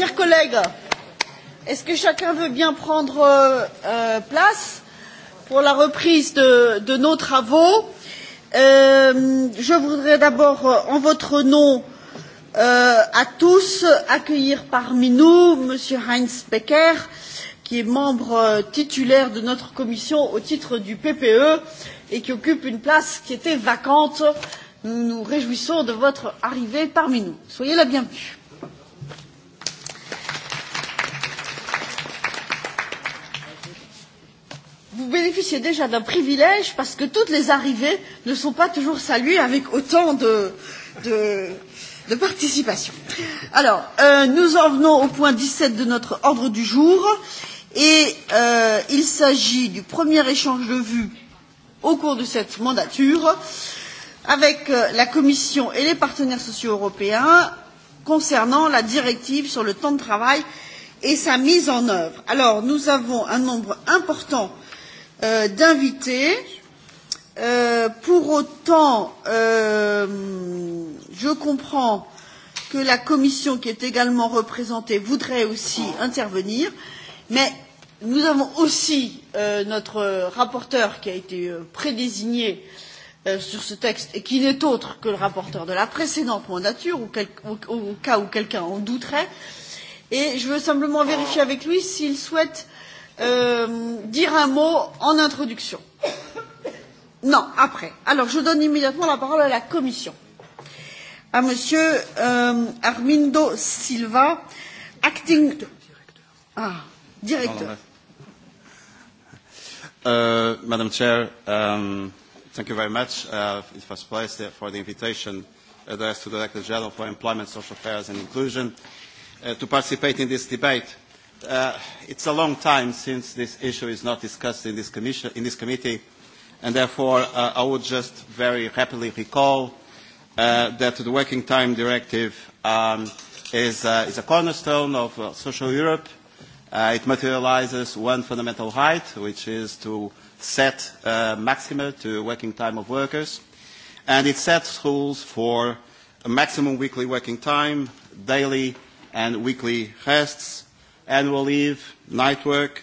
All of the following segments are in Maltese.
Chers collègues, est-ce que chacun veut bien prendre euh, euh, place pour la reprise de, de nos travaux euh, Je voudrais d'abord, euh, en votre nom, euh, à tous accueillir parmi nous M. Heinz Becker, qui est membre euh, titulaire de notre commission au titre du PPE et qui occupe une place qui était vacante. Nous nous réjouissons de votre arrivée parmi nous. Soyez la bienvenue. vous bénéficiez déjà d'un privilège parce que toutes les arrivées ne sont pas toujours saluées avec autant de, de, de participation. Alors, euh, nous en venons au point 17 de notre ordre du jour et euh, il s'agit du premier échange de vues au cours de cette mandature avec euh, la Commission et les partenaires sociaux européens concernant la directive sur le temps de travail et sa mise en œuvre. Alors, nous avons un nombre important euh, Euh, d'invités. Euh, pour autant, euh, je comprends que la commission, qui est également représentée, voudrait aussi intervenir, mais nous avons aussi euh, notre rapporteur qui a été euh, prédésigné euh, sur ce texte et qui n'est autre que le rapporteur de la précédente mandature, quel, au cas où quelqu'un en douterait. Et je veux simplement vérifier avec lui s'il souhaite euh, dire un mot en introduction. Non, après. Alors, je donne immédiatement la parole à la Commission, à Monsieur euh, Armindo Silva, acting ah, director. Euh, Madam Chair, um, thank you very much uh, in first place there for the invitation addressed to the Director General for Employment, Social Affairs and Inclusion uh, to participate in this debate. Uh, it's a long time since this issue is not discussed in this, commission, in this committee, and therefore uh, I would just very happily recall uh, that the Working Time Directive um, is, uh, is a cornerstone of uh, social Europe. Uh, it materializes one fundamental right, which is to set uh, maximum to working time of workers, and it sets rules for a maximum weekly working time, daily and weekly rests, annual leave, night work,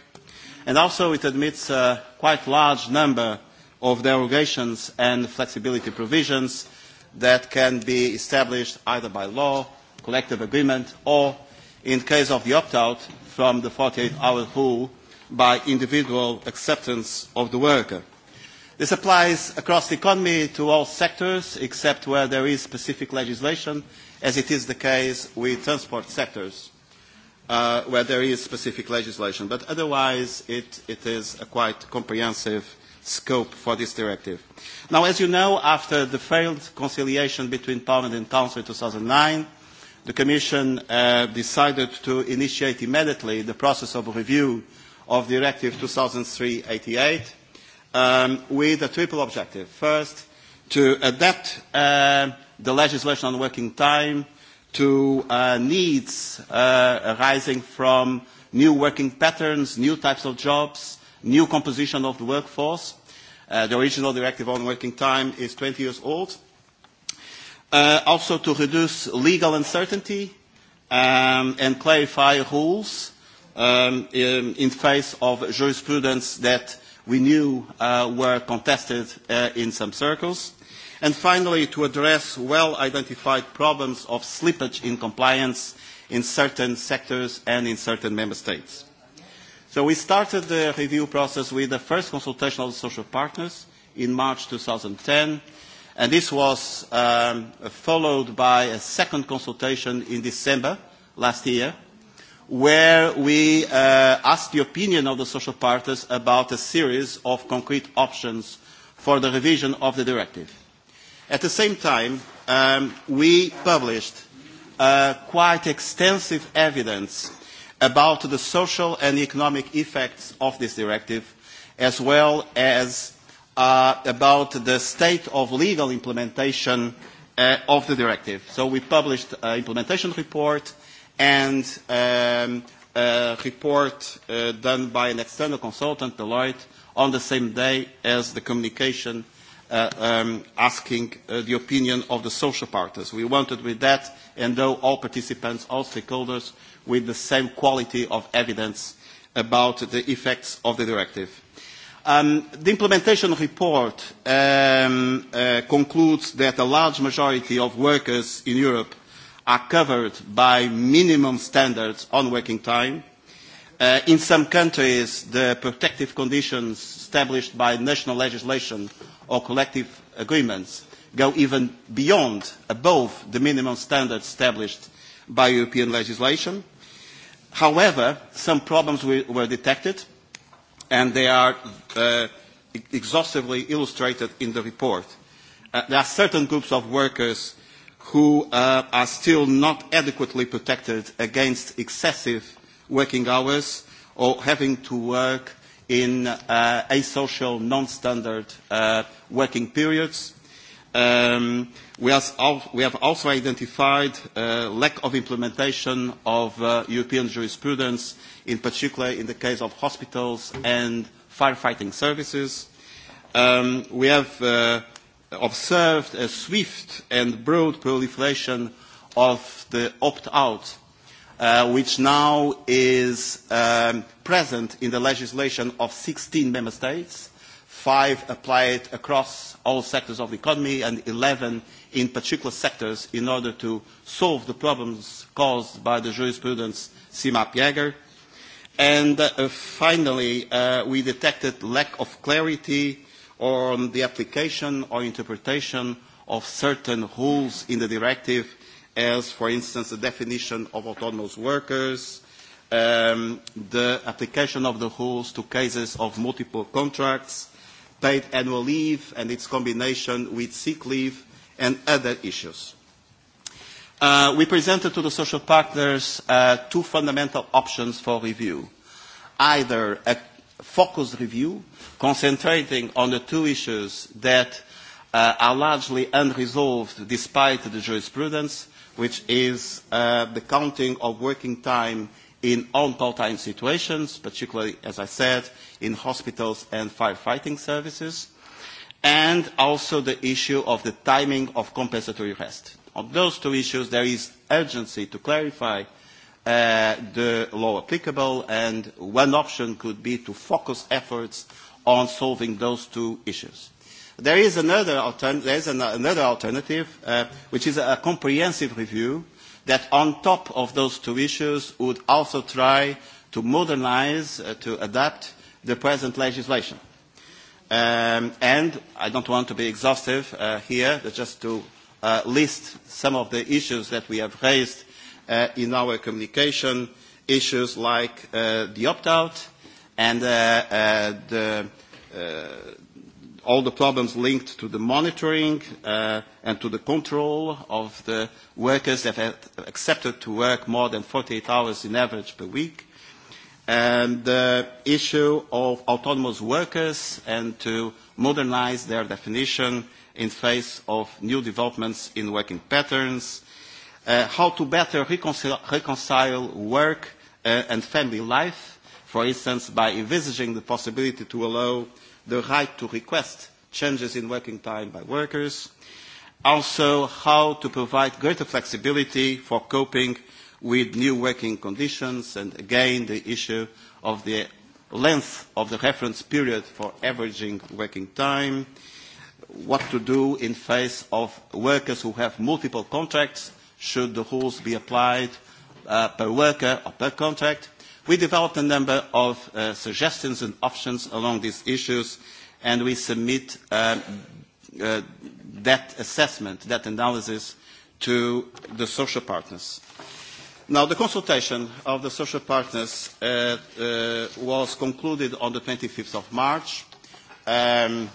and also it admits a quite large number of derogations and flexibility provisions that can be established either by law, collective agreement, or in case of the opt-out from the 48-hour rule by individual acceptance of the worker. This applies across the economy to all sectors except where there is specific legislation, as it is the case with transport sectors uh, where there is specific legislation. But otherwise, it, it is a quite comprehensive scope for this directive. Now, as you know, after the failed conciliation between Parliament and Council in 2009, the Commission uh, decided to initiate immediately the process of review of Directive 2003-88 um, with a triple objective. First, to adapt uh, the legislation on working time to uh, needs uh, arising from new working patterns, new types of jobs, new composition of the workforce. Uh, the original directive on working time is 20 years old. Uh, also to reduce legal uncertainty um, and clarify rules um, in, in face of jurisprudence that we knew uh, were contested uh, in some circles. And finally, to address well-identified problems of slippage in compliance in certain sectors and in certain member states. So we started the review process with the first consultation of the social partners in March 2010, and this was um, followed by a second consultation in December last year, where we uh, asked the opinion of the social partners about a series of concrete options for the revision of the directive. At the same time, um, we published uh, quite extensive evidence about the social and economic effects of this directive, as well as uh, about the state of legal implementation uh, of the directive. So we published an uh, implementation report and um, a report uh, done by an external consultant, Deloitte, on the same day as the communication uh, um, asking uh, the opinion of the social partners. We wanted with that, and though all participants, all stakeholders, with the same quality of evidence about the effects of the directive. Um, the implementation report um, uh, concludes that a large majority of workers in Europe are covered by minimum standards on working time. Uh, in some countries, the protective conditions established by national legislation or collective agreements go even beyond, above the minimum standards established by European legislation. However, some problems were detected and they are uh, e-, exhaustively illustrated in the report. Uh, there are certain groups of workers who uh, are still not adequately protected against excessive working hours or having to work in uh, asocial, non-standard uh, working periods. Um, we, has we have also identified uh, lack of implementation of uh, European jurisprudence, in particular in the case of hospitals and firefighting services. Um, we have uh, observed a swift and broad proliferation of the opt-out Uh, which now is um, present in the legislation of 16 member states, five applied across all sectors of the economy and 11 in particular sectors in order to solve the problems caused by the jurisprudence Sima Jäger. And uh, finally, uh, we detected lack of clarity on the application or interpretation of certain rules in the directive as, for instance, the definition of autonomous workers, um, the application of the rules to cases of multiple contracts, paid annual leave and its combination with sick leave and other issues. Uh, we presented to the social partners uh, two fundamental options for review. Either a focused review, concentrating on the two issues that uh, are largely unresolved despite the jurisprudence, which is uh, the counting of working time in on part-time situations, particularly, as I said, in hospitals and firefighting services, and also the issue of the timing of compensatory rest. On those two issues, there is urgency to clarify uh, the law applicable, and one option could be to focus efforts on solving those two issues. There is another, altern there is an another alternative, uh, which is a comprehensive review that on top of those two issues would also try to modernize, uh, to adapt the present legislation. Um, and I don't want to be exhaustive uh, here, but just to uh, list some of the issues that we have raised uh, in our communication, issues like uh, the opt-out and uh, uh, the, uh, all the problems linked to the monitoring uh, and to the control of the workers that have accepted to work more than 48 hours in average per week, and the issue of autonomous workers and to modernize their definition in face of new developments in working patterns, uh, how to better reconcile, reconcile work uh, and family life, for instance, by envisaging the possibility to allow the right to request changes in working time by workers, also how to provide greater flexibility for coping with new working conditions, and again the issue of the length of the reference period for averaging working time, what to do in face of workers who have multiple contracts, should the rules be applied uh, per worker or per contract, We developed a number of uh, suggestions and options along these issues, and we submit um, uh, that assessment, that analysis, to the social partners. Now, the consultation of the social partners uh, uh, was concluded on the 25th of March. Um,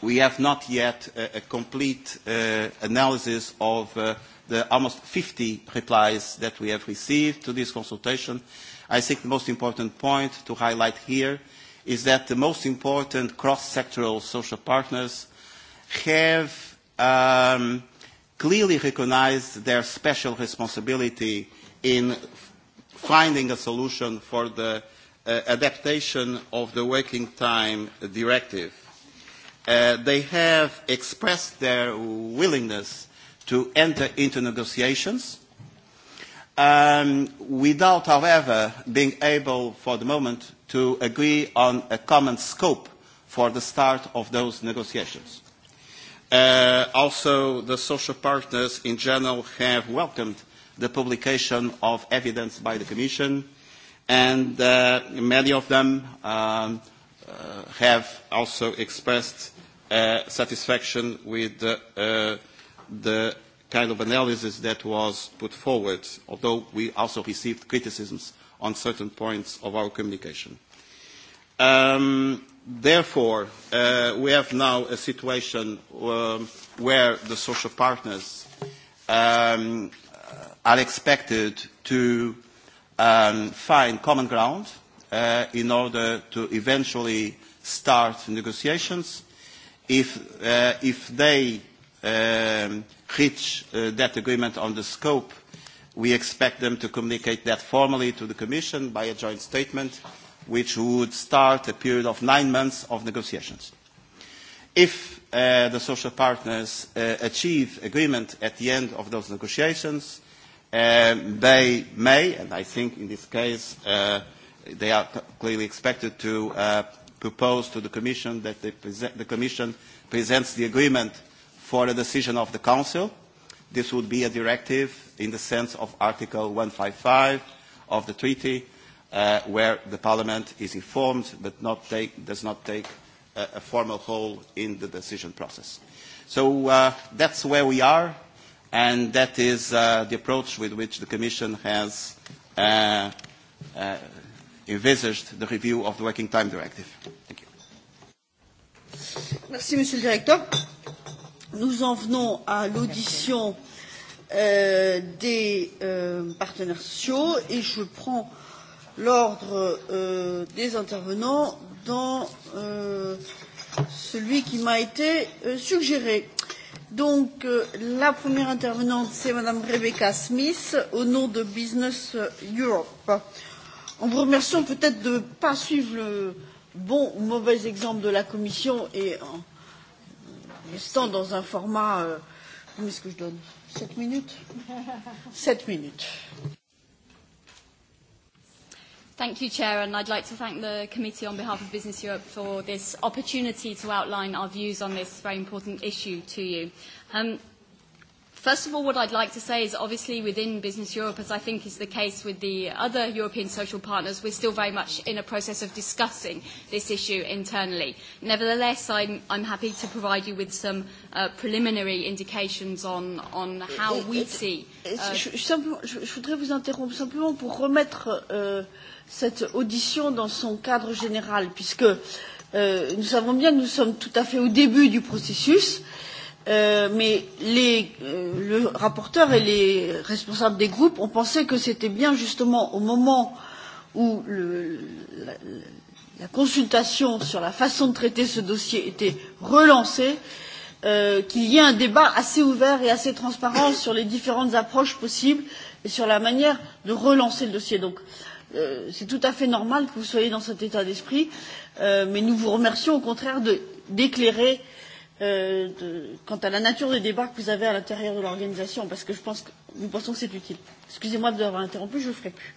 we have not yet a, uh, a complete uh, analysis of uh, the almost 50 replies that we have received to this consultation. I think the most important point to highlight here is that the most important cross-sectoral social partners have um, clearly recognized their special responsibility in finding a solution for the uh, adaptation of the working time directive. Uh, they have expressed their willingness to enter into negotiations um, without, however, being able for the moment to agree on a common scope for the start of those negotiations. Uh, also, the social partners in general have welcomed the publication of evidence by the Commission, and uh, many of them um, uh, have also expressed uh, satisfaction with the, uh, uh, the kind of analysis that was put forward, although we also received criticisms on certain points of our communication. Um, therefore, uh, we have now a situation um, where the social partners um, uh, are expected to um, find common ground uh, in order to eventually start negotiations. If, uh, if they um, reach uh, that agreement on the scope, we expect them to communicate that formally to the Commission by a joint statement, which would start a period of nine months of negotiations. If uh, the social partners uh, achieve agreement at the end of those negotiations, uh, they may, and I think in this case uh, they are clearly expected to uh, propose to the Commission that they present, the Commission presents the agreement for the decision of the Council. This would be a directive in the sense of Article 155 of the treaty, uh, where the Parliament is informed but not take, does not take a, a formal role in the decision process. So uh, that's where we are, and that is uh, the approach with which the Commission has uh, uh, envisaged the review of the Working Time Directive. Thank you. Merci, Monsieur le Directeur nous en venons à l'audition euh, des euh, partenaires sociaux et je prends l'ordre euh, des intervenants dans euh, celui qui m'a été euh, suggéré. Donc, euh, la première intervenante, c'est Madame Rebecca Smith, au nom de Business Europe. En vous remerciant peut-être de ne pas suivre le bon ou mauvais exemple de la Commission et en l'instant dans un format. Euh, combien est-ce que je donne 7 minutes 7 minutes. Thank you, Chair, and I'd like to thank the Committee on behalf of Business Europe for this opportunity to outline our views on this very important issue to you. Um, First of all, what I'd like to say is obviously within Business Europe, as I think is the case with the other European social partners, we're still very much in a process of discussing this issue internally. Nevertheless, I'm, I'm happy to provide you with some uh, preliminary indications on, on how et, we et, see. uh, je, je, je voudrais vous interrompre simplement pour remettre euh, cette audition dans son cadre général, puisque euh, nous savons bien que nous sommes tout à fait au début du processus. Euh, Euh, mais les, euh, le rapporteur et les responsables des groupes ont pensé que c'était bien justement au moment où le, la, la consultation sur la façon de traiter ce dossier était relancée euh, qu'il y ait un débat assez ouvert et assez transparent sur les différentes approches possibles et sur la manière de relancer le dossier. Donc, euh, c'est tout à fait normal que vous soyez dans cet état d'esprit, euh, mais nous vous remercions au contraire d'éclairer euh, euh, de, quant à la nature des débats que vous avez à l'intérieur de l'organisation, parce que je pense que nous pensons que c'est utile. Excusez-moi de l'avoir interrompu, je ne le ferai plus.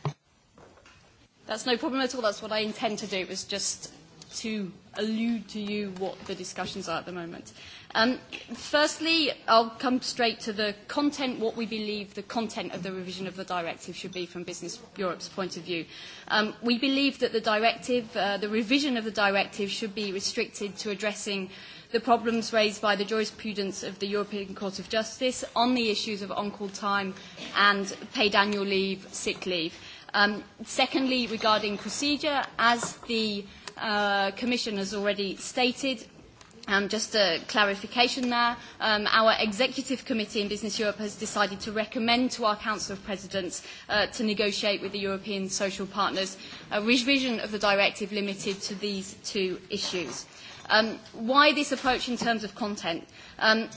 That's no problem at all. That's what I intend to do, was just to allude to you what the discussions are at the moment. Um, firstly, I'll come straight to the content, what we believe the content of the revision of the directive should be from Business Europe's point of view. Um, we believe that the directive, uh, the revision of the directive should be restricted to addressing the problems raised by the jurisprudence of the European Court of Justice on the issues of on-call time and paid annual leave, sick leave. Um, secondly, regarding procedure, as the uh, Commission has already stated, Um, just a clarification there. Um, our Executive Committee in Business Europe has decided to recommend to our Council of Presidents uh, to negotiate with the European social partners a revision of the directive limited to these two issues. Um, why this approach in terms of content? Um,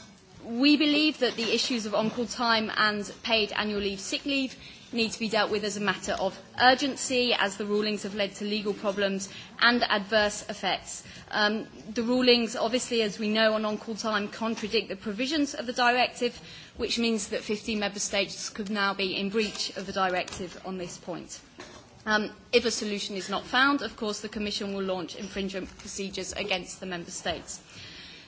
we believe that the issues of on-call time and paid annual leave sick leave need to be dealt with as a matter of urgency as the rulings have led to legal problems and adverse effects. Um, the rulings, obviously, as we know, on on-call time contradict the provisions of the directive, which means that 15 member states could now be in breach of the directive on this point. Um, if a solution is not found, of course, the Commission will launch infringement procedures against the Member States.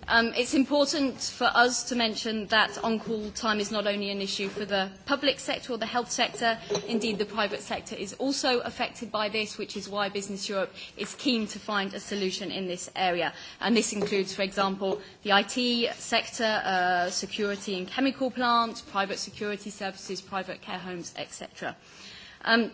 Um, it's important for us to mention that on-call time is not only an issue for the public sector or the health sector, indeed the private sector is also affected by this, which is why Business Europe is keen to find a solution in this area. And this includes, for example, the IT sector, uh, security and chemical plants, private security services, private care homes, etc. Um,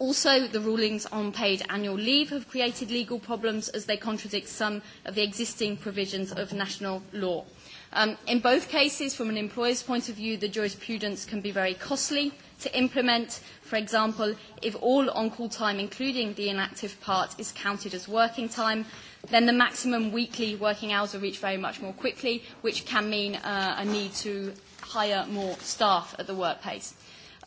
Also, the rulings on paid annual leave have created legal problems as they contradict some of the existing provisions of national law. Um, in both cases, from an employer's point of view, the jurisprudence can be very costly to implement. For example, if all on-call time, including the inactive part, is counted as working time, then the maximum weekly working hours are reached very much more quickly, which can mean uh, a need to hire more staff at the workplace.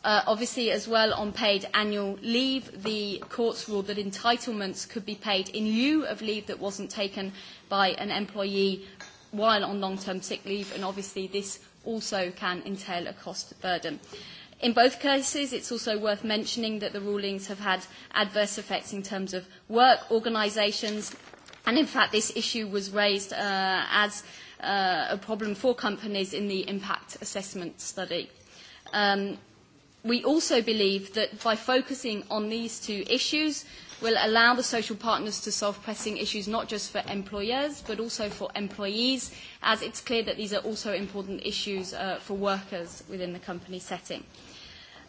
Uh, obviously, as well, on paid annual leave, the courts ruled that entitlements could be paid in lieu of leave that wasn't taken by an employee while on long-term sick leave, and obviously this also can entail a cost burden. In both cases, it's also worth mentioning that the rulings have had adverse effects in terms of work organisations, and in fact this issue was raised uh, as uh, a problem for companies in the impact assessment study. Um, we also believe that by focusing on these two issues will allow the social partners to solve pressing issues not just for employers but also for employees as it's clear that these are also important issues uh, for workers within the company setting.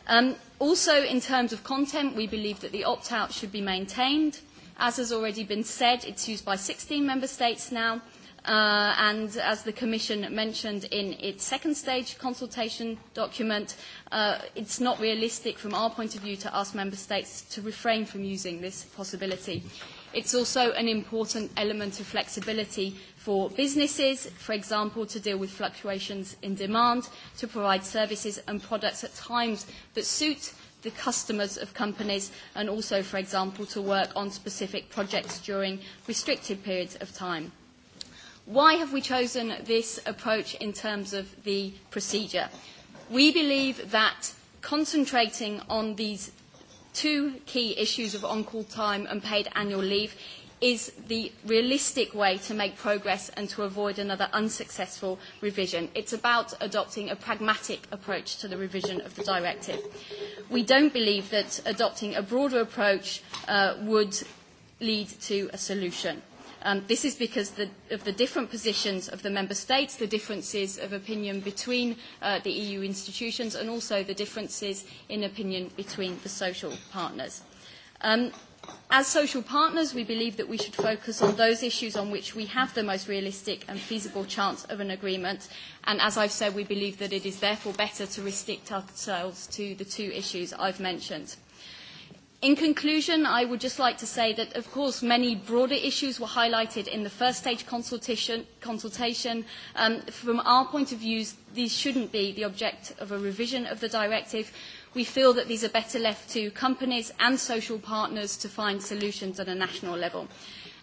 Um, also in terms of content we believe that the opt-out should be maintained. As has already been said, it's used by 16 member states now Uh, and as the Commission mentioned in its second stage consultation document, uh, it's not realistic from our point of view to ask Member States to refrain from using this possibility. It's also an important element of flexibility for businesses, for example, to deal with fluctuations in demand, to provide services and products at times that suit the customers of companies and also, for example, to work on specific projects during restricted periods of time. Why have we chosen this approach in terms of the procedure? We believe that concentrating on these two key issues of on-call time and paid annual leave is the realistic way to make progress and to avoid another unsuccessful revision. It's about adopting a pragmatic approach to the revision of the directive. We don't believe that adopting a broader approach uh, would lead to a solution. Um, this is because the, of the different positions of the member states, the differences of opinion between uh, the EU institutions, and also the differences in opinion between the social partners. Um, as social partners, we believe that we should focus on those issues on which we have the most realistic and feasible chance of an agreement. And as I've said, we believe that it is therefore better to restrict ourselves to the two issues I've mentioned. In conclusion, I would just like to say that, of course, many broader issues were highlighted in the first stage consultation. consultation. Um, from our point of view, these shouldn't be the object of a revision of the directive. We feel that these are better left to companies and social partners to find solutions at a national level.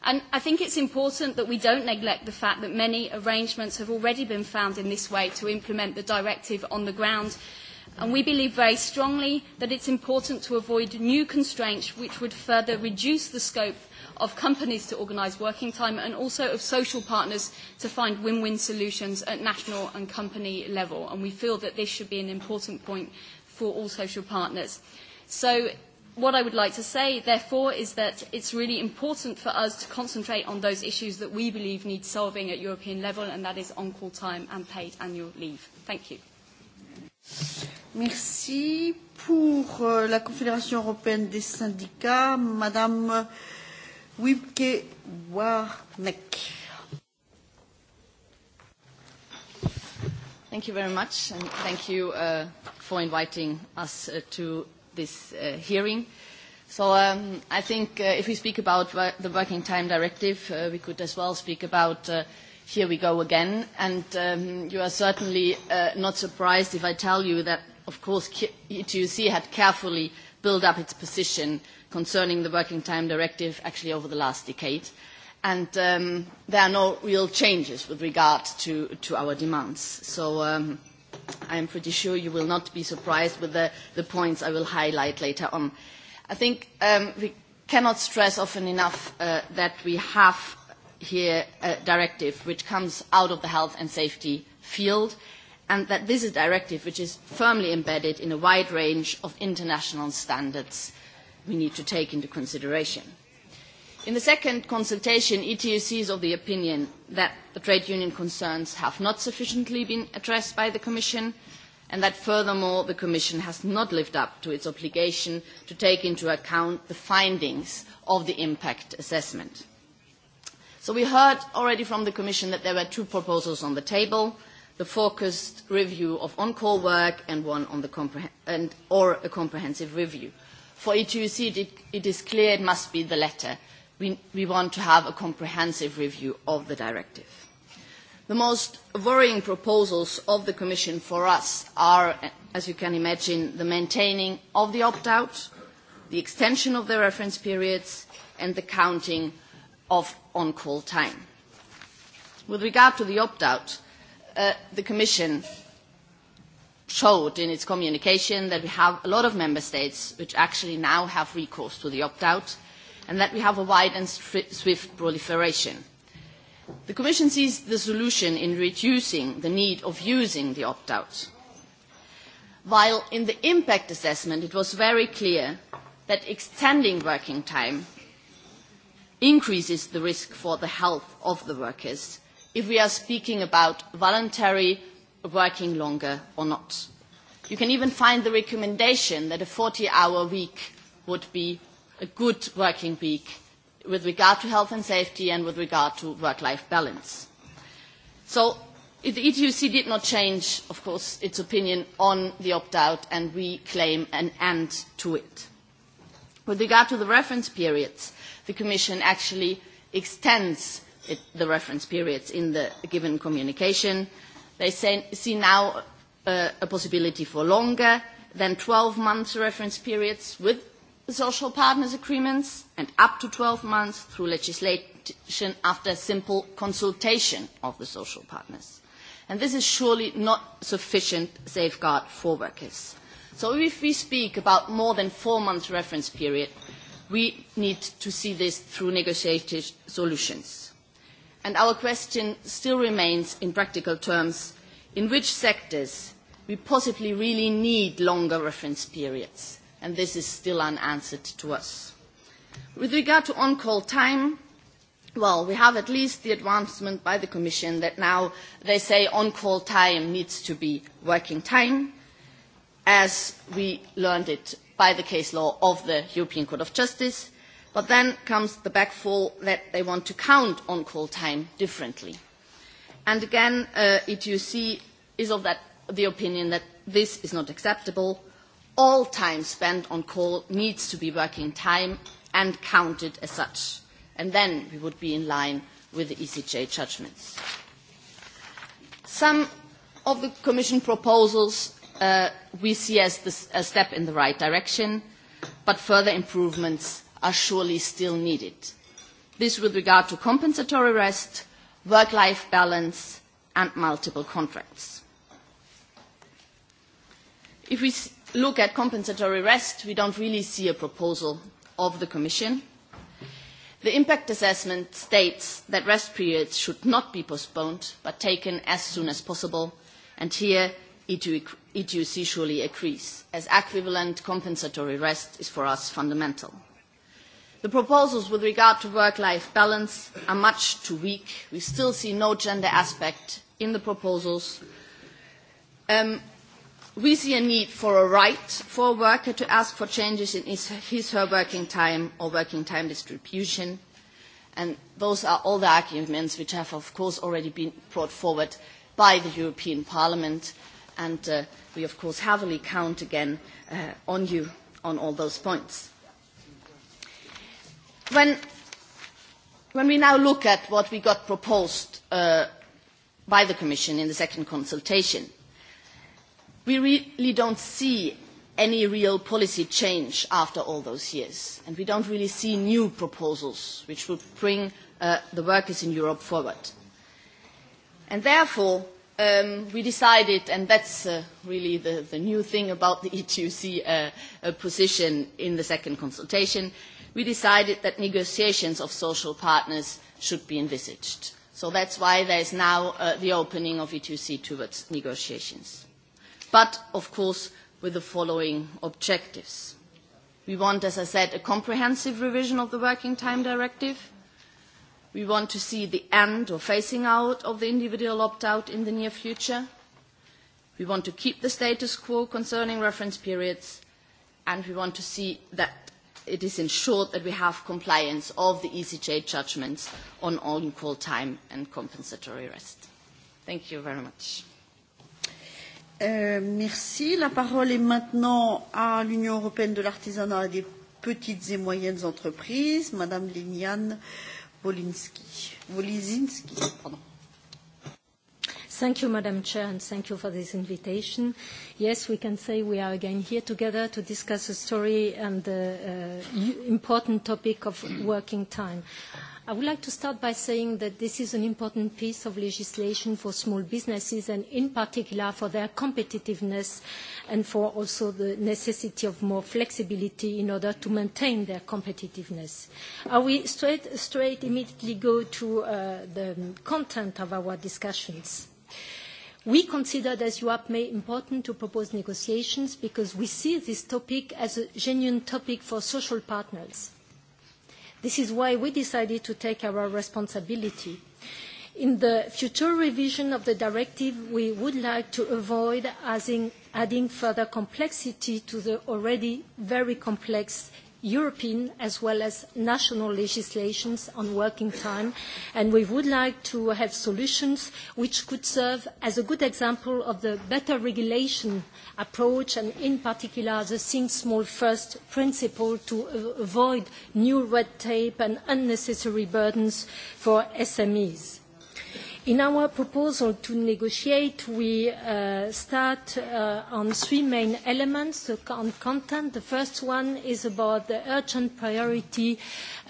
And I think it's important that we don't neglect the fact that many arrangements have already been found in this way to implement the directive on the ground and we believe very strongly that it's important to avoid new constraints which would further reduce the scope of companies to organise working time and also of social partners to find win-win solutions at national and company level. And we feel that this should be an important point for all social partners. So what I would like to say, therefore, is that it's really important for us to concentrate on those issues that we believe need solving at European level, and that is on-call time and paid annual leave. Thank you. Merci. Pour euh, la Confédération européenne des syndicats, Madame Wibke Warneck. Thank you very much, and thank you uh, for inviting us uh, to this uh, hearing. So um, I think uh, if we speak about the Working Time Directive, uh, we could as well speak about uh, here we go again. And um, you are certainly uh, not surprised if I tell you that of course, ETUC had carefully built up its position concerning the Working Time Directive actually over the last decade. And um, there are no real changes with regard to, to our demands. So um, I'm pretty sure you will not be surprised with the, the points I will highlight later on. I think um, we cannot stress often enough uh, that we have here a directive which comes out of the health and safety field and that this is a directive which is firmly embedded in a wide range of international standards we need to take into consideration. In the second consultation, ETUC is of the opinion that the trade union concerns have not sufficiently been addressed by the Commission and that furthermore the Commission has not lived up to its obligation to take into account the findings of the impact assessment. So we heard already from the Commission that there were two proposals on the table – the focused review of on-call work and one on the and, or a comprehensive review. For ETUC, it, it is clear it must be the latter. We, we want to have a comprehensive review of the directive. The most worrying proposals of the Commission for us are, as you can imagine, the maintaining of the opt-out, the extension of the reference periods, and the counting of on-call time. With regard to the opt-out, Uh, the Commission showed in its communication that we have a lot of member states which actually now have recourse to the opt-out and that we have a wide and swift proliferation. The Commission sees the solution in reducing the need of using the opt-out. While in the impact assessment it was very clear that extending working time increases the risk for the health of the workers if we are speaking about voluntary working longer or not. You can even find the recommendation that a 40-hour week would be a good working week with regard to health and safety and with regard to work-life balance. So the ETUC did not change, of course, its opinion on the opt-out and we claim an end to it. With regard to the reference periods, the Commission actually extends it, the reference periods in the given communication. They say, see now uh, a possibility for longer than 12 months reference periods with social partners agreements and up to 12 months through legislation after simple consultation of the social partners. And this is surely not sufficient safeguard for workers. So if we speak about more than four months reference period, we need to see this through negotiated solutions and our question still remains in practical terms in which sectors we possibly really need longer reference periods, and this is still unanswered to us. With regard to on-call time, well, we have at least the advancement by the Commission that now they say on-call time needs to be working time, as we learned it by the case law of the European Court of Justice, But then comes the backfall that they want to count on-call time differently. And again, uh, ETUC is of that, the opinion that this is not acceptable. All time spent on call needs to be working time and counted as such. And then we would be in line with the ECJ judgments. Some of the Commission proposals uh, we see as this, a step in the right direction, but further improvements are surely still needed. This with regard to compensatory rest, work-life balance and multiple contracts. If we look at compensatory rest, we don't really see a proposal of the Commission. The impact assessment states that rest periods should not be postponed, but taken as soon as possible, and here ETUC surely agrees, as equivalent compensatory rest is for us fundamental. The proposals with regard to work-life balance are much too weak. We still see no gender aspect in the proposals. Um, we see a need for a right for a worker to ask for changes in his, his her working time or working time distribution. And those are all the arguments which have, of course, already been brought forward by the European Parliament. And uh, we, of course, heavily count again uh, on you on all those points when, when we now look at what we got proposed uh, by the Commission in the second consultation, we really don't see any real policy change after all those years, and we don't really see new proposals which would bring uh, the workers in Europe forward. And therefore, um, we decided, and that's uh, really the, the new thing about the ETUC uh, uh, position in the second consultation, we decided that negotiations of social partners should be envisaged. So that's why there is now uh, the opening of E2C towards negotiations. But, of course, with the following objectives. We want, as I said, a comprehensive revision of the Working Time Directive. We want to see the end or phasing out of the individual opt-out in the near future. We want to keep the status quo concerning reference periods, and we want to see that it is ensured that we have compliance of the ECJ judgments on on-call time and compensatory rest. Thank you very much. Euh, merci. La parole est maintenant à l'Union européenne de l'artisanat et des petites et moyennes entreprises, Madame Liliane Wolinski. Wolinski pardon. Thank you, Madam Chair, and thank you for this invitation. Yes, we can say we are again here together to discuss the story and the uh, important topic of working time. I would like to start by saying that this is an important piece of legislation for small businesses and in particular for their competitiveness and for also the necessity of more flexibility in order to maintain their competitiveness. I will straight, straight immediately go to uh, the content of our discussions. We considered as UAP May important to propose negotiations because we see this topic as a genuine topic for social partners. This is why we decided to take our responsibility. In the future revision of the directive, we would like to avoid adding further complexity to the already very complex European as well as national legislations on working time, and we would like to have solutions which could serve as a good example of the better regulation approach and in particular the think small first principle to avoid new red tape and unnecessary burdens for SMEs. In our proposal to negotiate, we uh, start uh, on three main elements on content. The first one is about the urgent priority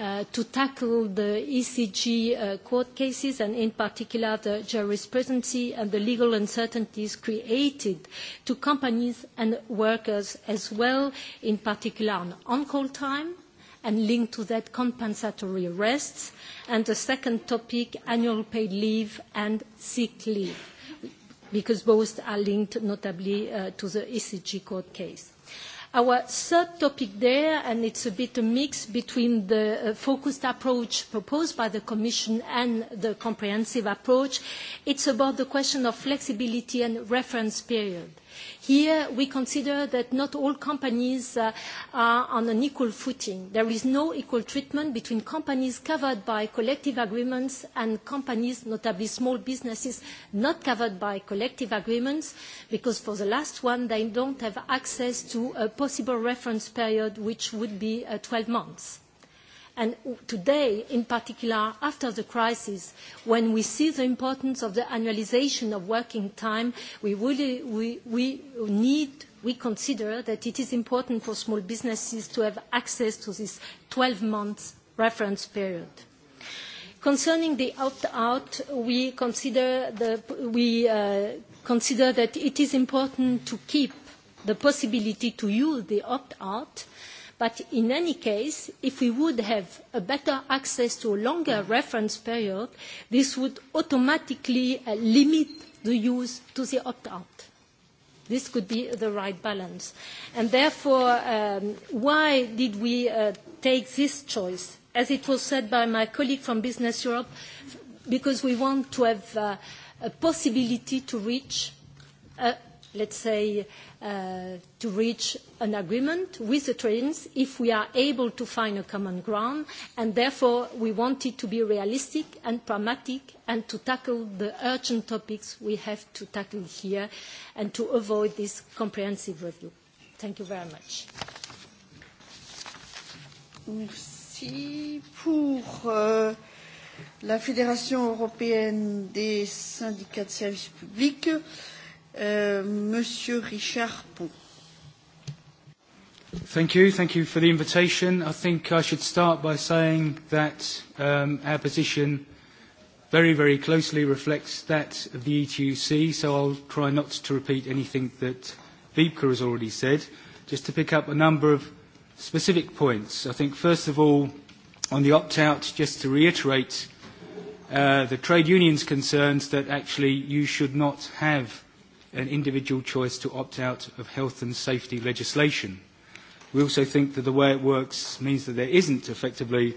uh, to tackle the ECG uh, court cases and in particular the jurisprudency and the legal uncertainties created to companies and workers as well, in particular on on-call time and linked to that compensatory arrests, and the second topic, annual paid leave and sick leave, because both are linked notably uh, to the ECG court case. Our third topic there, and it's a bit a mix between the uh, focused approach proposed by the Commission and the comprehensive approach, it's about the question of flexibility and reference period. Here we consider that not all companies uh, are on an equal footing. There is no equal treatment between companies covered by collective agreements and companies, notably small businesses, not covered by collective agreements because for the last one they don't have access to a possible reference period which would be uh, 12 months. And today, in particular, after the crisis, when we see the importance of the annualization of working time, we, really, we, we need we consider that it is important for small businesses to have access to this 12-month reference period. Concerning the opt-out, we, consider the, we uh, consider that it is important to keep the possibility to use the opt-out But in any case, if we would have a better access to a longer reference period, this would automatically uh, limit the use to the opt-out. This could be the right balance. And therefore, um, why did we uh, take this choice? As it was said by my colleague from Business Europe, because we want to have uh, a possibility to reach a, let's say, uh, to reach an agreement with the trains if we are able to find a common ground, and therefore we want it to be realistic and pragmatic and to tackle the urgent topics we have to tackle here and to avoid this comprehensive review. Thank you very much. Merci pour euh, la Fédération européenne des syndicats de services publics. Euh, Monsieur Richard Thank you. Thank you for the invitation. I think I should start by saying that um, our position very, very closely reflects that of the ETUC, so I'll try not to repeat anything that Vipka has already said, just to pick up a number of specific points. I think, first of all, on the opt-out, just to reiterate uh, the trade union's concerns that actually you should not have an individual choice to opt out of health and safety legislation. We also think that the way it works means that there isn't effectively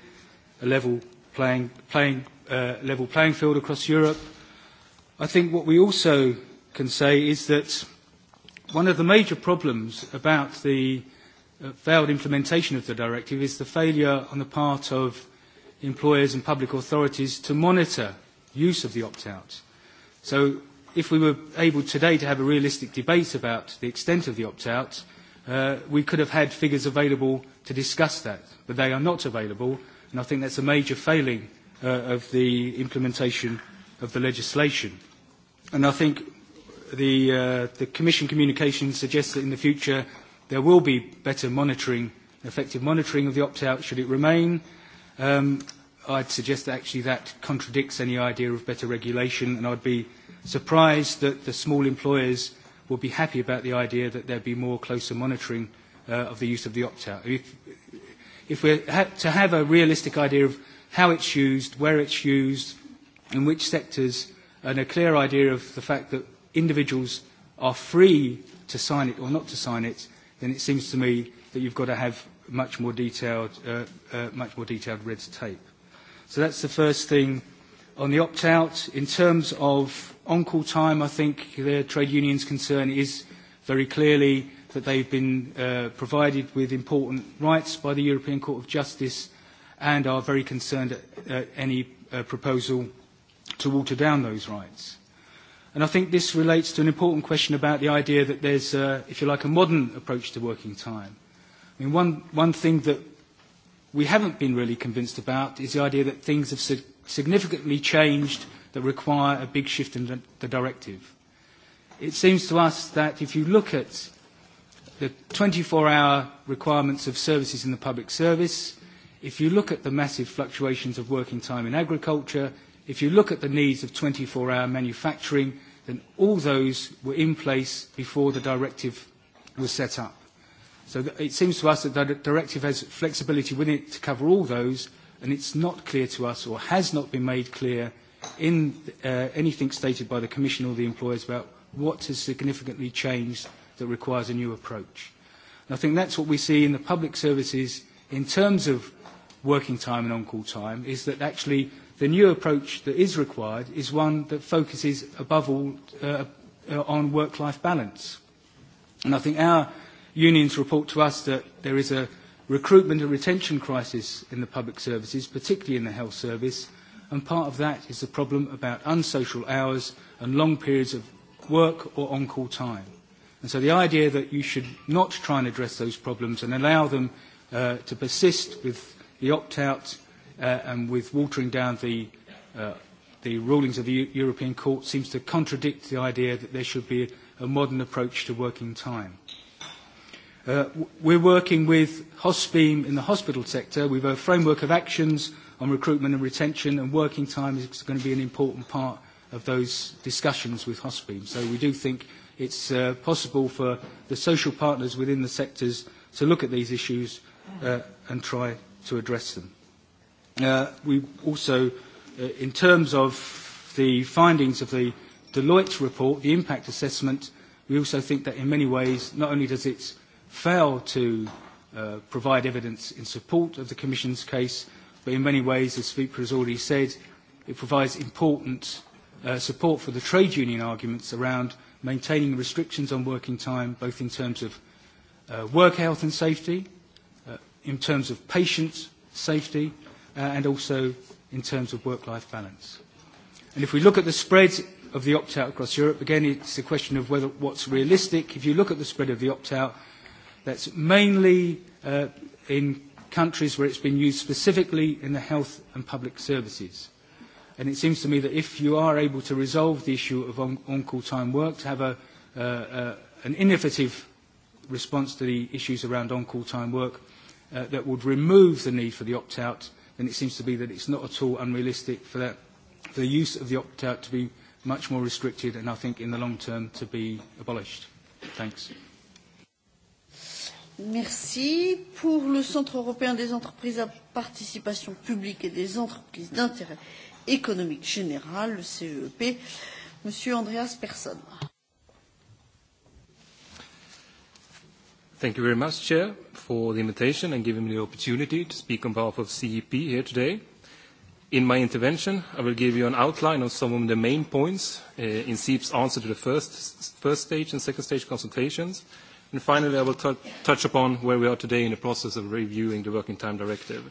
a level playing, playing, uh, level playing field across Europe. I think what we also can say is that one of the major problems about the uh, failed implementation of the directive is the failure on the part of employers and public authorities to monitor use of the opt-out. So if we were able today to have a realistic debate about the extent of the opt-out, uh, we could have had figures available to discuss that, but they are not available, and I think that's a major failing uh, of the implementation of the legislation. And I think the, uh, the Commission communication suggests that in the future there will be better monitoring, effective monitoring of the opt-out should it remain. Um, I'd suggest that actually that contradicts any idea of better regulation, and I'd be surprised that the small employers will be happy about the idea that there be more closer monitoring uh, of the use of the opt-out. If, if we're ha to have a realistic idea of how it's used, where it's used, in which sectors, and a clear idea of the fact that individuals are free to sign it or not to sign it, then it seems to me that you've got to have much more detailed, uh, uh, much more detailed red tape. So that's the first thing on the opt-out, in terms of on-call time, I think the trade union's concern is very clearly that they've been uh, provided with important rights by the European Court of Justice and are very concerned at, at any uh, proposal to water down those rights. And I think this relates to an important question about the idea that there's, uh, if you like, a modern approach to working time. I mean, one, one thing that we haven't been really convinced about is the idea that things have significantly changed that require a big shift in the, the directive. It seems to us that if you look at the 24-hour requirements of services in the public service, if you look at the massive fluctuations of working time in agriculture, if you look at the needs of 24-hour manufacturing, then all those were in place before the directive was set up. So it seems to us that the directive has flexibility within it to cover all those, and it's not clear to us or has not been made clear in uh, anything stated by the Commission or the employers about what has significantly changed that requires a new approach. And I think that's what we see in the public services in terms of working time and on-call time, is that actually the new approach that is required is one that focuses above all uh, uh on work-life balance. And I think our unions report to us that there is a recruitment and retention crisis in the public services, particularly in the health service, and part of that is the problem about unsocial hours and long periods of work or on-call time. And so the idea that you should not try and address those problems and allow them uh, to persist with the opt-out uh, and with watering down the, uh, the rulings of the U European Court seems to contradict the idea that there should be a modern approach to working time. Uh, we're working with Hospeam in the hospital sector. We've a framework of actions on recruitment and retention, and working time is going to be an important part of those discussions with Hospeam. So we do think it's uh, possible for the social partners within the sectors to look at these issues uh, and try to address them. Uh, we also, uh, in terms of the findings of the Deloitte report, the impact assessment, we also think that in many ways, not only does it failed to uh, provide evidence in support of the Commission's case, but in many ways, as Speaker has already said, it provides important uh, support for the trade union arguments around maintaining restrictions on working time, both in terms of uh, work health and safety, uh, in terms of patient safety, uh, and also in terms of work-life balance. And if we look at the spread of the opt-out across Europe, again, it's a question of whether what's realistic. If you look at the spread of the opt-out, That's mainly uh, in countries where it's been used specifically in the health and public services. And it seems to me that if you are able to resolve the issue of on-call on time work, to have a, uh, uh, an innovative response to the issues around on-call time work uh, that would remove the need for the opt-out, then it seems to be that it's not at all unrealistic for, that, for the use of the opt-out to be much more restricted and I think in the long term to be abolished. Thanks. Merci. Pour le Centre européen des entreprises à participation publique et des entreprises d'intérêt économique général, le CEP, Monsieur Andreas Persson. Thank you very much, Chair, for the invitation and giving me the opportunity to speak on behalf of CEP here today. In my intervention, I will give you an outline of some of the main points uh, in CEP's answer to the first, first stage and second stage consultations, And finally, I will touch upon where we are today in the process of reviewing the Working Time Directive.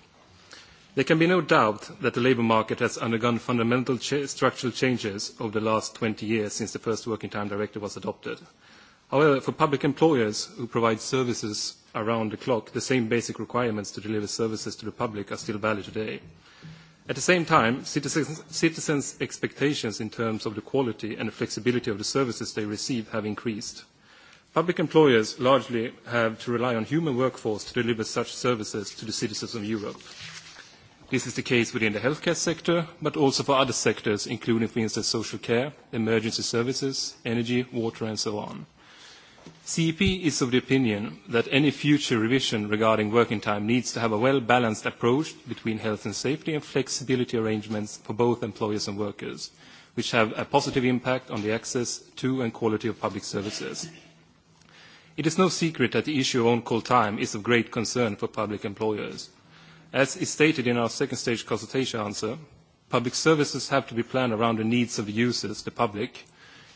There can be no doubt that the labour market has undergone fundamental ch structural changes over the last 20 years since the first Working Time Directive was adopted. However, for public employers who provide services around the clock, the same basic requirements to deliver services to the public are still valid today. At the same time, citizens, citizens' expectations in terms of the quality and the flexibility of the services they receive have increased. Public employers largely have to rely on human workforce to deliver such services to the citizens of Europe. This is the case within the healthcare sector, but also for other sectors, including, for instance, social care, emergency services, energy, water, and so on. CEP is of the opinion that any future revision regarding working time needs to have a well-balanced approach between health and safety and flexibility arrangements for both employers and workers, which have a positive impact on the access to and quality of public services. It is no secret that the issue of on-call time is of great concern for public employers. As is stated in our second stage consultation answer, public services have to be planned around the needs of the users, the public,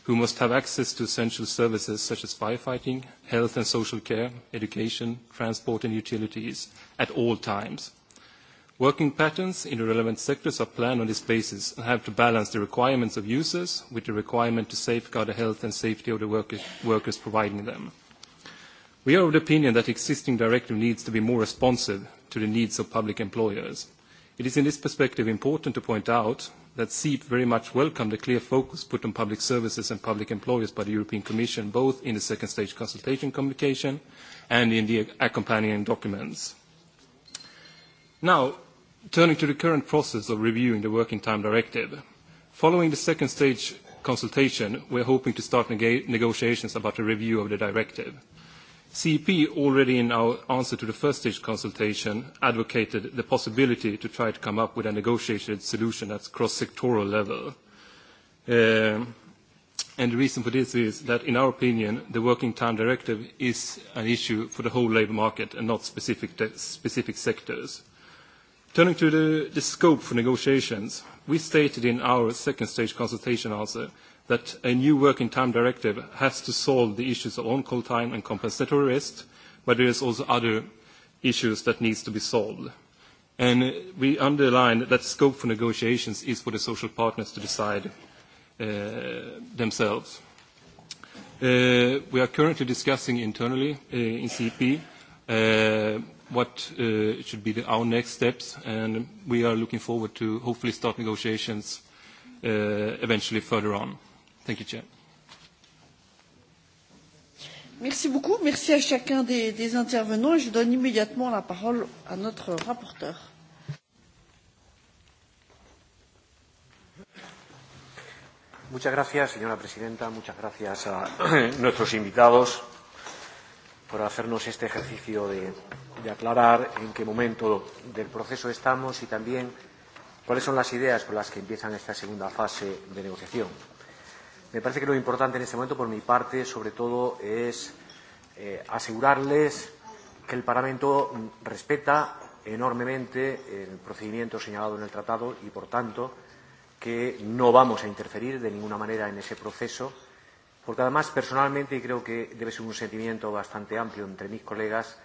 who must have access to essential services such as firefighting, health and social care, education, transport and utilities at all times. Working patterns in the relevant sectors are planned on this basis and have to balance the requirements of users with the requirement to safeguard the health and safety of the workers, workers providing them. We are of the opinion that the existing directive needs to be more responsive to the needs of public employers. It is in this perspective important to point out that SEEP very much welcomed the clear focus put on public services and public employers by the European Commission, both in the second stage consultation communication and in the accompanying documents. Now, turning to the current process of reviewing the Working Time Directive. Following the second stage consultation, we are hoping to start neg negotiations about a review of the directive. CEP already in our answer to the first stage consultation advocated the possibility to try to come up with a negotiated solution at cross-sectoral level. Um, and the reason for this is that, in our opinion, the Working Time Directive is an issue for the whole labour market and not specific, specific sectors. Turning to the, the scope for negotiations, we stated in our second stage consultation answer that a new working time directive has to solve the issues of on-call time and compensatory rest, but there is also other issues that needs to be solved. And we underline that scope for negotiations is for the social partners to decide uh, themselves. Uh, we are currently discussing internally uh, in CP uh, what uh, should be the, our next steps, and we are looking forward to hopefully start negotiations uh, eventually further on. Thank you, Chair. Merci beaucoup. Merci à chacun des, des intervenants. Et je donne immédiatement la parole à notre rapporteur. Muchas gracias, señora presidenta. Muchas gracias a nuestros invitados por hacernos este ejercicio de, de aclarar en qué momento del proceso estamos y también cuáles son las ideas con las que empiezan esta segunda fase de negociación. Me parece que lo importante en este momento, por mi parte, sobre todo, es eh, asegurarles que el Parlamento respeta enormemente el procedimiento señalado en el Tratado y, por tanto, que no vamos a interferir de ninguna manera en ese proceso, porque además, personalmente, y creo que debe ser un sentimiento bastante amplio entre mis colegas,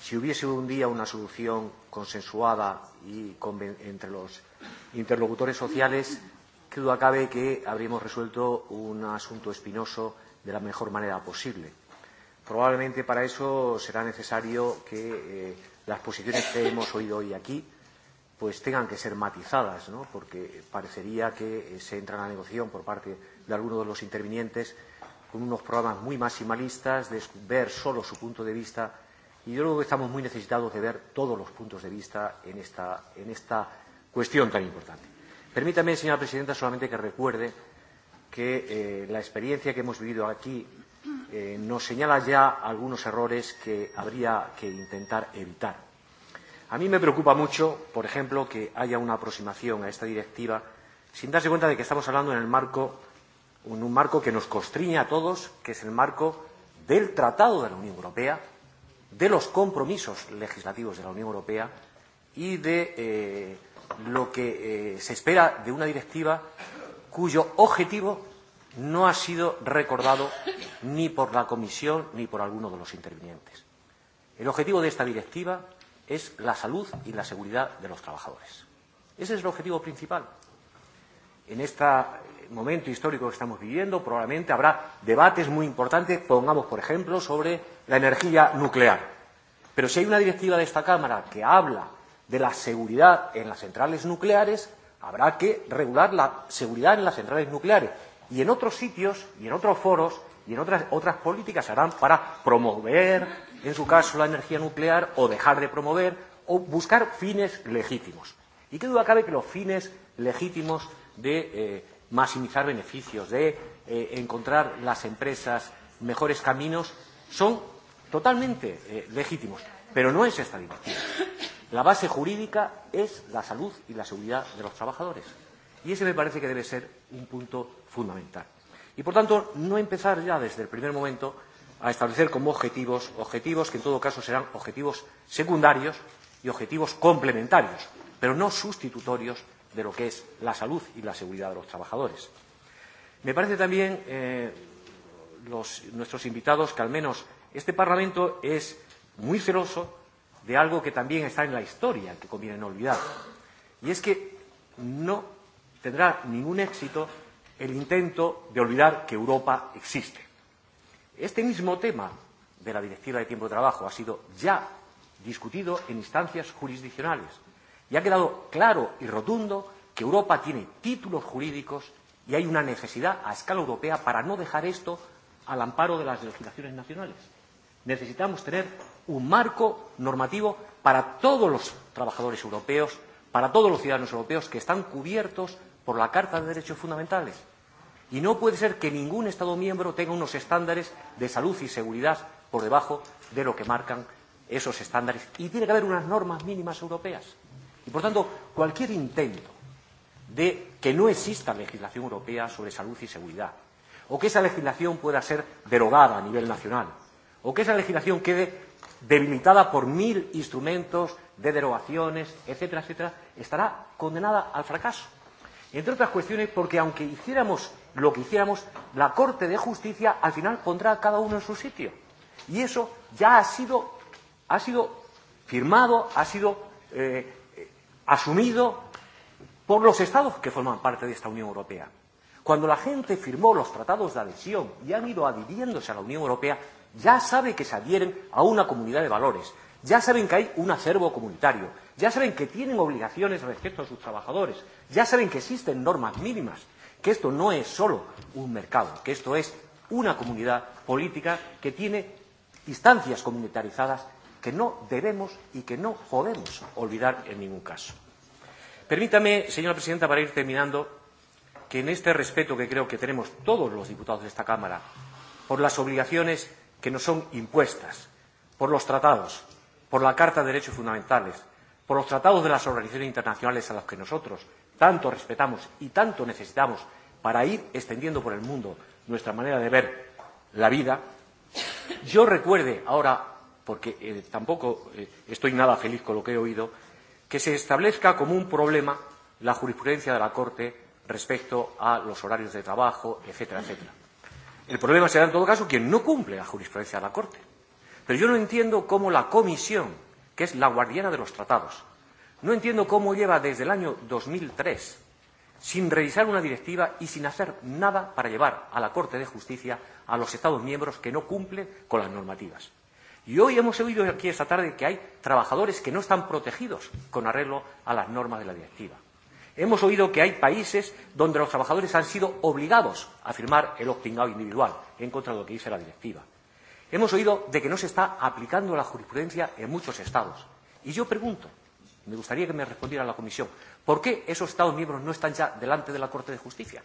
si hubiese un día una solución consensuada y entre los interlocutores sociales, que duda cabe que habríamos resuelto un asunto espinoso de la mejor manera posible. Probablemente para eso será necesario que eh, las posiciones que hemos oído hoy aquí pues tengan que ser matizadas, ¿no? porque parecería que eh, se entra en la negociación por parte de algunos de los intervinientes con unos programas muy maximalistas, de ver solo su punto de vista, y yo creo que estamos muy necesitados de ver todos los puntos de vista en esta, en esta cuestión tan importante. Permítame, señora presidenta, solamente que recuerde que eh, la experiencia que hemos vivido aquí eh, nos señala ya algunos errores que habría que intentar evitar. A mí me preocupa mucho, por ejemplo, que haya una aproximación a esta directiva sin darse cuenta de que estamos hablando en el marco, en un marco que nos constriña a todos, que es el marco del Tratado de la Unión Europea, de los compromisos legislativos de la Unión Europea y de eh, lo que eh, se espera de una directiva cuyo objetivo no ha sido recordado ni por la Comisión ni por alguno de los intervinientes. El objetivo de esta directiva es la salud y la seguridad de los trabajadores. Ese es el objetivo principal. En este momento histórico que estamos viviendo probablemente habrá debates muy importantes, pongamos por ejemplo, sobre la energía nuclear. Pero si hay una directiva de esta Cámara que habla de la seguridad en las centrales nucleares, habrá que regular la seguridad en las centrales nucleares. Y en otros sitios, y en otros foros, y en otras, otras políticas se harán para promover, en su caso, la energía nuclear o dejar de promover o buscar fines legítimos. Y qué duda cabe que los fines legítimos de eh, maximizar beneficios, de eh, encontrar las empresas mejores caminos, son totalmente eh, legítimos. Pero no es esta directiva. La base jurídica es la salud y la seguridad de los trabajadores. Y ese me parece que debe ser un punto fundamental. Y por tanto, no empezar ya desde el primer momento a establecer como objetivos, objetivos que en todo caso serán objetivos secundarios y objetivos complementarios, pero no sustitutorios de lo que es la salud y la seguridad de los trabajadores. Me parece también eh, los, nuestros invitados que al menos este Parlamento es muy celoso de algo que también está en la historia, que conviene no olvidar. Y es que no tendrá ningún éxito el intento de olvidar que Europa existe. Este mismo tema de la Directiva de Tiempo de Trabajo ha sido ya discutido en instancias jurisdiccionales y ha quedado claro y rotundo que Europa tiene títulos jurídicos y hay una necesidad a escala europea para no dejar esto al amparo de las legislaciones nacionales. Necesitamos tener un marco normativo para todos los trabajadores europeos, para todos los ciudadanos europeos que están cubiertos por la Carta de Derechos Fundamentales. Y no puede ser que ningún Estado miembro tenga unos estándares de salud y seguridad por debajo de lo que marcan esos estándares. Y tiene que haber unas normas mínimas europeas. Y por tanto, cualquier intento de que no exista legislación europea sobre salud y seguridad, o que esa legislación pueda ser derogada a nivel nacional, o que esa legislación quede debilitada por mil instrumentos de derogaciones, etcétera, etcétera, estará condenada al fracaso. Entre otras cuestiones, porque aunque hiciéramos lo que hiciéramos, la Corte de Justicia al final pondrá a cada uno en su sitio. Y eso ya ha sido, ha sido firmado, ha sido eh, asumido por los Estados que forman parte de esta Unión Europea. Cuando la gente firmó los tratados de adhesión y han ido adhiriéndose a la Unión Europea, ya sabe que se adhieren a una comunidad de valores, ya saben que hay un acervo comunitario, ya saben que tienen obligaciones respecto a sus trabajadores, ya saben que existen normas mínimas, que esto no es solo un mercado, que esto es una comunidad política que tiene instancias comunitarizadas que no debemos y que no podemos olvidar en ningún caso. Permítame, señora presidenta, para ir terminando, que en este respeto que creo que tenemos todos los diputados de esta Cámara por las obligaciones que nos son impuestas por los tratados, por la Carta de Derechos Fundamentales, por los tratados de las organizaciones internacionales a los que nosotros tanto respetamos y tanto necesitamos para ir extendiendo por el mundo nuestra manera de ver la vida, yo recuerde ahora, porque eh, tampoco eh, estoy nada feliz con lo que he oído, que se establezca como un problema la jurisprudencia de la Corte respecto a los horarios de trabajo, etcétera, etcétera. El problema será, en todo caso, quien no cumple la jurisprudencia de la Corte. Pero yo no entiendo cómo la Comisión, que es la guardiana de los tratados, no entiendo cómo lleva desde el año 2003 sin revisar una directiva y sin hacer nada para llevar a la Corte de Justicia a los Estados miembros que no cumplen con las normativas. Y hoy hemos oído aquí esta tarde que hay trabajadores que no están protegidos con arreglo a las normas de la directiva. Hemos oído que hay países donde los trabajadores han sido obligados a firmar el opting-out individual, en contra de lo que dice la directiva. Hemos oído de que no se está aplicando la jurisprudencia en muchos estados. Y yo pregunto, me gustaría que me respondiera la Comisión, ¿por qué esos Estados miembros no están ya delante de la Corte de Justicia?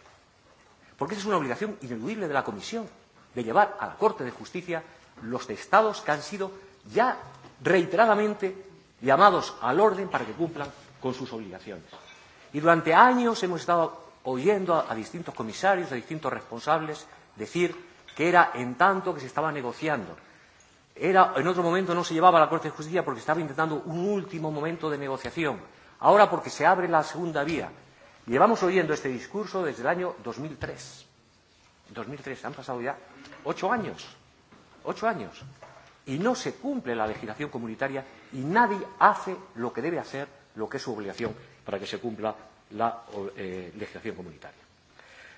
Porque esa es una obligación ineludible de la Comisión, de llevar a la Corte de Justicia los Estados que han sido ya reiteradamente llamados al orden para que cumplan con sus obligaciones. Y durante años hemos estado oyendo a, a distintos comisarios, a distintos responsables decir que era en tanto que se estaba negociando. Era, en otro momento no se llevaba a la Corte de Justicia porque estaba intentando un último momento de negociación. Ahora porque se abre la segunda vía. Llevamos oyendo este discurso desde el año 2003. 2003, han pasado ya ocho años. Ocho años. Y no se cumple la legislación comunitaria y nadie hace lo que debe hacer, lo que es su obligación para que se cumpla la eh, legislación comunitaria.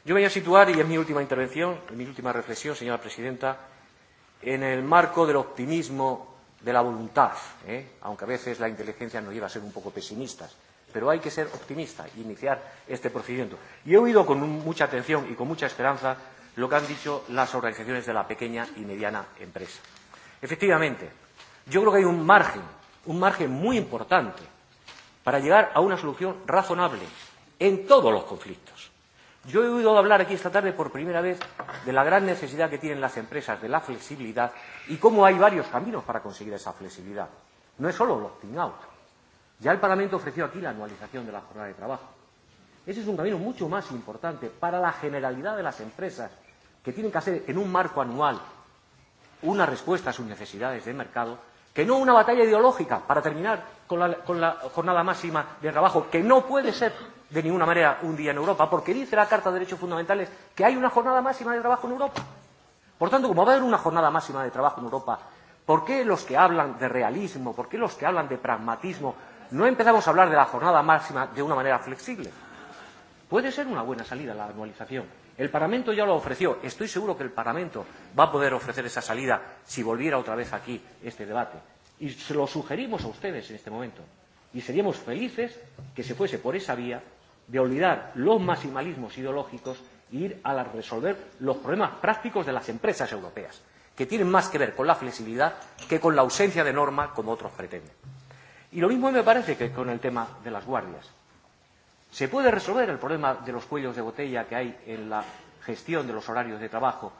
Yo voy a situar, y es mi última intervención, mi última reflexión, señora presidenta, en el marco del optimismo de la voluntad, ¿eh? aunque a veces la inteligencia nos lleva a ser un poco pesimistas, pero hay que ser optimista e iniciar este procedimiento. Y he oído con mucha atención y con mucha esperanza lo que han dicho las organizaciones de la pequeña y mediana empresa. Efectivamente, yo creo que hay un margen, un margen muy importante para llegar a una solución razonable en todos los conflictos. Yo he oído hablar aquí esta tarde por primera vez de la gran necesidad que tienen las empresas de la flexibilidad y cómo hay varios caminos para conseguir esa flexibilidad. No es solo el opting-out. Ya el Parlamento ofreció aquí la anualización de la jornada de trabajo. Ese es un camino mucho más importante para la generalidad de las empresas que tienen que hacer en un marco anual una respuesta a sus necesidades de mercado que no una batalla ideológica para terminar con la, con la jornada máxima de trabajo, que no puede ser de ninguna manera un día en Europa, porque dice la Carta de Derechos Fundamentales que hay una jornada máxima de trabajo en Europa. Por tanto, como va a haber una jornada máxima de trabajo en Europa, ¿por qué los que hablan de realismo, por qué los que hablan de pragmatismo, no empezamos a hablar de la jornada máxima de una manera flexible? Puede ser una buena salida la anualización. El Parlamento ya lo ofreció. Estoy seguro que el Parlamento va a poder ofrecer esa salida si volviera otra vez aquí este debate. Y se lo sugerimos a ustedes en este momento. Y seríamos felices que se fuese por esa vía de olvidar los maximalismos ideológicos e ir a la, resolver los problemas prácticos de las empresas europeas, que tienen más que ver con la flexibilidad que con la ausencia de norma como otros pretenden. Y lo mismo me parece que con el tema de las guardias. ¿Se puede resolver el problema de los cuellos de botella que hay en la gestión de los horarios de trabajo,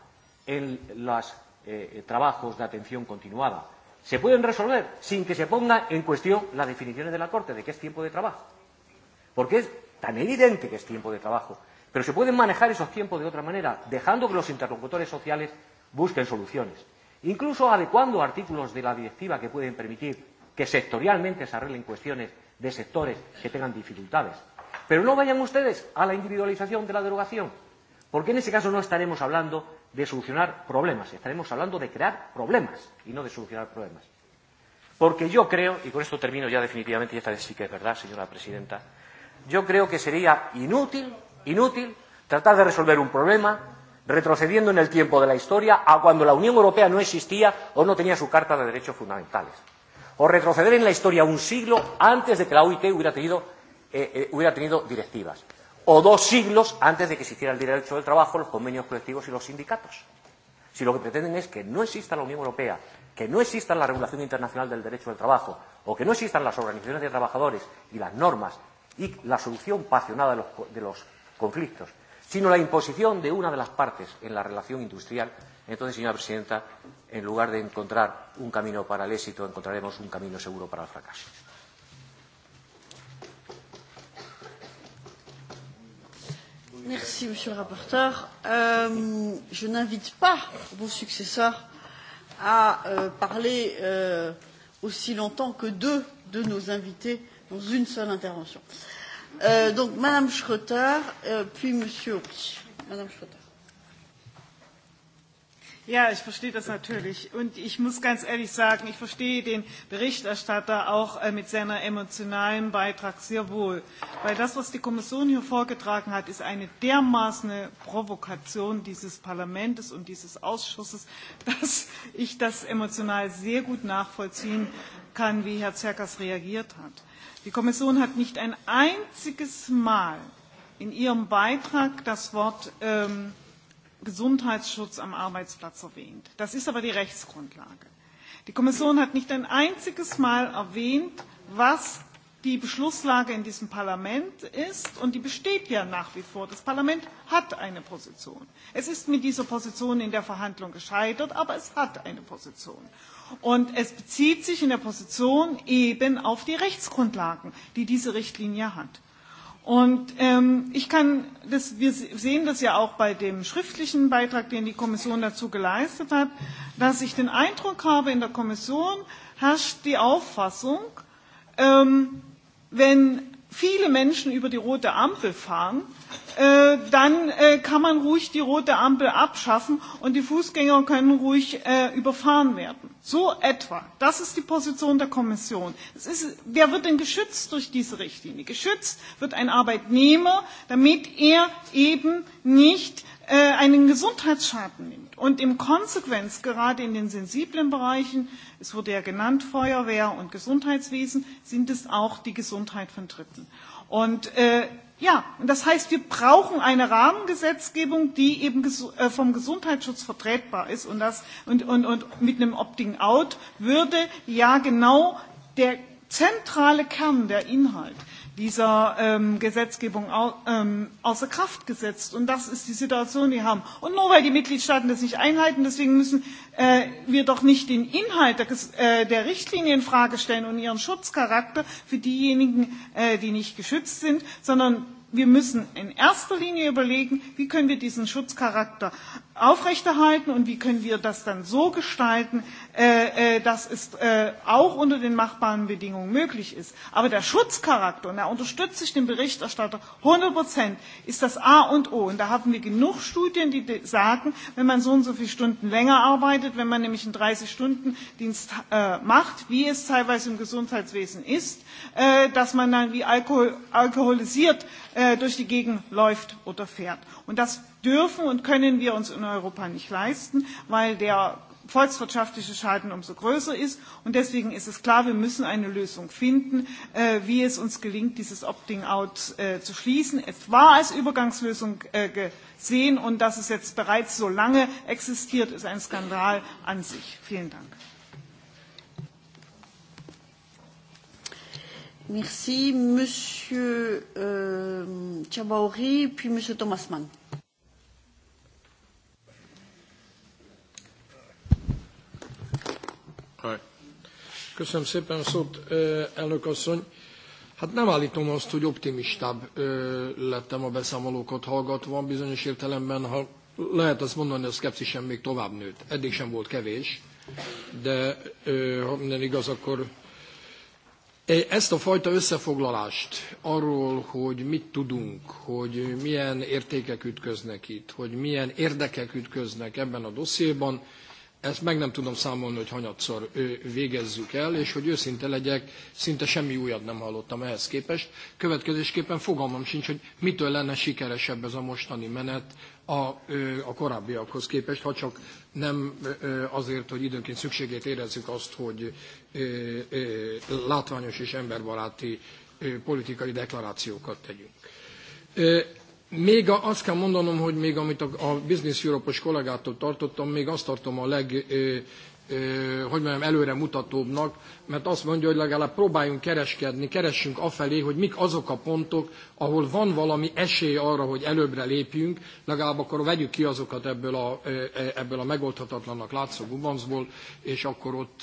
en los eh, eh, trabajos de atención continuada? ¿Se pueden resolver sin que se ponga en cuestión las definiciones de la Corte de qué es tiempo de trabajo? Porque es tan evidente que es tiempo de trabajo. Pero se pueden manejar esos tiempos de otra manera, dejando que los interlocutores sociales busquen soluciones. Incluso adecuando artículos de la directiva que pueden permitir que sectorialmente se arreglen cuestiones de sectores que tengan dificultades. Pero no vayan ustedes a la individualización de la derogación, porque en ese caso no estaremos hablando de solucionar problemas, estaremos hablando de crear problemas y no de solucionar problemas. Porque yo creo, y con esto termino ya definitivamente, y esta vez sí que es verdad, señora presidenta, yo creo que sería inútil, inútil, tratar de resolver un problema retrocediendo en el tiempo de la historia a cuando la Unión Europea no existía o no tenía su Carta de Derechos Fundamentales. O retroceder en la historia un siglo antes de que la OIT hubiera tenido eh, eh, hubiera tenido directivas. O dos siglos antes de que se hiciera el derecho del trabajo, los convenios colectivos y los sindicatos. Si lo que pretenden es que no exista la Unión Europea, que no exista la regulación internacional del derecho del trabajo, o que no existan las organizaciones de trabajadores y las normas y la solución pasionada de los, de los conflictos, sino la imposición de una de las partes en la relación industrial, entonces, señora presidenta, en lugar de encontrar un camino para el éxito, encontraremos un camino seguro para el fracaso. Merci, Monsieur le rapporteur. Euh, je n'invite pas vos successeurs à euh, parler euh, aussi longtemps que deux de nos invités dans une seule intervention. Euh, donc, Madame Schroeter, euh, puis Monsieur Horry. Madame Schroeter. Ja, ich verstehe das natürlich. Und ich muss ganz ehrlich sagen, ich verstehe den Berichterstatter auch äh, mit seiner emotionalen Beitrag sehr wohl. Weil das, was die Kommission hier vorgetragen hat, ist eine dermaßen Provokation dieses Parlaments und dieses Ausschusses, dass ich das emotional sehr gut nachvollziehen kann, wie Herr Zerkas reagiert hat. Die Kommission hat nicht ein einziges Mal in ihrem Beitrag das Wort ähm, – Gesundheitsschutz am Arbeitsplatz erwähnt. Das ist aber die Rechtsgrundlage. Die Kommission hat nicht ein einziges Mal erwähnt, was die Beschlusslage in diesem Parlament ist, und die besteht ja nach wie vor. Das Parlament hat eine Position. Es ist mit dieser Position in der Verhandlung gescheitert, aber es hat eine Position. Und es bezieht sich in der Position eben auf die Rechtsgrundlagen, die diese Richtlinie hat. Und ähm, ich kann das, wir sehen das ja auch bei dem schriftlichen Beitrag, den die Kommission dazu geleistet hat, dass ich den Eindruck habe, in der Kommission herrscht die Auffassung, ähm, wenn viele Menschen über die rote Ampel fahren, äh, dann äh, kann man ruhig die rote Ampel abschaffen und die Fußgänger können ruhig äh, überfahren werden. So etwa. Das ist die Position der Kommission. Es ist, wer wird denn geschützt durch diese Richtlinie? Geschützt wird ein Arbeitnehmer, damit er eben nicht einen Gesundheitsschaden nimmt. Und in Konsequenz, gerade in den sensiblen Bereichen, es wurde ja genannt, Feuerwehr und Gesundheitswesen, sind es auch die Gesundheit von Dritten. Und äh, ja, und das heißt, wir brauchen eine Rahmengesetzgebung, die eben ges äh, vom Gesundheitsschutz vertretbar ist. Und, das, und, und, und mit einem Opting-out würde ja genau der zentrale Kern, der Inhalt dieser ähm, Gesetzgebung au, ähm, außer Kraft gesetzt. Und das ist die Situation, die wir haben. Und nur weil die Mitgliedstaaten das nicht einhalten, deswegen müssen äh, wir doch nicht den Inhalt der, äh, der Richtlinie in Frage stellen und ihren Schutzcharakter für diejenigen, äh, die nicht geschützt sind, sondern wir müssen in erster Linie überlegen, wie können wir diesen Schutzcharakter aufrechterhalten und wie können wir das dann so gestalten, äh, äh dass äh, auch unter den machbaren Bedingungen möglich ist. Aber der Schutzcharakter, und da unterstütze ich den Berichterstatter 100 Prozent, ist das A und O. Und da haben wir genug Studien, die sagen, wenn man so und so viele Stunden länger arbeitet, wenn man nämlich einen 30-Stunden-Dienst äh, macht, wie es teilweise im Gesundheitswesen ist, äh, dass man dann wie Alkohol, alkoholisiert äh, durch die Gegend läuft oder fährt. Und das dürfen und können wir uns in Europa nicht leisten, weil der volkswirtschaftliche Schaden umso größer ist. Und deswegen ist es klar, wir müssen eine Lösung finden, äh, wie es uns gelingt, dieses Opting-out äh, zu schließen. Es war als Übergangslösung äh, gesehen und dass es jetzt bereits so lange existiert, ist ein Skandal an sich. Vielen Dank. Merci, Monsieur euh, ähm, Chabauri, puis Monsieur Mann. Köszönöm szépen a szót, elnök asszony. Hát nem állítom azt, hogy optimistább lettem a beszámolókat hallgatva, bizonyos értelemben, ha lehet azt mondani, a szkepszisem még tovább nőtt. Eddig sem volt kevés, de ha minden igaz, akkor e, ezt a fajta összefoglalást arról, hogy mit tudunk, hogy milyen értékek ütköznek itt, hogy milyen érdekek ütköznek ebben a dossziéban, Ezt meg nem tudom számolni, hogy hanyatszor végezzük el, és hogy őszinte legyek, szinte semmi újat nem hallottam ehhez képest. Következésképpen fogalmam sincs, hogy mitől lenne sikeresebb ez a mostani menet a, a korábbiakhoz képest, ha csak nem azért, hogy időnként szükségét érezzük azt, hogy látványos és emberbaráti politikai deklarációkat tegyünk. Még azt kell mondanom, hogy még amit a, a Business Europe-os kollégától tartottam, még azt tartom a leg, ö, ö, hogy mondjam, előre mutatóbbnak, mert azt mondja, hogy legalább próbáljunk kereskedni, keressünk afelé, hogy mik azok a pontok, ahol van valami esély arra, hogy előbbre lépjünk, legalább akkor vegyük ki azokat ebből a, ebből a megoldhatatlannak látszó gubancból, és akkor ott,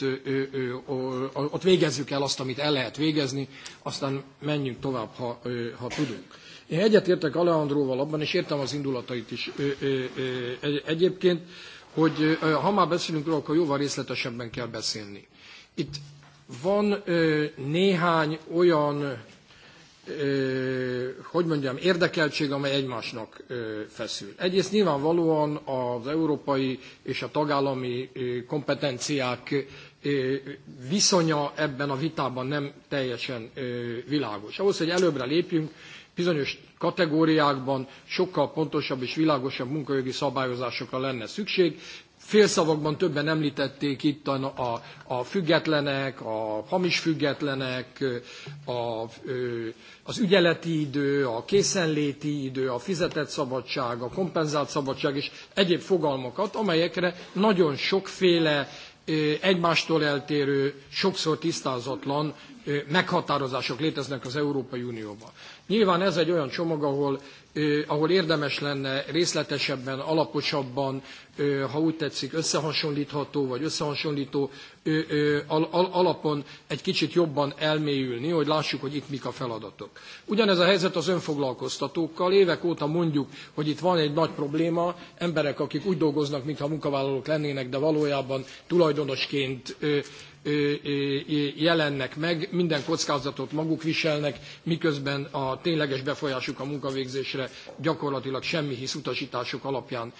ott végezzük el azt, amit el lehet végezni, aztán menjünk tovább, ha, ha tudunk. Én egyetértek Alejandróval abban, és értem az indulatait is egyébként, hogy ha már beszélünk róla, akkor jóval részletesebben kell beszélni. Itt van néhány olyan, hogy mondjam, érdekeltség, amely egymásnak feszül. Egyrészt nyilvánvalóan az európai és a tagállami kompetenciák viszonya ebben a vitában nem teljesen világos. Ahhoz, hogy előbbre lépjünk, bizonyos kategóriákban sokkal pontosabb és világosabb munkajogi szabályozásokra lenne szükség. Félszavakban többen említették itt a, a, a függetlenek, a hamis függetlenek, a, az ügyeleti idő, a készenléti idő, a fizetett szabadság, a kompenzált szabadság és egyéb fogalmakat, amelyekre nagyon sokféle egymástól eltérő, sokszor tisztázatlan meghatározások léteznek az Európai Unióban. Nyilván ez egy olyan csomag, ahol, ahol érdemes lenne részletesebben, alaposabban, ha úgy tetszik, összehasonlítható vagy összehasonlító alapon egy kicsit jobban elmélyülni, hogy lássuk, hogy itt mik a feladatok. Ugyanez a helyzet az önfoglalkoztatókkal. Évek óta mondjuk, hogy itt van egy nagy probléma, emberek, akik úgy dolgoznak, mintha munkavállalók lennének, de valójában tulajdonosként jelennek meg, minden kockázatot maguk viselnek, miközben a tényleges befolyásuk a munkavégzésre gyakorlatilag semmi hisz utasítások alapján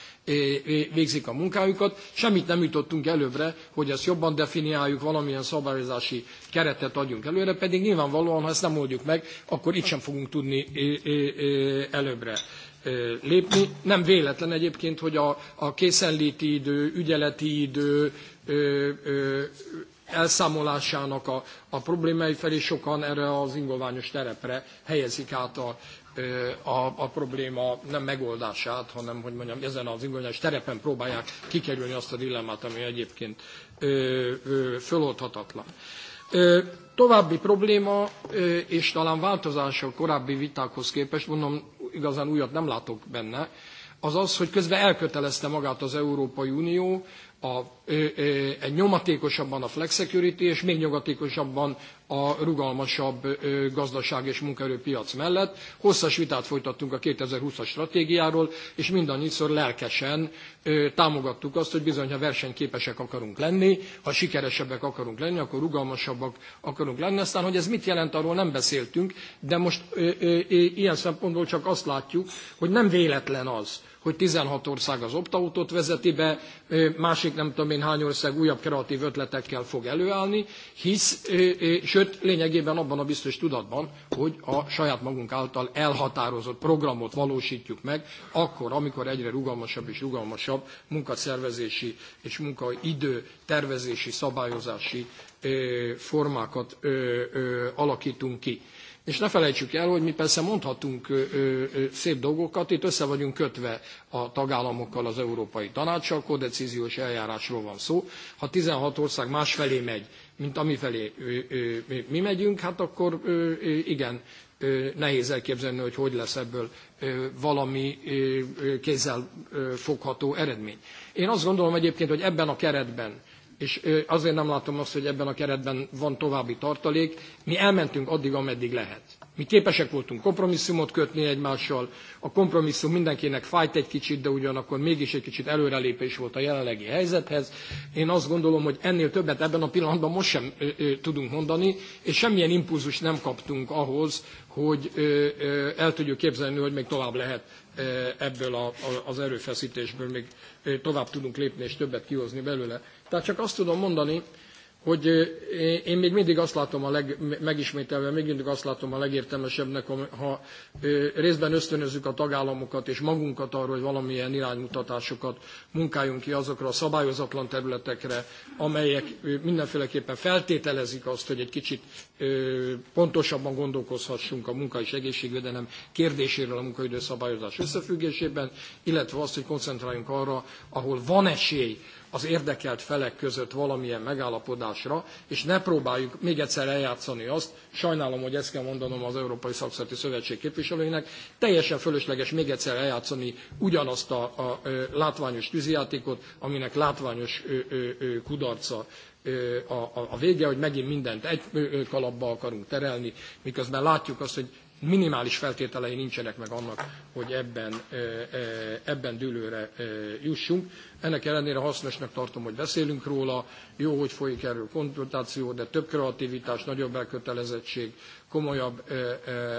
végzik a munkájukat. Semmit nem jutottunk előbbre, hogy ezt jobban definiáljuk, valamilyen szabályozási keretet adjunk előre, pedig nyilvánvalóan, ha ezt nem oldjuk meg, akkor itt sem fogunk tudni előbbre lépni. Nem véletlen egyébként, hogy a, a készenléti idő, ügyeleti idő, ö, ö, elszámolásának a, a problémái felé sokan erre az ingoványos terepre helyezik át a, a, a probléma nem megoldását, hanem hogy mondjam, ezen az ingolványos terepen próbálják kikerülni azt a dilemmát, ami egyébként ö, ö, föloldhatatlan. Ö, további probléma, ö, és talán változás a korábbi vitákhoz képest, mondom, igazán újat nem látok benne, az az, hogy közben elkötelezte magát az Európai Unió, a, ö, ö, nyomatékosabban a flex security, és még nyomatékosabban a rugalmasabb ö, gazdaság és munkaerőpiac mellett. Hosszas vitát folytattunk a 2020-as stratégiáról, és mindannyiszor lelkesen ö, támogattuk azt, hogy bizony, ha versenyképesek akarunk lenni, ha sikeresebbek akarunk lenni, akkor rugalmasabbak akarunk lenni. Aztán, hogy ez mit jelent, arról nem beszéltünk, de most ö, ö, ö, ilyen szempontból csak azt látjuk, hogy nem véletlen az, hogy 16 ország az optautót vezeti be, másik nem tudom én hány ország újabb kreatív ötletekkel fog előállni, hisz, sőt, lényegében abban a biztos tudatban, hogy a saját magunk által elhatározott programot valósítjuk meg, akkor, amikor egyre rugalmasabb és rugalmasabb munkaszervezési és munkaidő tervezési, szabályozási formákat alakítunk ki. És ne felejtsük el, hogy mi persze mondhatunk ö, ö, szép dolgokat, itt össze vagyunk kötve a tagállamokkal az Európai Tanácssal, kodecíziós eljárásról van szó. Ha 16 ország másfelé megy, mint amifelé ö, ö, mi megyünk, hát akkor ö, igen, ö, nehéz elképzelni, hogy hogy lesz ebből ö, valami ö, kézzel ö, fogható eredmény. Én azt gondolom egyébként, hogy ebben a keretben, és azért nem látom azt, hogy ebben a keretben van további tartalék. Mi elmentünk addig, ameddig lehet. Mi képesek voltunk kompromisszumot kötni egymással, a kompromisszum mindenkinek fájt egy kicsit, de ugyanakkor mégis egy kicsit előrelépés volt a jelenlegi helyzethez. Én azt gondolom, hogy ennél többet ebben a pillanatban most sem ö, ö, tudunk mondani, és semmilyen impulzus nem kaptunk ahhoz, hogy ö, ö, el tudjuk képzelni, hogy még tovább lehet ö, ebből a, a, az erőfeszítésből, még ö, tovább tudunk lépni és többet kihozni belőle. Tehát csak azt tudom mondani, hogy én még mindig azt látom, a leg, megismételve, még mindig azt látom a legértelmesebbnek, ha részben ösztönözzük a tagállamokat és magunkat arra, hogy valamilyen iránymutatásokat munkáljunk ki azokra a szabályozatlan területekre, amelyek mindenféleképpen feltételezik azt, hogy egy kicsit pontosabban gondolkozhassunk a munka és egészségvédelem kérdéséről a munkaidő szabályozás összefüggésében, illetve azt, hogy koncentráljunk arra, ahol van esély az érdekelt felek között valamilyen megállapodásra, és ne próbáljuk még egyszer eljátszani azt, sajnálom, hogy ezt kell mondanom az Európai Szakszati Szövetség képviselőinek, teljesen fölösleges még egyszer eljátszani ugyanazt a, a, a látványos tűzijátékot, aminek látványos ö, ö, ö, kudarca a, a, a vége, hogy megint mindent egy kalapba akarunk terelni, miközben látjuk azt, hogy minimális feltételei nincsenek meg annak, hogy ebben, ebben dűlőre jussunk. Ennek ellenére hasznosnak tartom, hogy beszélünk róla, jó, hogy folyik erről konzultáció, de több kreativitás, nagyobb elkötelezettség, komolyabb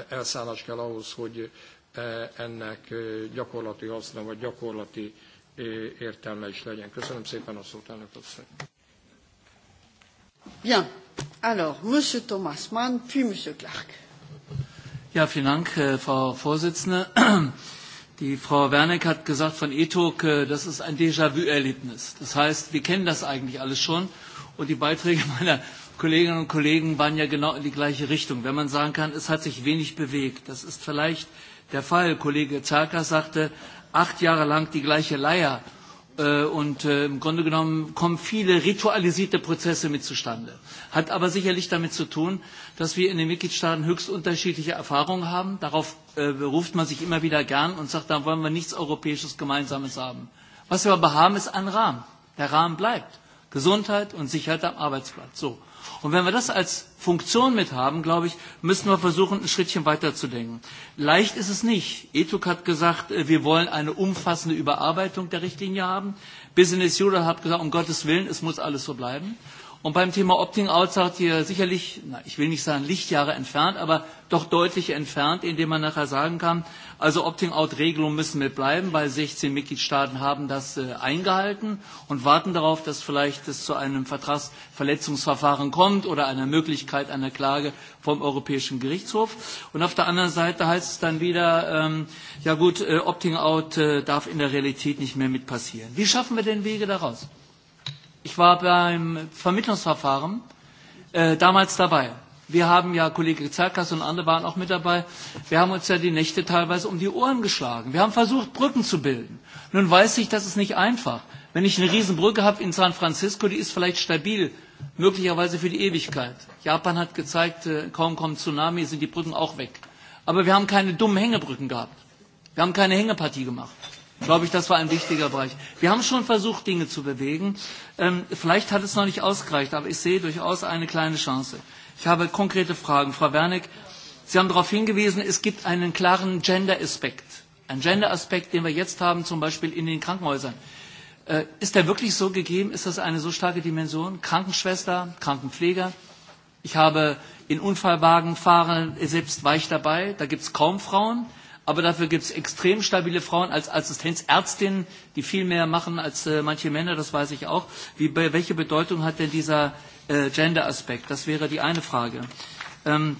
elszállás kell ahhoz, hogy ennek gyakorlati haszna vagy gyakorlati értelme is legyen. Köszönöm szépen a szót, elnök asszony. Ja, Alors, Monsieur Thomas Mann, puis Monsieur Clark. Ja, vielen Dank, äh, Frau Vorsitzende. Die Frau Wernick hat gesagt von ETOG, äh, das ist ein Déjà-vu-Erlebnis. Das heißt, wir kennen das eigentlich alles schon. Und die Beiträge meiner Kolleginnen und Kollegen waren ja genau in die gleiche Richtung. Wenn man sagen kann, es hat sich wenig bewegt, das ist vielleicht der Fall. Kollege Zarka sagte, acht Jahre lang die gleiche Leier Äh, und äh, im Grunde genommen kommen viele ritualisierte Prozesse mit zustande. Hat aber sicherlich damit zu tun, dass wir in den Mitgliedstaaten höchst unterschiedliche Erfahrungen haben. Darauf äh, beruft man sich immer wieder gern und sagt, da wollen wir nichts Europäisches Gemeinsames haben. Was wir aber haben, ist ein Rahmen. Der Rahmen bleibt. Gesundheit und Sicherheit am Arbeitsplatz. So. Und wenn wir das als Funktion mit haben, glaube ich, müssen wir versuchen, ein Schrittchen weiterzudenken. Leicht ist es nicht. ETUC hat gesagt, äh, wir wollen eine umfassende Überarbeitung der Richtlinie haben. Business Europe hat gesagt, um Gottes Willen, es muss alles so bleiben. Und beim Thema Opting-out sagt ihr sicherlich, na, ich will nicht sagen Lichtjahre entfernt, aber doch deutlich entfernt, indem man nachher sagen kann, also Opting-out-Regelungen müssen wir bleiben, weil 16 Mitgliedstaaten haben das äh, eingehalten und warten darauf, dass vielleicht es zu einem Vertragsverletzungsverfahren kommt oder einer Möglichkeit einer Klage vom Europäischen Gerichtshof. Und auf der anderen Seite heißt es dann wieder, ähm, ja gut, äh, Opting-out äh, darf in der Realität nicht mehr mit passieren. Wie schaffen wir denn Wege daraus? Ich war beim Vermittlungsverfahren äh, damals dabei. Wir haben ja, Kollege Zerkas und andere waren auch mit dabei, wir haben uns ja die Nächte teilweise um die Ohren geschlagen. Wir haben versucht, Brücken zu bilden. Nun weiß ich, das ist nicht einfach. Wenn ich eine Riesenbrücke habe in San Francisco, die ist vielleicht stabil, möglicherweise für die Ewigkeit. Japan hat gezeigt, äh, kaum kommt Tsunami, sind die Brücken auch weg. Aber wir haben keine dummen Hängebrücken gehabt. Wir haben keine Hängepartie gemacht glaube ich, das war ein wichtiger Bereich. Wir haben schon versucht, Dinge zu bewegen. Ähm, vielleicht hat es noch nicht ausgereicht, aber ich sehe durchaus eine kleine Chance. Ich habe konkrete Fragen. Frau Wernick, Sie haben darauf hingewiesen, es gibt einen klaren Gender-Aspekt. Ein Gender-Aspekt, den wir jetzt haben, zum Beispiel in den Krankenhäusern. Äh, ist der wirklich so gegeben? Ist das eine so starke Dimension? Krankenschwester, Krankenpfleger? Ich habe in Unfallwagen fahren selbst war ich dabei. Da gibt es kaum Frauen aber dafür gibt es extrem stabile Frauen als Assistenzärztinnen, die viel mehr machen als äh, manche Männer, das weiß ich auch. Wie, welche Bedeutung hat denn dieser äh, Gender-Aspekt? Das wäre die eine Frage. Ähm,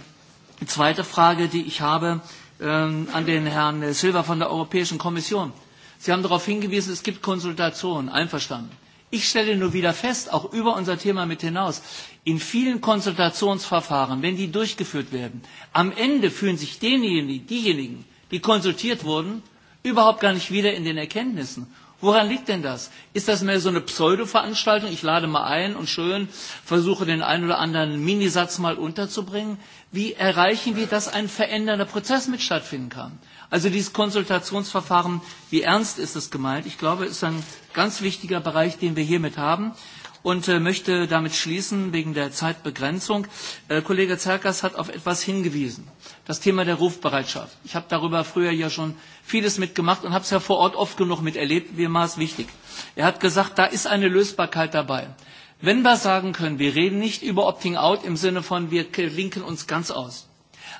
die zweite Frage, die ich habe ähm, an den Herrn Silva von der Europäischen Kommission. Sie haben darauf hingewiesen, es gibt Konsultationen, einverstanden. Ich stelle nur wieder fest, auch über unser Thema mit hinaus, in vielen Konsultationsverfahren, wenn die durchgeführt werden, am Ende fühlen sich denjenigen, diejenigen, die konsultiert wurden, überhaupt gar nicht wieder in den Erkenntnissen. Woran liegt denn das? Ist das mehr so eine Pseudo-Veranstaltung? Ich lade mal ein und schön versuche den einen oder anderen Minisatz mal unterzubringen. Wie erreichen wir, dass ein verändernder Prozess mit stattfinden kann? Also dieses Konsultationsverfahren, wie ernst ist es gemeint? Ich glaube, ist ein ganz wichtiger Bereich, den wir hiermit haben und äh, möchte damit schließen wegen der Zeitbegrenzung. Äh, Kollege Zerkas hat auf etwas hingewiesen, das Thema der Rufbereitschaft. Ich habe darüber früher ja schon vieles mitgemacht und habe es ja vor Ort oft genug miterlebt, wie war es wichtig. Er hat gesagt, da ist eine Lösbarkeit dabei. Wenn wir sagen können, wir reden nicht über Opting-out im Sinne von, wir linken uns ganz aus.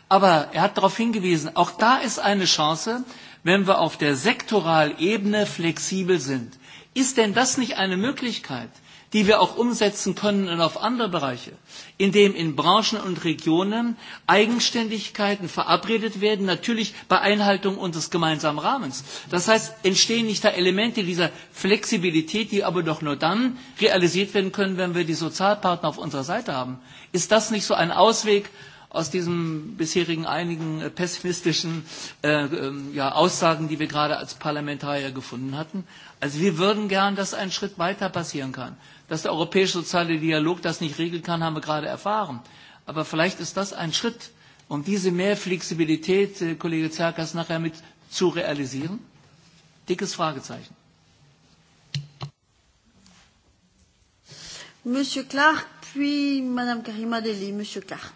Aber er hat darauf hingewiesen, auch da ist eine Chance, wenn wir auf der sektoralen Ebene flexibel sind. Ist denn das nicht eine Möglichkeit? die wir auch umsetzen können und auf andere Bereiche, indem in Branchen und Regionen Eigenständigkeiten verabredet werden, natürlich bei Einhaltung unseres gemeinsamen Rahmens. Das heißt, entstehen nicht da Elemente dieser Flexibilität, die aber doch nur dann realisiert werden können, wenn wir die Sozialpartner auf unserer Seite haben. Ist das nicht so ein Ausweg, aus diesen bisherigen einigen äh, pessimistischen äh, äh, ja, Aussagen, die wir gerade als Parlamentarier gefunden hatten. Also wir würden gern, dass ein Schritt weiter passieren kann. Dass der europäische soziale Dialog das nicht regeln kann, haben wir gerade erfahren. Aber vielleicht ist das ein Schritt, um diese mehr Flexibilität, äh, Kollege Zerkas, nachher mit zu realisieren. Dickes Fragezeichen. Monsieur Clark, puis Madame Karima Deli, Monsieur Clark.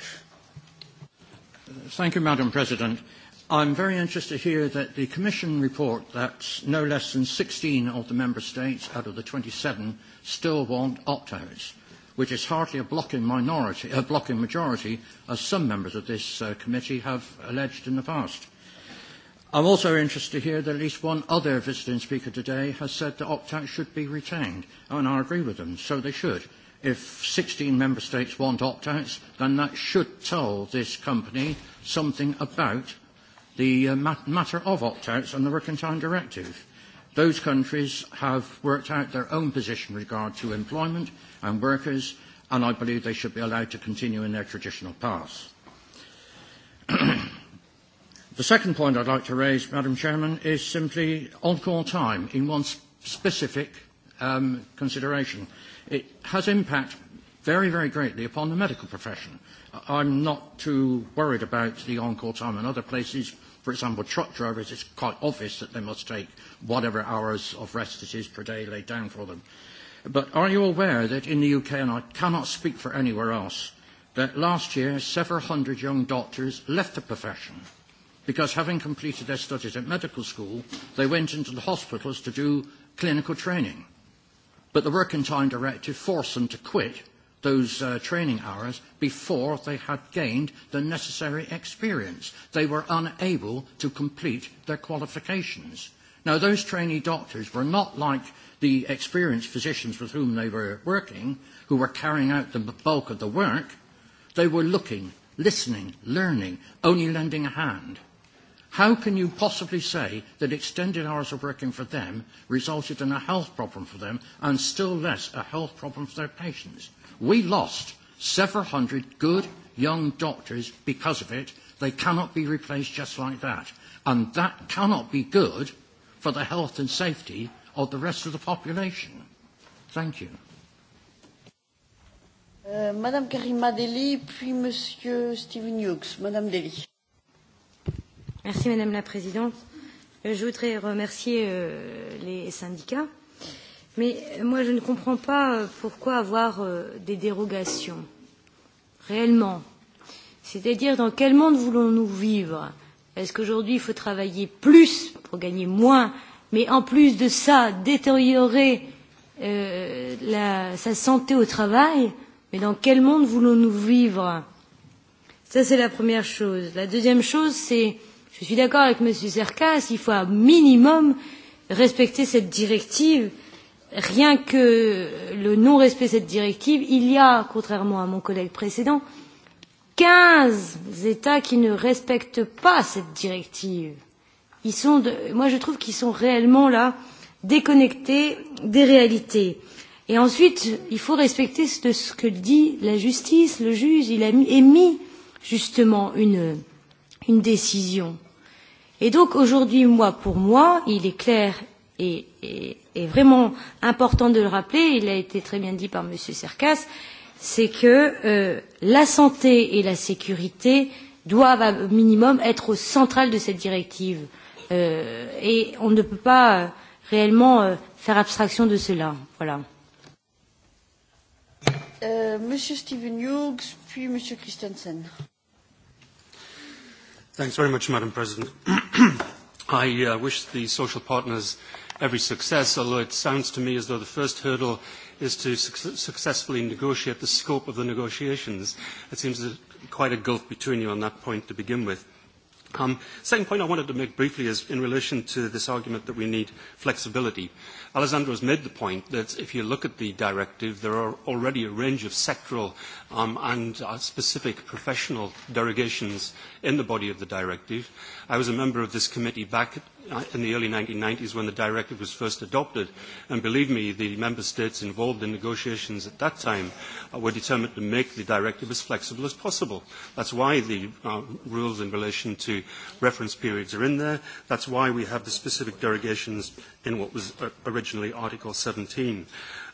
Thank you, Madam President. I'm very interested to hear that the Commission report that no less than 16 of the Member States out of the 27 still want opt-outs, which is hardly a blocking, minority, a blocking majority, as some members of this uh, committee have alleged in the past. I'm also interested to hear that at least one other visiting speaker today has said that opt outs should be retained, and I agree with them, so they should. If 16 member states want opt-outs, then that should tell this company something about the uh, matter of opt-outs and the time Directive. Those countries have worked out their own position with regard to employment and workers, and I believe they should be allowed to continue in their traditional path. the second point I'd like to raise, Madam Chairman, is simply on-call time in one specific um, consideration. It has impact very, very greatly upon the medical profession. I'm not too worried about the on-call time in other places. For example, truck drivers, it's quite obvious that they must take whatever hours of rest it is per day laid down for them. But are you aware that in the UK, and I cannot speak for anywhere else, that last year several hundred young doctors left the profession because having completed their studies at medical school, they went into the hospitals to do clinical training. But the Working Time Directive forced them to quit those uh, training hours before they had gained the necessary experience. They were unable to complete their qualifications. Now, those trainee doctors were not like the experienced physicians with whom they were working, who were carrying out the bulk of the work. They were looking, listening, learning, only lending a hand. How can you possibly say that extended hours of working for them resulted in a health problem for them and still less a health problem for their patients? We lost several hundred good young doctors because of it. They cannot be replaced just like that. And that cannot be good for the health and safety of the rest of the population. Thank you. Uh, Madame Karima Deli, puis Monsieur Stephen Hughes. Madame Deli. Merci Madame la Présidente. Euh, je voudrais remercier euh, les syndicats, mais euh, moi je ne comprends pas pourquoi avoir des dérogations, réellement. C'est-à-dire dans quel monde voulons-nous vivre Est-ce qu'aujourd'hui il faut travailler plus pour gagner moins, mais en plus de ça détériorer euh, la, sa santé au travail Mais dans quel monde voulons-nous vivre Ça c'est la première chose. La deuxième chose c'est Je suis d'accord avec M. Zerkas, il faut un minimum respecter cette directive. Rien que le non-respect de cette directive, il y a, contrairement à mon collègue précédent, 15 États qui ne respectent pas cette directive. Ils sont de, moi, je trouve qu'ils sont réellement là déconnectés des réalités. Et ensuite, il faut respecter ce que dit la justice, le juge, il a émis justement une, une décision. Et donc aujourd'hui, moi, pour moi, il est clair et, et, et vraiment important de le rappeler, il a été très bien dit par M. Cercas, c'est que euh, la santé et la sécurité doivent au minimum être au central de cette directive. Euh, et on ne peut pas euh, réellement euh, faire abstraction de cela. Voilà. Euh, Monsieur Stephen Hughes, puis Monsieur Christensen. Thanks very much, Madam President. I uh, wish the social partners every success, although it sounds to me as though the first hurdle is to su successfully negotiate the scope of the negotiations. It seems quite a gulf between you on that point to begin with. Um, second point I wanted to make briefly is in relation to this argument that we need flexibility. Alessandro has made the point that if you look at the directive, there are already a range of sectoral um, and uh, specific professional derogations in the body of the directive. I was a member of this committee back uh, in the early 1990s when the directive was first adopted, and believe me, the member states involved in negotiations at that time uh, were determined to make the directive as flexible as possible. That's why the uh, rules in relation to reference periods are in there. That's why we have the specific derogations in what was uh, originally Article 17.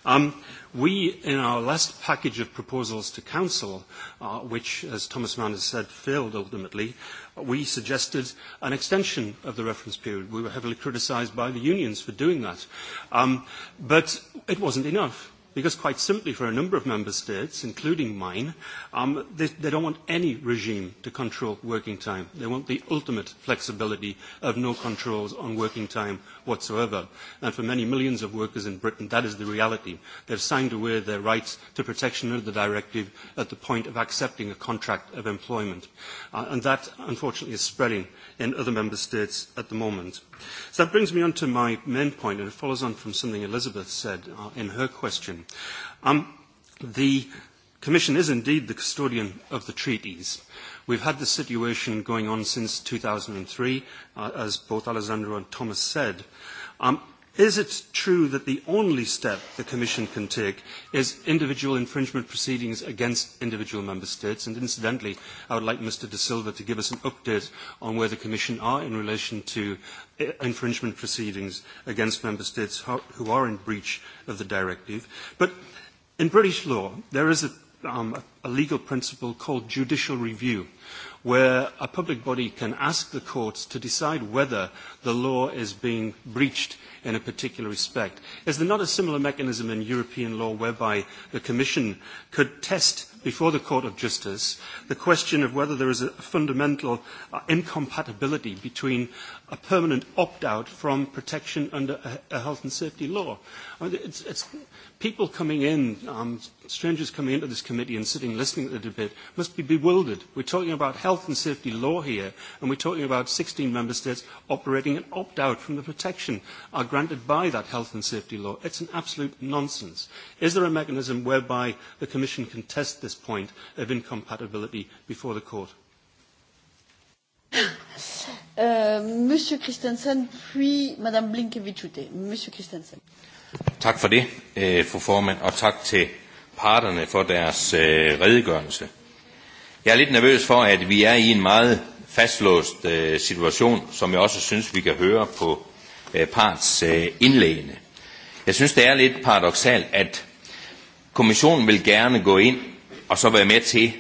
Um, we, in our last package of proposals to Council, uh, which, as Thomas Mann has said, failed ultimately, we suggested an extension of the reference period. We were heavily criticised by the unions for doing that. Um, but it wasn't enough. Because quite simply, for a number of member states, including mine, um, they, they don't want any regime to control working time. They want the ultimate flexibility of no controls on working time whatsoever. And for many millions of workers in Britain, that is the reality. They've signed away their rights to protection under the directive at the point of accepting a contract of employment. Uh, and that, unfortunately, is spreading in other member states at the moment. So that brings me on to my main point, and it follows on from something Elizabeth said uh, in her question. Um, the Commission is indeed the custodian of the treaties. We've had this situation going on since 2003, uh, as both Alessandro and Thomas said. Um, Is it true that the only step the Commission can take is individual infringement proceedings against individual Member States? And incidentally, I would like Mr De Silva to give us an update on where the Commission are in relation to uh, infringement proceedings against Member States who are in breach of the directive. But in British law, there is a, um, a legal principle called judicial review where a public body can ask the courts to decide whether the law is being breached in a particular respect. Is there not a similar mechanism in European law whereby the Commission could test before the Court of Justice the question of whether there is a fundamental uh, incompatibility between a permanent opt-out from protection under a, health and safety law. I mean, it's, it's, people coming in, um, strangers coming into this committee and sitting listening to the debate must be bewildered. We're talking about health and safety law here, and we're talking about 16 member states operating an opt-out from the protection are granted by that health and safety law. It's an absolute nonsense. Is there a mechanism whereby the Commission can test this point of incompatibility before the court. Uh, Monsieur Christensen, puis Madame Blinkevichute. ute Monsieur Christensen. Tak for det, øh, fru formand, og tak til parterne for deres øh, redegørelse. Jeg er lidt nervøs for, at vi er i en meget fastlåst øh, situation, som jeg også synes, vi kan høre på øh, parts øh, indlægene. Jeg synes, det er lidt paradoxalt, at kommissionen vil gerne gå ind og så være med til,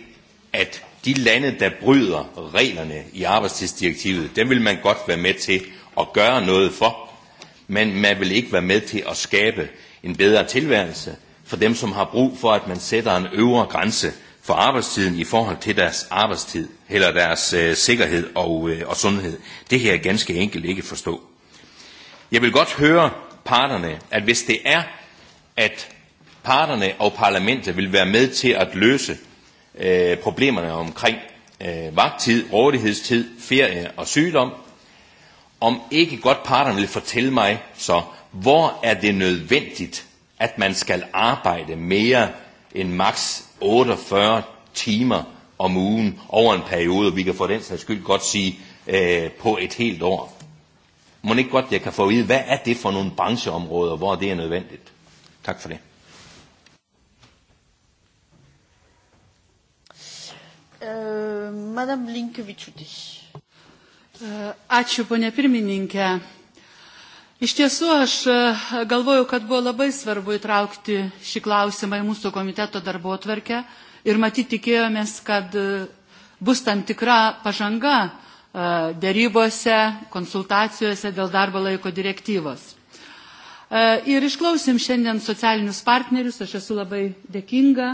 at de lande, der bryder reglerne i arbejdstidsdirektivet, dem vil man godt være med til at gøre noget for, men man vil ikke være med til at skabe en bedre tilværelse for dem, som har brug for, at man sætter en øvre grænse for arbejdstiden i forhold til deres arbejdstid, eller deres øh, sikkerhed og, øh, og sundhed. Det her er ganske enkelt ikke forstå. Jeg vil godt høre parterne, at hvis det er, at parterne og parlamentet vil være med til at løse øh, problemerne omkring øh, vagtid, rådighedstid, ferie og sygdom. Om ikke godt parterne vil fortælle mig så, hvor er det nødvendigt, at man skal arbejde mere end maks 48 timer om ugen over en periode, vi kan for den sags skyld godt sige øh, på et helt år. Må ikke godt, jeg kan få at vide, hvad er det for nogle brancheområder, hvor det er nødvendigt? Tak for det. Euh, Madam Linkevičiūtė. Euh, ačiū, ponia pirmininkė. Iš tiesų, aš e, galvoju, kad buvo labai svarbu įtraukti šį klausimą į mūsų komiteto darbo atverkę ir matyti tikėjomės, kad e, bus tam tikra pažanga e, dėrybose, konsultacijose dėl darbo laiko direktyvos. Ir išklausim šiandien socialinius partnerius, aš esu labai dėkinga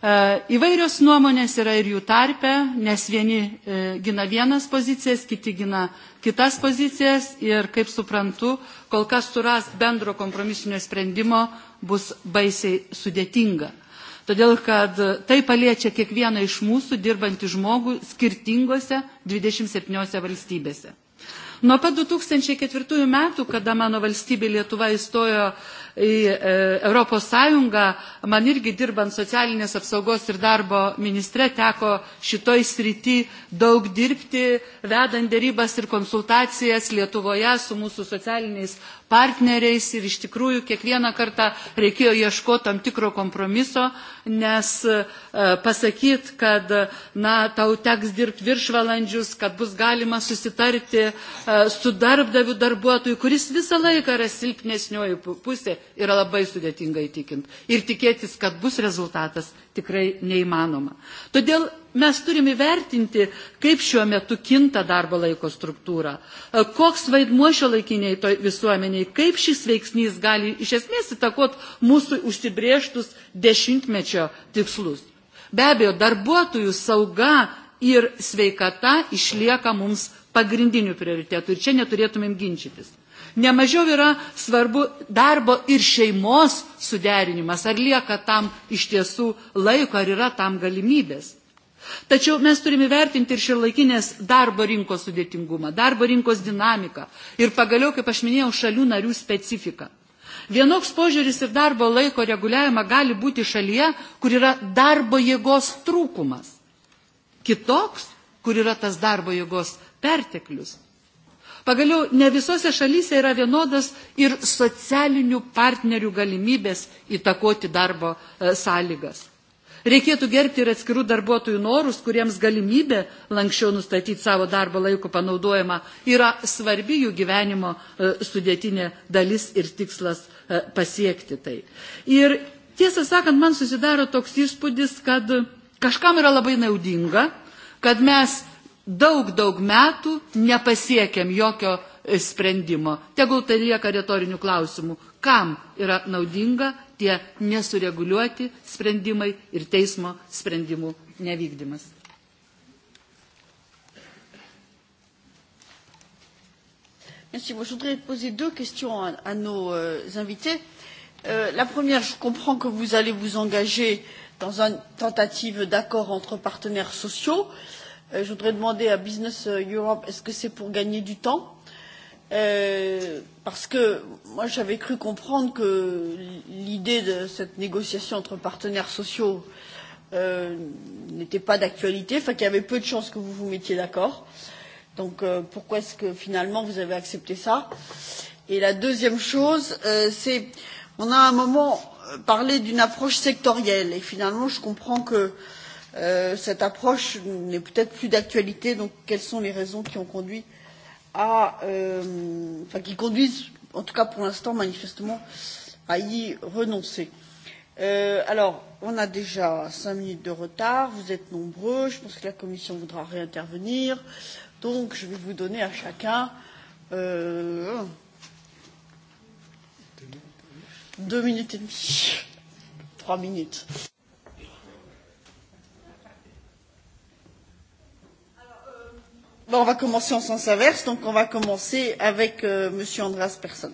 E, įvairios nuomonės yra ir jų tarpe, nes vieni e, gina vienas pozicijas, kiti gina kitas pozicijas ir, kaip suprantu, kol kas suras bendro kompromisinio sprendimo bus baisiai sudėtinga. Todėl, kad tai paliečia kiekvieną iš mūsų dirbantį žmogų skirtingose 27 valstybėse. Nuo pat 2004 metų, kada mano valstybė Lietuva įstojo E, Europos Sąjungą, man irgi dirbant socialinės apsaugos ir darbo ministre teko šitoj srity daug dirbti, vedant dėrybas ir konsultacijas Lietuvoje su mūsų socialiniais partneriais ir iš tikrųjų kiekvieną kartą reikėjo ieškoti tam tikro kompromiso, nes e, pasakyt, kad na, tau teks dirbti viršvalandžius, kad bus galima susitarti e, su darbdaviu darbuotoju, kuris visą laiką yra silpnesnioji pusė, yra labai sudėtinga įtikinti. Ir tikėtis, kad bus rezultatas tikrai neįmanoma. Todėl mes turime įvertinti, kaip šiuo metu kinta darbo laiko struktūra, e, koks vaidmuo šio laikiniai visuomeniai, kaip šis veiksnys gali iš esmės įtakot mūsų užsibrieštus dešimtmečio tikslus. Be abejo, darbuotojų sauga ir sveikata išlieka mums pagrindinių prioritetų ir čia neturėtumėm ginčytis. Nemažiau yra svarbu darbo ir šeimos suderinimas, ar lieka tam iš tiesų laiko, ar yra tam galimybės. Tačiau mes turime vertinti ir širlaikinės darbo rinkos sudėtingumą, darbo rinkos dinamiką ir pagaliau, kaip aš minėjau, šalių narių specifiką. Vienoks požiūris ir darbo laiko reguliavimą gali būti šalyje, kur yra darbo jėgos trūkumas. Kitoks, kur yra tas darbo jėgos perteklius. Pagaliau, ne visose šalyse yra vienodas ir socialinių partnerių galimybės įtakoti darbo e, sąlygas. Reikėtų gerbti ir atskirų darbuotojų norus, kuriems galimybė lankščiau nustatyti savo darbo laiko panaudojimą yra svarbi jų gyvenimo e, sudėtinė dalis ir tikslas e, pasiekti tai. Ir tiesą sakant, man susidaro toks įspūdis, kad kažkam yra labai naudinga, kad mes daug, daug metų nepasiekėm jokio e, sprendimo. Tegul tai lieka retorinių klausimų, kam yra naudinga tie nesureguliuoti sprendimai ir teismo sprendimų nevykdymas. Merci. Moi, je voudrais poser deux questions à, à nos euh, invités. Euh, la première, je comprends que vous allez vous engager dans une tentative d'accord entre partenaires sociaux. Euh, Euh, je voudrais demander à Business Europe, est-ce que c'est pour gagner du temps euh, Parce que moi, j'avais cru comprendre que l'idée de cette négociation entre partenaires sociaux euh, n'était pas d'actualité, enfin qu'il y avait peu de chances que vous vous mettiez d'accord. Donc euh, pourquoi est-ce que finalement vous avez accepté ça Et la deuxième chose, euh, c'est on a à un moment euh, parlé d'une approche sectorielle et finalement je comprends que euh, euh, cette approche n'est peut-être plus d'actualité, donc quelles sont les raisons qui ont conduit à, euh, enfin, qui conduisent, en tout cas pour l'instant, manifestement, à y renoncer. Euh, alors, on a déjà cinq minutes de retard, vous êtes nombreux, je pense que la Commission voudra réintervenir, donc je vais vous donner à chacun euh, deux minutes et demie, trois minutes. Bon, on va commencer en sens inverse, donc on va commencer avec euh, Monsieur Andras Persson.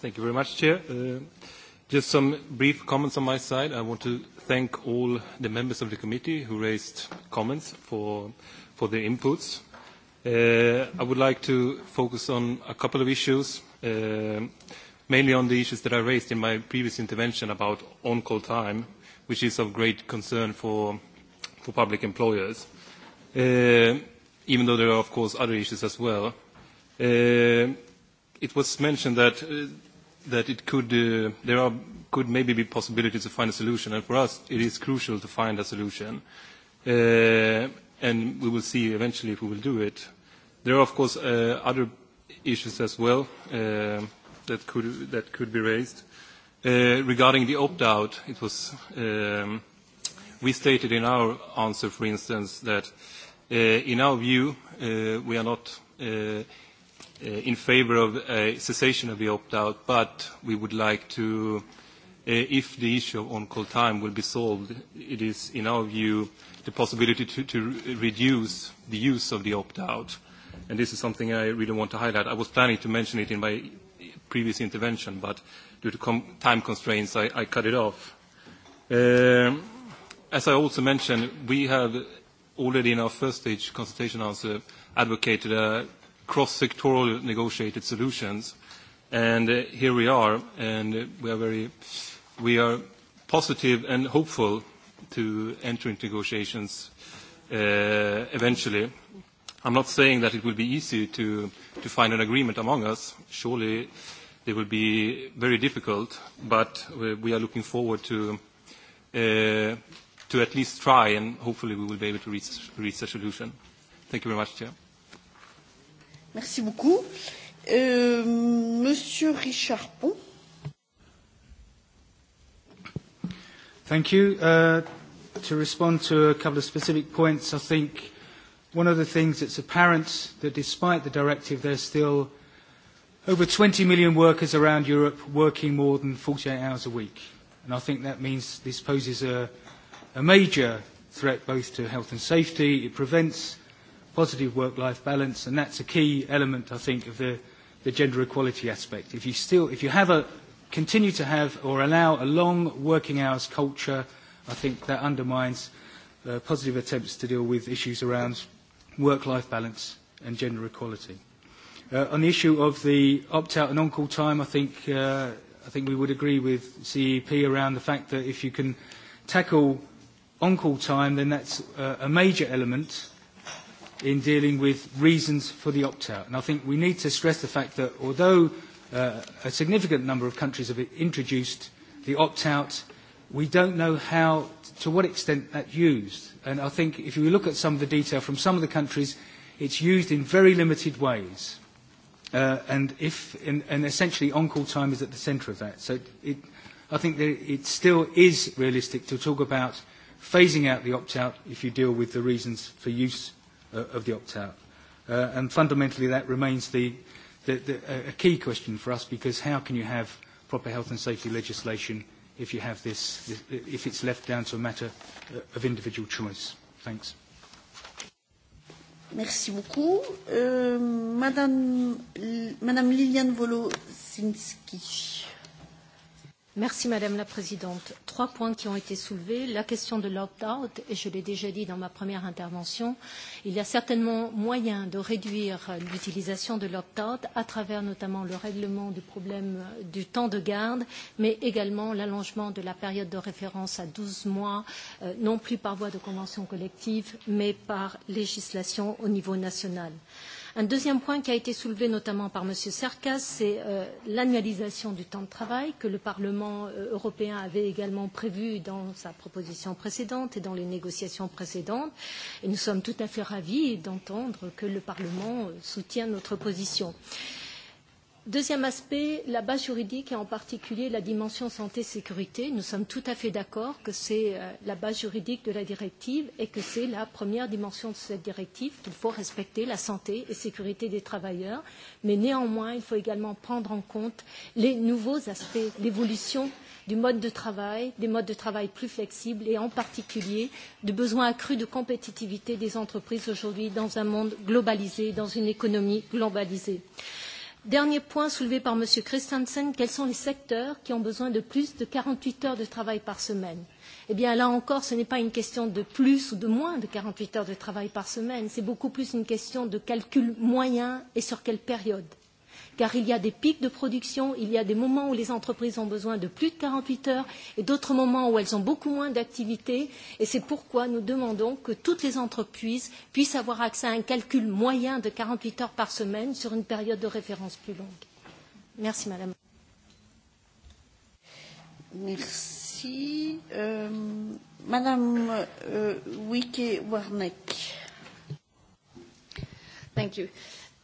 Thank you very much, Chair. Uh, just some brief comments on my side. I want to thank all the members of the committee who raised comments for, for their inputs. Uh, I would like to focus on a couple of issues, uh, mainly on the issues that I raised in my previous intervention about on-call time which is of great concern for, for public employers, uh, even though there are, of course, other issues as well. Uh, it was mentioned that, uh, that it could, uh, there are, could maybe be possibilities to find a solution, and for us it is crucial to find a solution, uh, and we will see eventually if we will do it. There are, of course, uh, other issues as well uh, that, could, that could be raised. Uh, Uh, regarding the opt-out, it was um, we stated in our answer, for instance, that uh, in our view, uh, we are not uh, uh, in favor of a cessation of the opt-out, but we would like to, uh, if the issue of on-call time will be solved, it is, in our view, the possibility to, to reduce the use of the opt-out. And this is something I really want to highlight. I was planning to mention it in my previous intervention, but due to com time constraints, I, I cut it off. Uh, as I also mentioned, we have already in our first stage consultation answer advocated uh, cross-sectoral negotiated solutions. And uh, here we are, and uh, we are very, we are positive and hopeful to enter into negotiations uh, eventually. I'm not saying that it will be easy to, to find an agreement among us. Surely they will be very difficult, but we are looking forward to, uh, to at least try, and hopefully we will be able to reach, reach a solution. Thank you very much, Chair. Merci beaucoup. Uh, Monsieur Richard Pont. Thank you. Uh, to respond to a couple of specific points, I think one of the things that's apparent that despite the directive, there's still – Over 20 million workers around Europe working more than 48 hours a week. And I think that means this poses a, a major threat both to health and safety. It prevents positive work-life balance, and that's a key element, I think, of the, the gender equality aspect. If you, still, if you have a, continue to have or allow a long working hours culture, I think that undermines uh, positive attempts to deal with issues around work-life balance and gender equality. Uh, on the issue of the opt-out and on-call time, I think, uh, I think we would agree with CEP around the fact that if you can tackle on-call time, then that's uh, a major element in dealing with reasons for the opt-out. And I think we need to stress the fact that although uh, a significant number of countries have introduced the opt-out, we don't know how, to what extent that's used. And I think if you look at some of the detail from some of the countries, it's used in very limited ways uh, and if and, and essentially on-call time is at the centre of that. So it, I think that it still is realistic to talk about phasing out the opt-out if you deal with the reasons for use uh, of the opt-out. Uh, and fundamentally that remains the, the, the, a key question for us because how can you have proper health and safety legislation if you have this, this if it's left down to a matter uh, of individual choice? Thanks. Merci beaucoup. Euh, Madame, Madame Liliane Volosinski. Merci Madame la Présidente. Trois points qui ont été soulevés. La question de l'opt-out, et je l'ai déjà dit dans ma première intervention, il y a certainement moyen de réduire l'utilisation de l'opt-out à travers notamment le règlement du problème du temps de garde, mais également l'allongement de la période de référence à 12 mois, euh, non plus par voie de convention collective, mais par législation au niveau national. Euh, Un deuxième point qui a été soulevé notamment par M. Serkas, c'est euh, l'annualisation du temps de travail que le Parlement euh, européen avait également prévu dans sa proposition précédente et dans les négociations précédentes. Et nous sommes tout à fait ravis d'entendre que le Parlement euh, soutient notre position. Euh, Deuxième aspect, la base juridique et en particulier la dimension santé-sécurité. Nous sommes tout à fait d'accord que c'est euh, la base juridique de la directive et que c'est la première dimension de cette directive qu'il faut respecter la santé et sécurité des travailleurs. Mais néanmoins, il faut également prendre en compte les nouveaux aspects, l'évolution du mode de travail, des modes de travail plus flexibles et en particulier de besoins accrus de compétitivité des entreprises aujourd'hui dans un monde globalisé, dans une économie globalisée. Dernier point soulevé par M. Christensen, quels sont les secteurs qui ont besoin de plus de 48 heures de travail par semaine Eh bien, là encore, ce n'est pas une question de plus ou de moins de 48 heures de travail par semaine, c'est beaucoup plus une question de calcul moyen et sur quelle période car il y a des pics de production, il y a des moments où les entreprises ont besoin de plus de 48 heures et d'autres moments où elles ont beaucoup moins d'activité. Et c'est pourquoi nous demandons que toutes les entreprises puissent avoir accès à un calcul moyen de 48 heures par semaine sur une période de référence plus longue. Merci, Madame. Merci. Euh, Madame euh, Wike-Warneck. Thank you.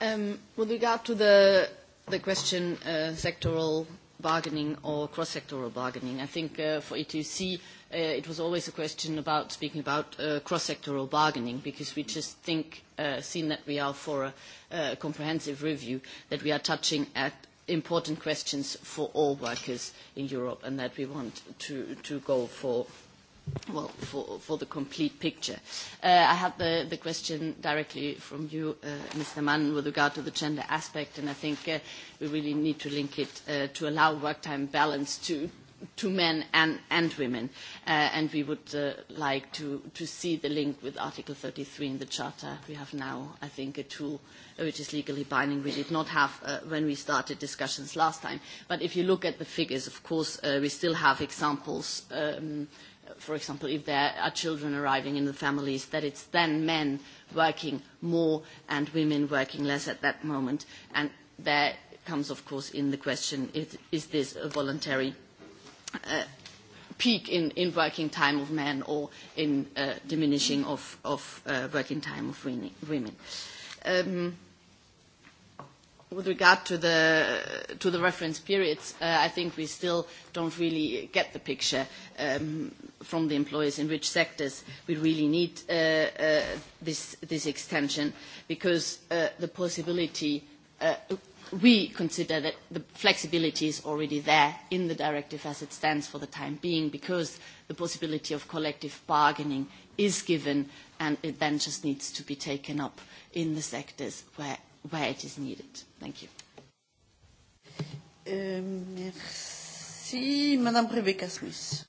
Um, with regard to the the question uh, sectoral bargaining or cross-sectoral bargaining. I think uh, for ETC uh, it was always a question about speaking about uh, cross-sectoral bargaining because we just think, uh, seeing that we are for a uh, comprehensive review, that we are touching at important questions for all workers in Europe and that we want to, to go for well, for, for the complete picture. Uh, I have the, the question directly from you, uh, Mr. Mann, with regard to the gender aspect, and I think uh, we really need to link it uh, to allow work-time balance to, to men and, and women. Uh, and we would uh, like to, to see the link with Article 33 in the Charter. We have now, I think, a tool uh, which is legally binding. We did not have uh, when we started discussions last time. But if you look at the figures, of course, uh, we still have examples um, – for example, if there are children arriving in the families, that it's then men working more and women working less at that moment. And there comes, of course, in the question, if, is this a voluntary uh, peak in, in working time of men or in uh, diminishing of, of uh, working time of women? Um, with regard to the to the reference periods, uh, I think we still don't really get the picture um, from the employers in which sectors we really need uh, uh, this this extension, because uh, the possibility. Uh, we consider that the flexibility is already there in the directive as it stands for the time being because the possibility of collective bargaining is given and it then just needs to be taken up in the sectors where where it is needed. Thank you. Euh, merci, Madame Rebecca Smith.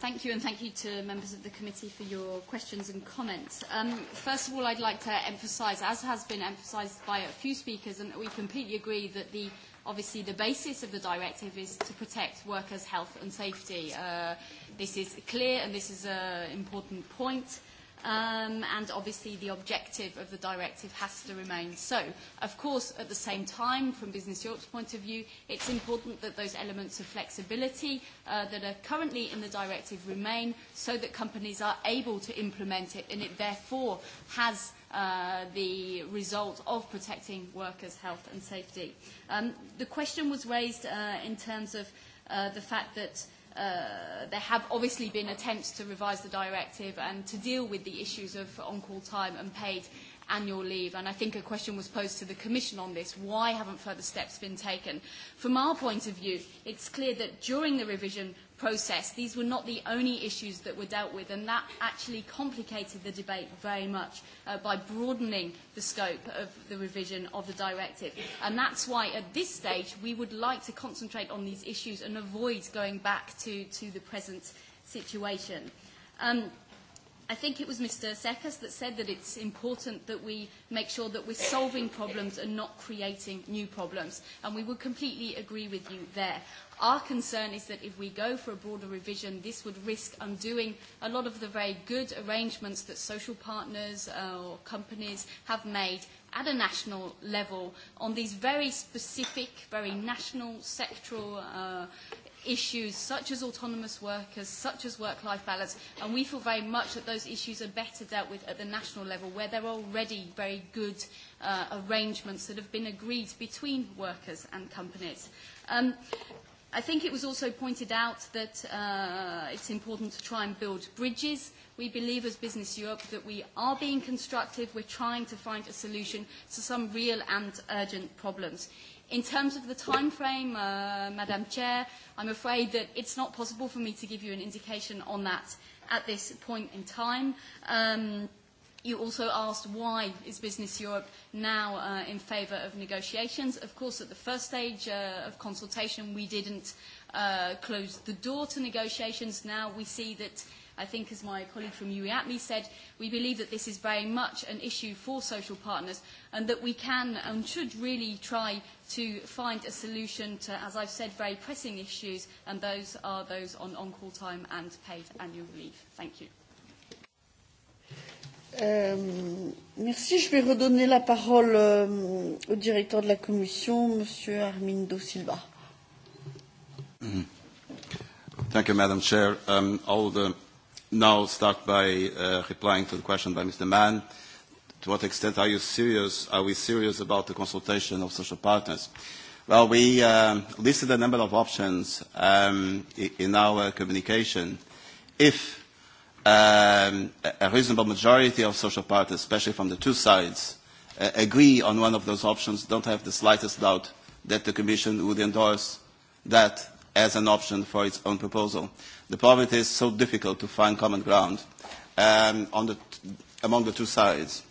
Thank you, and thank you to members of the committee for your questions and comments. Um, first of all, I'd like to emphasise, as has been emphasised by a few speakers, and we completely agree that the, obviously the basis of the directive is to protect workers' health and safety. Uh, this is clear, and this is an important point um, and obviously the objective of the directive has to remain so. Of course, at the same time, from Business Europe's point of view, it's important that those elements of flexibility uh, that are currently in the directive remain so that companies are able to implement it and it therefore has uh, the result of protecting workers' health and safety. Um, the question was raised uh, in terms of uh, the fact that uh, there have obviously been attempts to revise the directive and to deal with the issues of on-call time and paid annual leave. And I think a question was posed to the Commission on this. Why haven't further steps been taken? From our point of view, it's clear that during the revision process. These were not the only issues that were dealt with, and that actually complicated the debate very much uh, by broadening the scope of the revision of the directive. And that's why at this stage we would like to concentrate on these issues and avoid going back to, to the present situation. Um, I think it was Mr. Sekas that said that it's important that we make sure that we're solving problems and not creating new problems. And we would completely agree with you there. Our concern is that if we go for a broader revision, this would risk undoing a lot of the very good arrangements that social partners uh, or companies have made at a national level on these very specific, very national, sectoral uh, issues such as autonomous workers, such as work-life balance, and we feel very much that those issues are better dealt with at the national level where there are already very good uh, arrangements that have been agreed between workers and companies. Um, I think it was also pointed out that uh, it's important to try and build bridges. We believe as Business Europe that we are being constructive. We're trying to find a solution to some real and urgent problems. In terms of the time frame, uh, Madam Chair, I'm afraid that it's not possible for me to give you an indication on that at this point in time. Um, You also asked why is Business Europe now uh, in favour of negotiations. Of course, at the first stage uh, of consultation, we didn't uh, close the door to negotiations. Now we see that, I think as my colleague from UEATME said, we believe that this is very much an issue for social partners and that we can and should really try to find a solution to, as I've said, very pressing issues, and those are those on on-call time and paid annual leave. Thank you. Euh, merci. Je vais redonner la parole euh, au directeur de la Commission, Monsieur Armindo Silva. Mm-hmm. Thank you, Madam Chair. Um, I'll uh, now start by uh, replying to the question by Mr. Mann. To what extent are you serious? Are we serious about the consultation of social partners? Well, we uh, listed a number of options um, in our communication. If um, a reasonable majority of social parties, especially from the two sides, uh, agree on one of those options, don't have the slightest doubt that the Commission would endorse that as an option for its own proposal. The problem is so difficult to find common ground um, on the, among the two sides.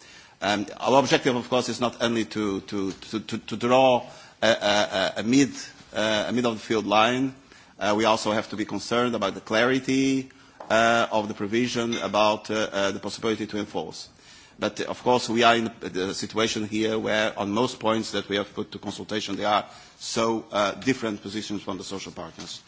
Um, our objective, of course, is not only to, to, to, to, to draw a, a, a, mid, uh, of the field line, uh, we also have to be concerned about the clarity, uh, of the provision about uh, uh, the possibility to enforce. But uh, of course we are in a situation here where on most points that we have put to consultation there are so uh, different positions from the social partners.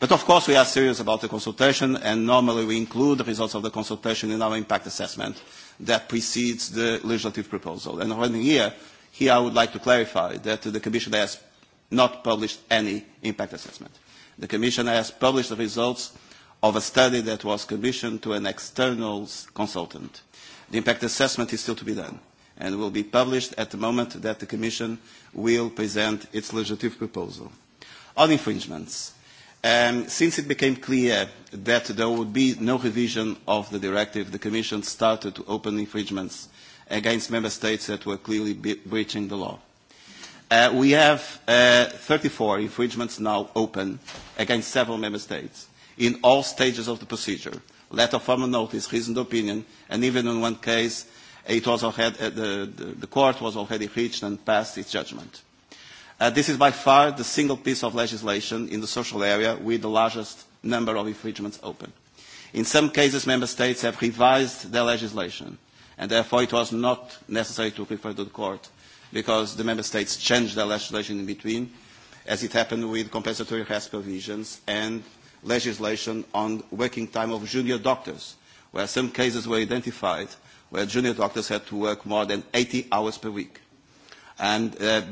But of course we are serious about the consultation and normally we include the results of the consultation in our impact assessment that precedes the legislative proposal. And here, here I would like to clarify that the Commission has not published any impact assessment. The Commission has published the results of a study that was commissioned to an external consultant. The impact assessment is still to be done and will be published at the moment that the Commission will present its legislative proposal. On infringements, um, since it became clear that there would be no revision of the directive, the Commission started to open infringements against Member States that were clearly breaching the law. Uh, we have uh, 34 infringements now open against several Member States in all stages of the procedure. Letter a formal notice, reasoned opinion, and even in one case, it was already, uh, the, the, the court was already reached and passed its judgment. Uh, this is by far the single piece of legislation in the social area with the largest number of infringements open. In some cases, member states have revised their legislation, and therefore it was not necessary to refer to the court because the member states changed their legislation in between, as it happened with compensatory rest provisions and legislation on working time of junior doctors, where some cases were identified where junior doctors had to work more than 80 hours per week. And uh,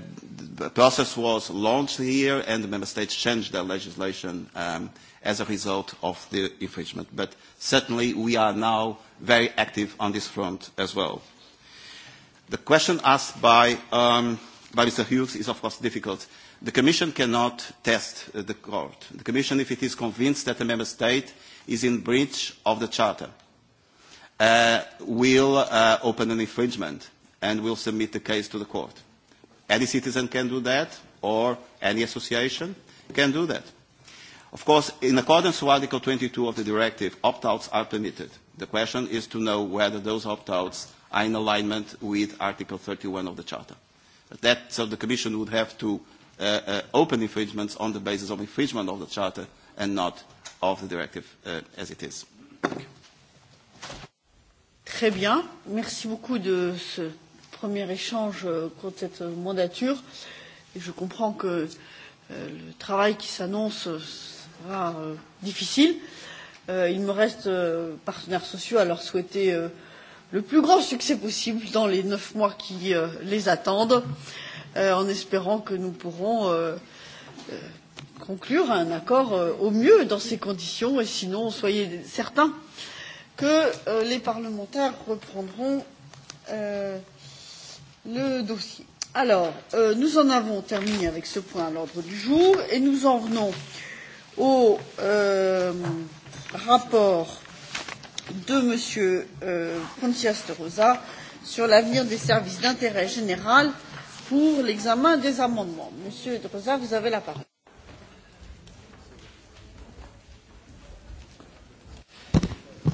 the process was launched here, and the member states changed their legislation um, as a result of the infringement. But certainly we are now very active on this front as well. The question asked by um, by Mr. Hughes is of course difficult. The Commission cannot test uh, the court. The Commission, if it is convinced that a member state is in breach of the Charter, uh, will uh, open an infringement and will submit the case to the court. Any citizen can do that, or any association can do that. Of course, in accordance with Article 22 of the directive, opt-outs are permitted. The question is to know whether those opt-outs are in alignment with Article 31 of the Charter that so the Commission would have to uh, uh, open infringements on the basis of infringement of the Charter and not of the directive uh, as it is. Très bien. Merci beaucoup de ce premier échange euh, contre cette mandature. Et je comprends que euh, le travail qui s'annonce euh, sera euh, difficile. Euh, il me reste euh, partenaires sociaux à leur souhaiter euh, le plus grand succès possible dans les neuf mois qui euh, les attendent, euh, en espérant que nous pourrons euh, euh, conclure un accord euh, au mieux dans ces conditions, et sinon, soyez certains que euh, les parlementaires reprendront euh, le dossier. Alors, euh, nous en avons terminé avec ce point à l'ordre du jour et nous en venons au euh, rapport de M. Euh, Pontias de Rosa sur l'avenir des services d'intérêt général pour l'examen des amendements. Monsieur de Rosa, vous avez la parole.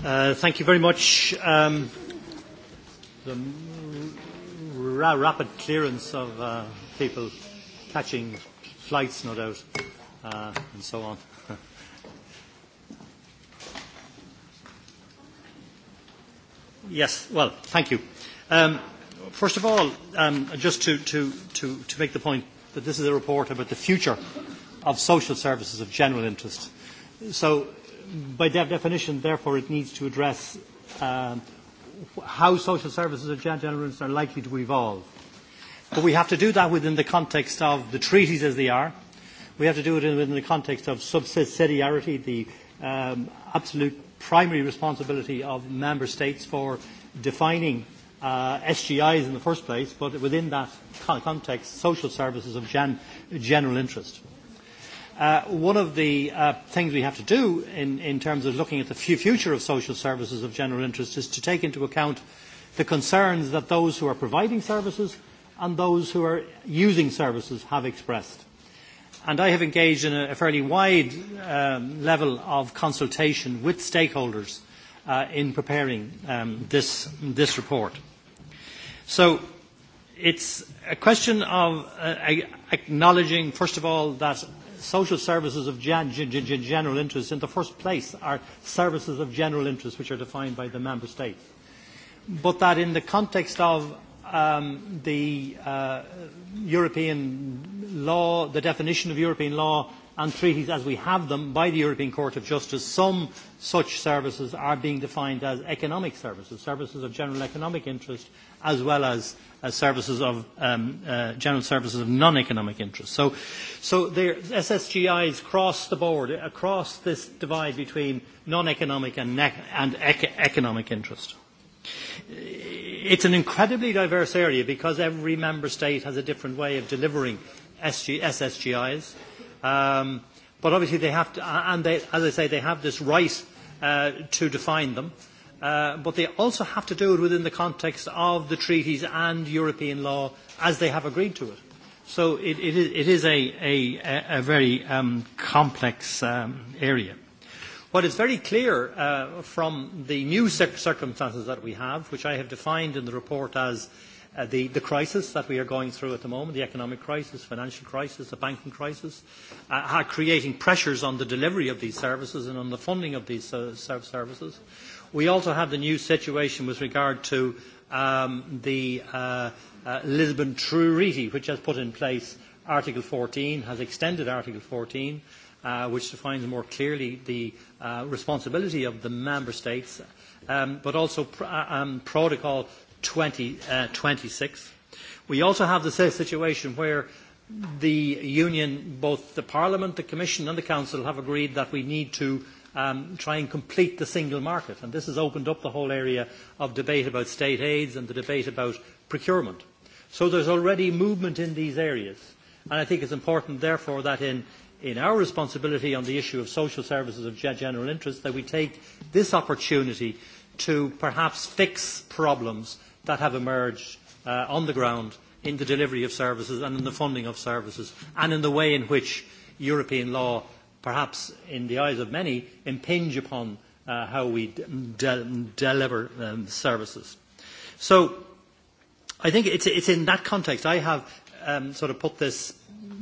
Uh, thank you very much. Um, the ra rapid clearance of uh, people catching flights, no doubt, uh, and so on. Yes, well, thank you. Um, first of all, um, just to, to, to, to make the point that this is a report about the future of social services of general interest. So, by de definition, therefore, it needs to address um, how social services of general interest are likely to evolve. But we have to do that within the context of the treaties as they are. We have to do it within the context of subsidiarity, the um, absolute primary responsibility of member states for defining uh, SGIs in the first place, but within that context, social services of gen general interest. Uh, one of the uh, things we have to do in, in terms of looking at the future of social services of general interest is to take into account the concerns that those who are providing services and those who are using services have expressed and I have engaged in a, a fairly wide um, level of consultation with stakeholders uh, in preparing um, this, this report. So it's a question of uh, acknowledging, first of all, that social services of gen gen general interest in the first place are services of general interest which are defined by the member states. But that in the context of um, the uh, European law, the definition of European law and treaties as we have them by the European Court of Justice, some such services are being defined as economic services, services of general economic interest, as well as uh, services of um, uh, general services of non-economic interest. So, so SSGIs cross the board, across this divide between non-economic and, and ec economic interest. Eh, it's an incredibly diverse area because every member state has a different way of delivering SG, SSGIs. Um, but obviously they have to, and they, as I say, they have this right uh, to define them. Uh, but they also have to do it within the context of the treaties and European law as they have agreed to it. So it, it is, it is a, a, a very um, complex um, area. What is very clear uh, from the new circumstances that we have, which I have defined in the report as uh, the, the crisis that we are going through at the moment, the economic crisis, financial crisis, the banking crisis, uh, are creating pressures on the delivery of these services and on the funding of these uh, services. We also have the new situation with regard to um, the uh, uh, Lisbon Treaty, which has put in place Article 14, has extended Article 14, uh, which defines more clearly the uh, responsibility of the member states, um, but also pr uh, um, protocol 20, uh, We also have the situation where the union, both the parliament, the commission and the council have agreed that we need to um, try and complete the single market. And this has opened up the whole area of debate about state aids and the debate about procurement. So there's already movement in these areas. And I think it's important, therefore, that in in our responsibility on the issue of social services of general interest that we take this opportunity to perhaps fix problems that have emerged uh, on the ground in the delivery of services and in the funding of services and in the way in which European law, perhaps in the eyes of many, impinge upon uh, how we de deliver um, services. So I think it's, it's in that context I have um, sort of put this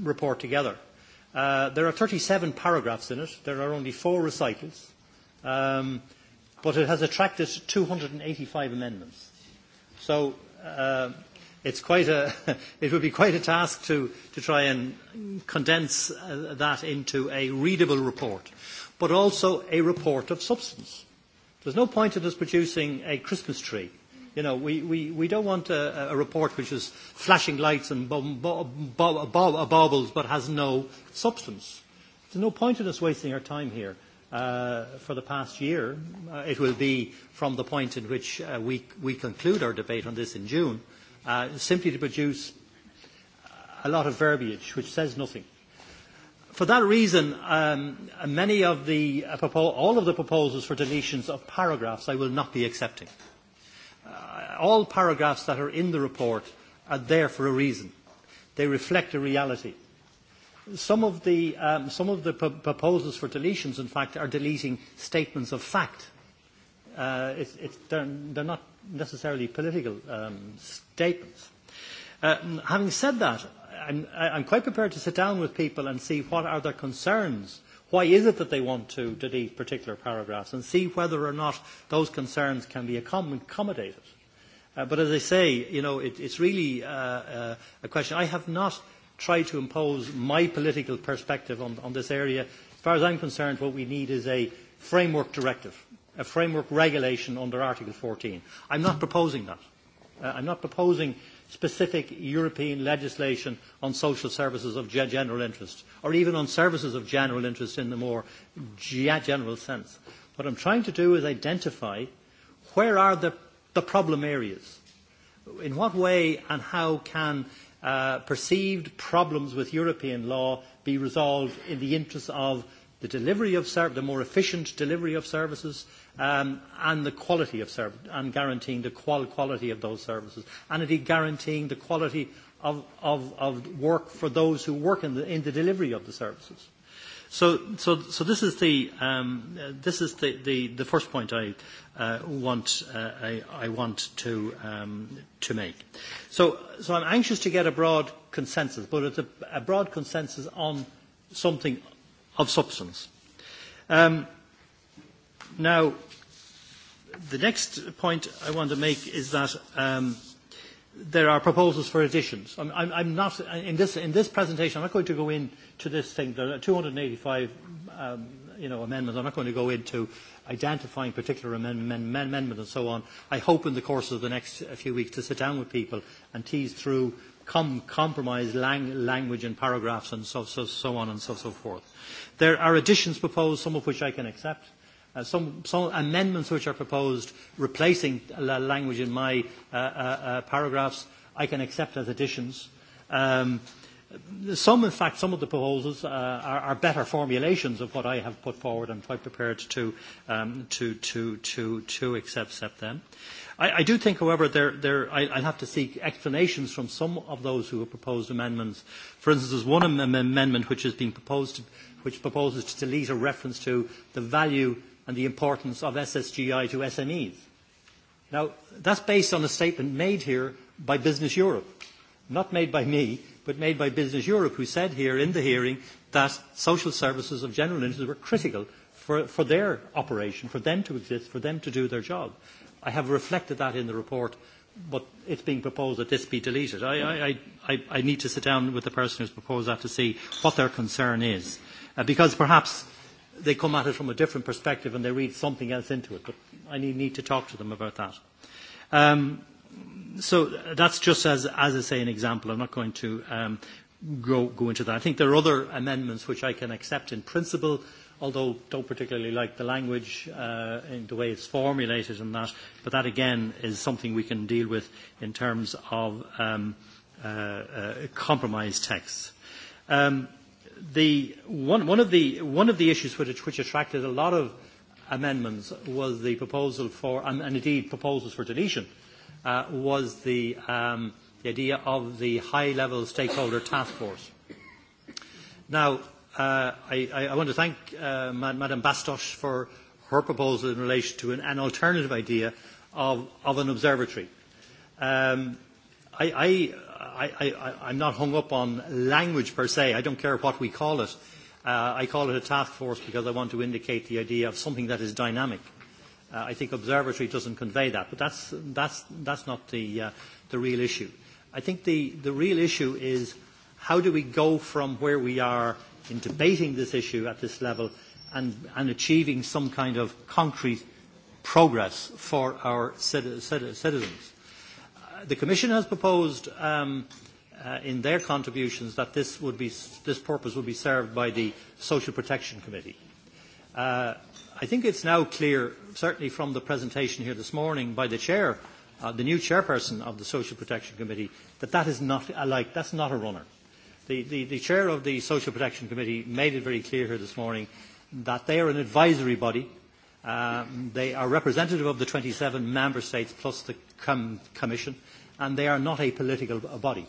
report together. Uh, there are 37 paragraphs in it. There are only four recitals. Um, but it has attracted 285 amendments. So uh, it's quite a, it would be quite a task to, to try and condense uh, that into a readable report, but also a report of substance. There's no point in us producing a Christmas tree You know, we, we, we don't want a, a report which is flashing lights and bo bo bo bo baubles but has no substance. There's no point in us wasting our time here. Uh, for the past year, uh, it will be from the point in which uh, we, we conclude our debate on this in June, uh, simply to produce a lot of verbiage which says nothing. For that reason, um, many of the, uh, all of the proposals for deletions of paragraphs I will not be accepting all paragraphs that are in the report are there for a reason. They reflect a reality. Some of the, um, some of the p proposals for deletions, in fact, are deleting statements of fact. Uh, it's, it's, they're, they're not necessarily political um, statements. Uh, having said that, I'm, I'm quite prepared to sit down with people and see what are their concerns. Why is it that they want to delete particular paragraphs and see whether or not those concerns can be accommodated. Uh, but as I say, you know, it, it's really uh, uh, a question. I have not tried to impose my political perspective on, on this area. As far as I'm concerned, what we need is a framework directive, a framework regulation under Article 14. I'm not proposing that. Uh, I'm not proposing specific European legislation on social services of general interest, or even on services of general interest in the more general sense. What I'm trying to do is identify where are the the problem areas. In what way and how can uh, perceived problems with European law be resolved in the interests of the delivery of ser- the more efficient delivery of services um, and the quality of service and guaranteeing the qual- quality of those services and indeed guaranteeing the quality of, of, of work for those who work in the, in the delivery of the services. So, so, so this is the um, uh, this is the, the, the first point I uh, want uh, I, I want to um, to make. So, so I'm anxious to get a broad consensus, but it's a, a broad consensus on something of substance. Um, now, the next point I want to make is that. Um, there are proposals for additions. I'm, I'm, I'm not, in this, in this presentation, I'm not going to go in to this thing. There are 285 um, you know, amendments. I'm not going to go into identifying particular amendments amend, amendment and so on. I hope in the course of the next few weeks to sit down with people and tease through com compromise lang language and paragraphs and so, so, so on and so, so forth. There are additions proposed, some of which I can accept. Uh, some, some amendments which are proposed replacing la language in my uh, uh, uh, paragraphs I can accept as additions. Um, Some, in fact, some of the proposals uh, are, are better formulations of what I have put forward. I'm quite prepared to, um, to, to, to, to accept, accept them. I, I do think, however, there, there, I, I'll have to seek explanations from some of those who have proposed amendments. For instance, there's one am amendment which has been proposed, to, which proposes to delete a reference to the value and the importance of SSGI to SMEs. Now, that's based on a statement made here by Business Europe, not made by me, but made by Business Europe, who said here in the hearing that social services of general interest were critical for, for their operation, for them to exist, for them to do their job. I have reflected that in the report, but it's being proposed that this be deleted. I, I, I, I need to sit down with the person who's proposed that to see what their concern is, uh, because perhaps they come at it from a different perspective and they read something else into it, but I need, need to talk to them about that. Um, so that's just as, as I say, an example. I'm not going to um, go, go into that. I think there are other amendments which I can accept in principle, although don't particularly like the language uh, in the way it's formulated and that. But that, again, is something we can deal with in terms of um, uh, uh, compromise texts. Um, the, one, one, of the, one of the issues which, which attracted a lot of amendments was the proposal for, and, and indeed proposals for deletion, uh, uh, was the, um, the idea of the high-level stakeholder task force. Now, uh, I, I want to thank uh, Madam Bastos for her proposal in relation to an, an alternative idea of, of an observatory. Um, I, I, I, I, I'm not hung up on language per se. I don't care what we call it. Uh, I call it a task force because I want to indicate the idea of something that is dynamic. Uh, Uh, I think observatory doesn't convey that, but that's, that's, that's not the, uh, the real issue. I think the, the real issue is how do we go from where we are in debating this issue at this level and, and achieving some kind of concrete progress for our citizens. Uh, the Commission has proposed um, uh, in their contributions that this, would be, this purpose would be served by the Social Protection Committee. Uh, I think it's now clear certainly from the presentation here this morning by the chair, uh, the new chairperson of the Social Protection Committee, that that is not a uh, like, that's not a runner. The, the, the chair of the Social Protection Committee made it very clear here this morning that they are an advisory body. Um, they are representative of the 27 member states plus the com commission, and they are not a political body.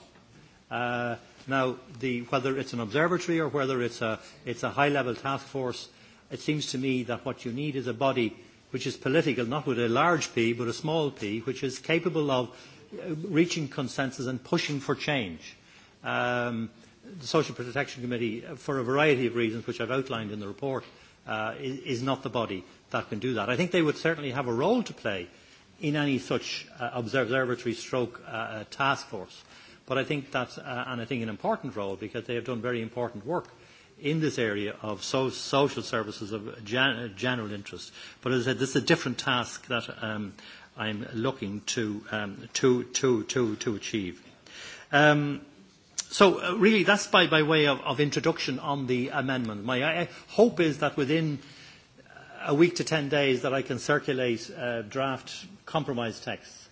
Uh, now, the, whether it's an observatory or whether it's a, it's a high-level task force, it seems to me that what you need is a body which is political, not with a large P, but a small p, which is capable of uh, reaching consensus and pushing for change. Um, the Social Protection Committee, uh, for a variety of reasons which I've outlined in the report, uh, is, is not the body that can do that. I think they would certainly have a role to play in any such uh, observatory stroke uh, uh task force. But I think that's, uh, and I think an important role because they have done very important work in this area of so social services of gen general interest. But as I said, this is a different task that um, I'm looking to, um, to, to, to, to achieve. Um, so uh, really that's by, by way of, of introduction on the amendment. My I, hope is that within a week to 10 days that I can circulate uh, draft compromise texts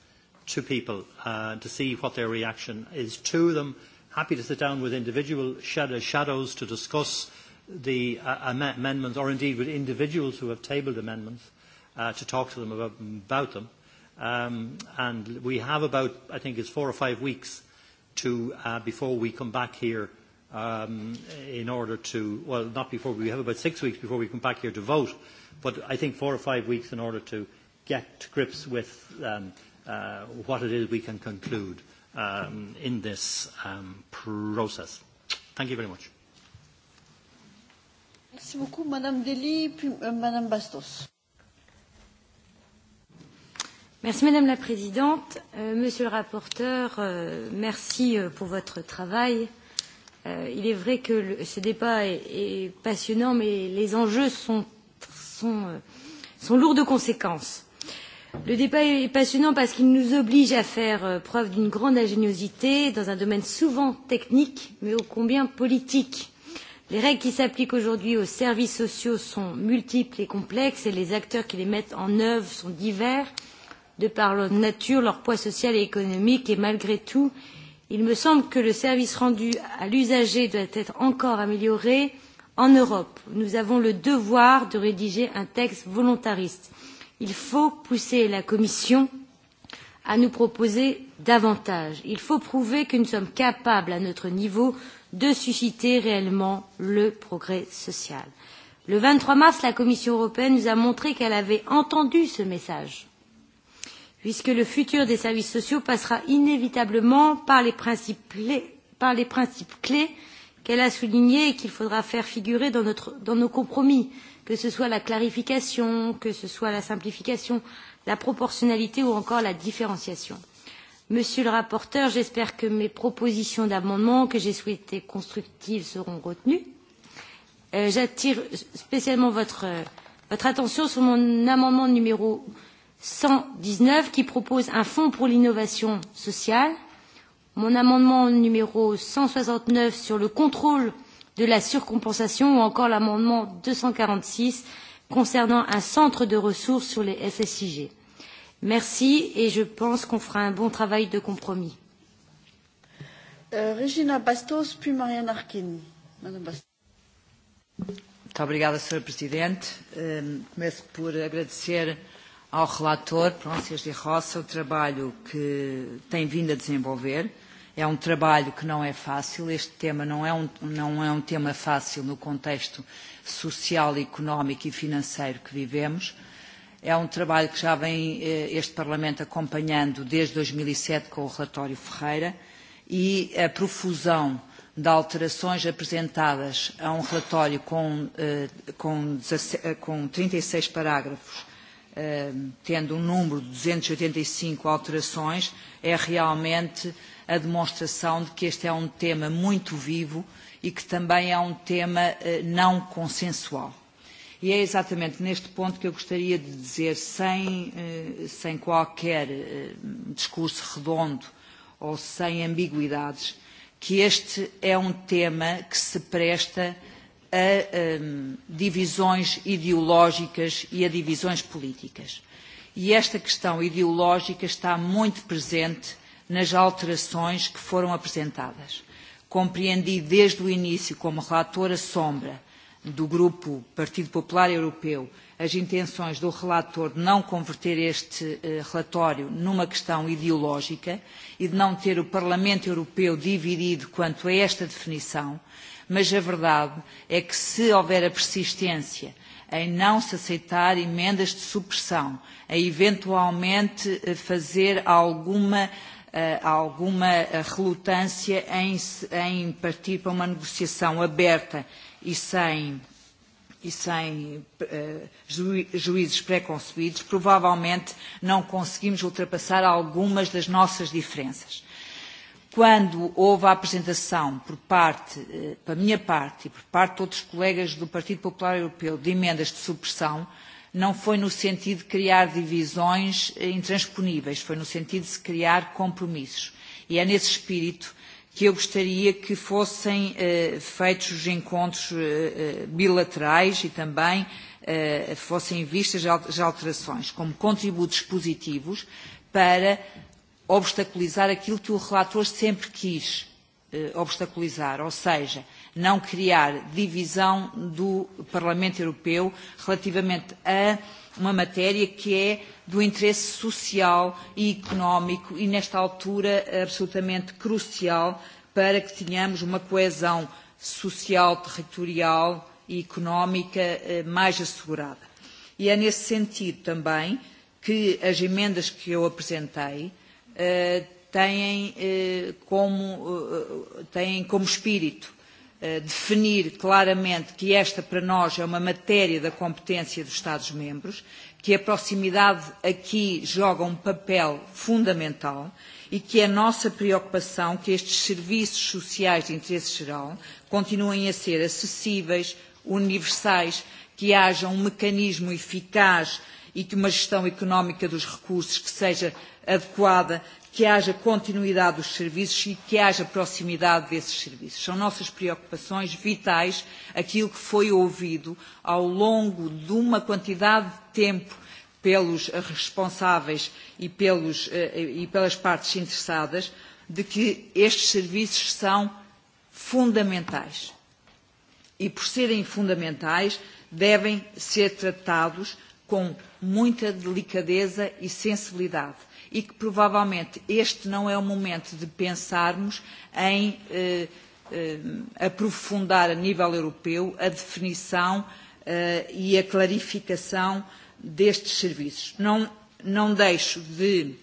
to people uh, to see what their reaction is to them happy to sit down with individual shadow, shadows to discuss the uh, am amendments, or indeed with individuals who have tabled amendments, uh, to talk to them about, about them. Um, and we have about, I think it's four or five weeks to, uh, before we come back here um, in order to, well, not before, we have about six weeks before we come back here to vote, but I think four or five weeks in order to get to grips with um, uh, what it is we can conclude um, in this um, process. Thank you very much. Merci beaucoup, Madame Dely, puis euh, Madame Bastos. Merci Madame la Présidente, euh, Monsieur le rapporteur, euh, merci euh, pour votre travail. Euh, il est vrai que le, ce débat est, est passionnant, mais les enjeux sont, sont, euh, sont lourds de conséquences. Le débat est passionnant parce qu'il nous oblige à faire euh, preuve d'une grande ingéniosité dans un domaine souvent technique, mais ô combien politique. Les règles qui s'appliquent aujourd'hui aux services sociaux sont multiples et complexes et les acteurs qui les mettent en œuvre sont divers de par leur nature, leur poids social et économique et malgré tout, il me semble que le service rendu à l'usager doit être encore amélioré en Europe. Nous avons le devoir de rédiger un texte volontariste. Il faut pousser la Commission à nous proposer davantage. Il faut prouver que nous sommes capables, à notre niveau, de susciter réellement le progrès social. Le 23 mars, la Commission européenne nous a montré qu'elle avait entendu ce message, puisque le futur des services sociaux passera inévitablement par les principes clés, par les principes clés qu'elle a soulignés et qu'il faudra faire figurer dans, notre, dans nos compromis que ce soit la clarification, que ce soit la simplification, la proportionnalité ou encore la différenciation. Monsieur le rapporteur, j'espère que mes propositions d'amendement que j'ai souhaitées constructives seront retenues. Euh, J'attire spécialement votre, euh, votre attention sur mon amendement numéro 119 qui propose un fonds pour l'innovation sociale, mon amendement numéro 169 sur le contrôle euh, de la surcompensation ou encore l'amendement 246 concernant un centre de ressources sur les SSIG. Merci et je pense qu'on fera un bon travail de compromis. Euh, Regina Bastos, puis Marianne Arkin. Madame Bastos. Muito obrigada, Sra. Presidente. Um, começo por agradecer ao relator, Prôncias de Roça, o trabalho que tem vindo a desenvolver É um trabalho que não é fácil, este tema não é um, não é um tema fácil no contexto social, económico e financeiro que vivemos. É um trabalho que já vem eh, este Parlamento acompanhando desde 2007 e com o relatório Ferreira e a profusão de alterações apresentadas a um relatório com, eh, com, eh, com 36 e parágrafos, tendo um número de 285 e alterações, é realmente a demonstração de que este é um tema muito vivo e que também é um tema eh, não consensual. E é exatamente neste ponto que eu gostaria de dizer, sem, eh, sem qualquer eh, discurso redondo ou sem ambiguidades, que este é um tema que se presta a a divisões ideológicas e a divisões políticas. E esta questão ideológica está muito presente nas alterações que foram apresentadas. Compreendi desde o início, como relatora sombra do Grupo Partido Popular Europeu, as intenções do relator de não converter este eh, relatório numa questão ideológica e de não ter o Parlamento Europeu dividido quanto a esta definição, mas a verdade é que se houver a persistência em não se aceitar emendas de supressão, a eventualmente eh, fazer alguma Eh, alguma eh, relutância em, em partir para uma negociação aberta e sem, e sem uh, juízes preconcebidos, provavelmente não conseguimos ultrapassar algumas das nossas diferenças. Quando houve a apresentação por parte, para minha parte e por parte de outros colegas do Partido Popular Europeu de emendas de supressão, não foi no sentido de criar divisões eh, intransponíveis, foi no sentido de se criar compromissos. E é nesse espírito que eu gostaria que fossem eh, feitos os encontros eh, eh bilaterais e também eh, fossem vistas as alterações como contributos positivos para obstaculizar aquilo que o relator sempre quis eh, obstaculizar, ou seja, não criar divisão do Parlamento Europeu relativamente a uma matéria que é do interesse social e económico e, nesta altura, absolutamente crucial para que tenhamos uma coesão social, territorial e económica eh, mais assegurada. E é nesse sentido também que as emendas que eu apresentei eh, têm eh, como, têm como espírito Eh, definir claramente que esta para nós é uma matéria da competência dos Estados-membros, que a proximidade aqui joga um papel fundamental e que é a nossa preocupação que estes serviços sociais de interesse geral continuem a ser acessíveis, universais, que haja um mecanismo eficaz e que uma gestão económica dos recursos que seja adequada, que haja continuidade dos serviços e que haja proximidade desses serviços. São nossas preocupações vitais aquilo que foi ouvido ao longo de uma quantidade de tempo pelos responsáveis e, pelos, eh, e pelas partes interessadas, de que estes serviços são fundamentais. E por serem fundamentais, devem ser tratados com muita delicadeza e sensibilidade e que provavelmente este não é o momento de pensarmos em eh, eh, aprofundar a nível europeu a definição eh, e a clarificação destes serviços. Não, não deixo de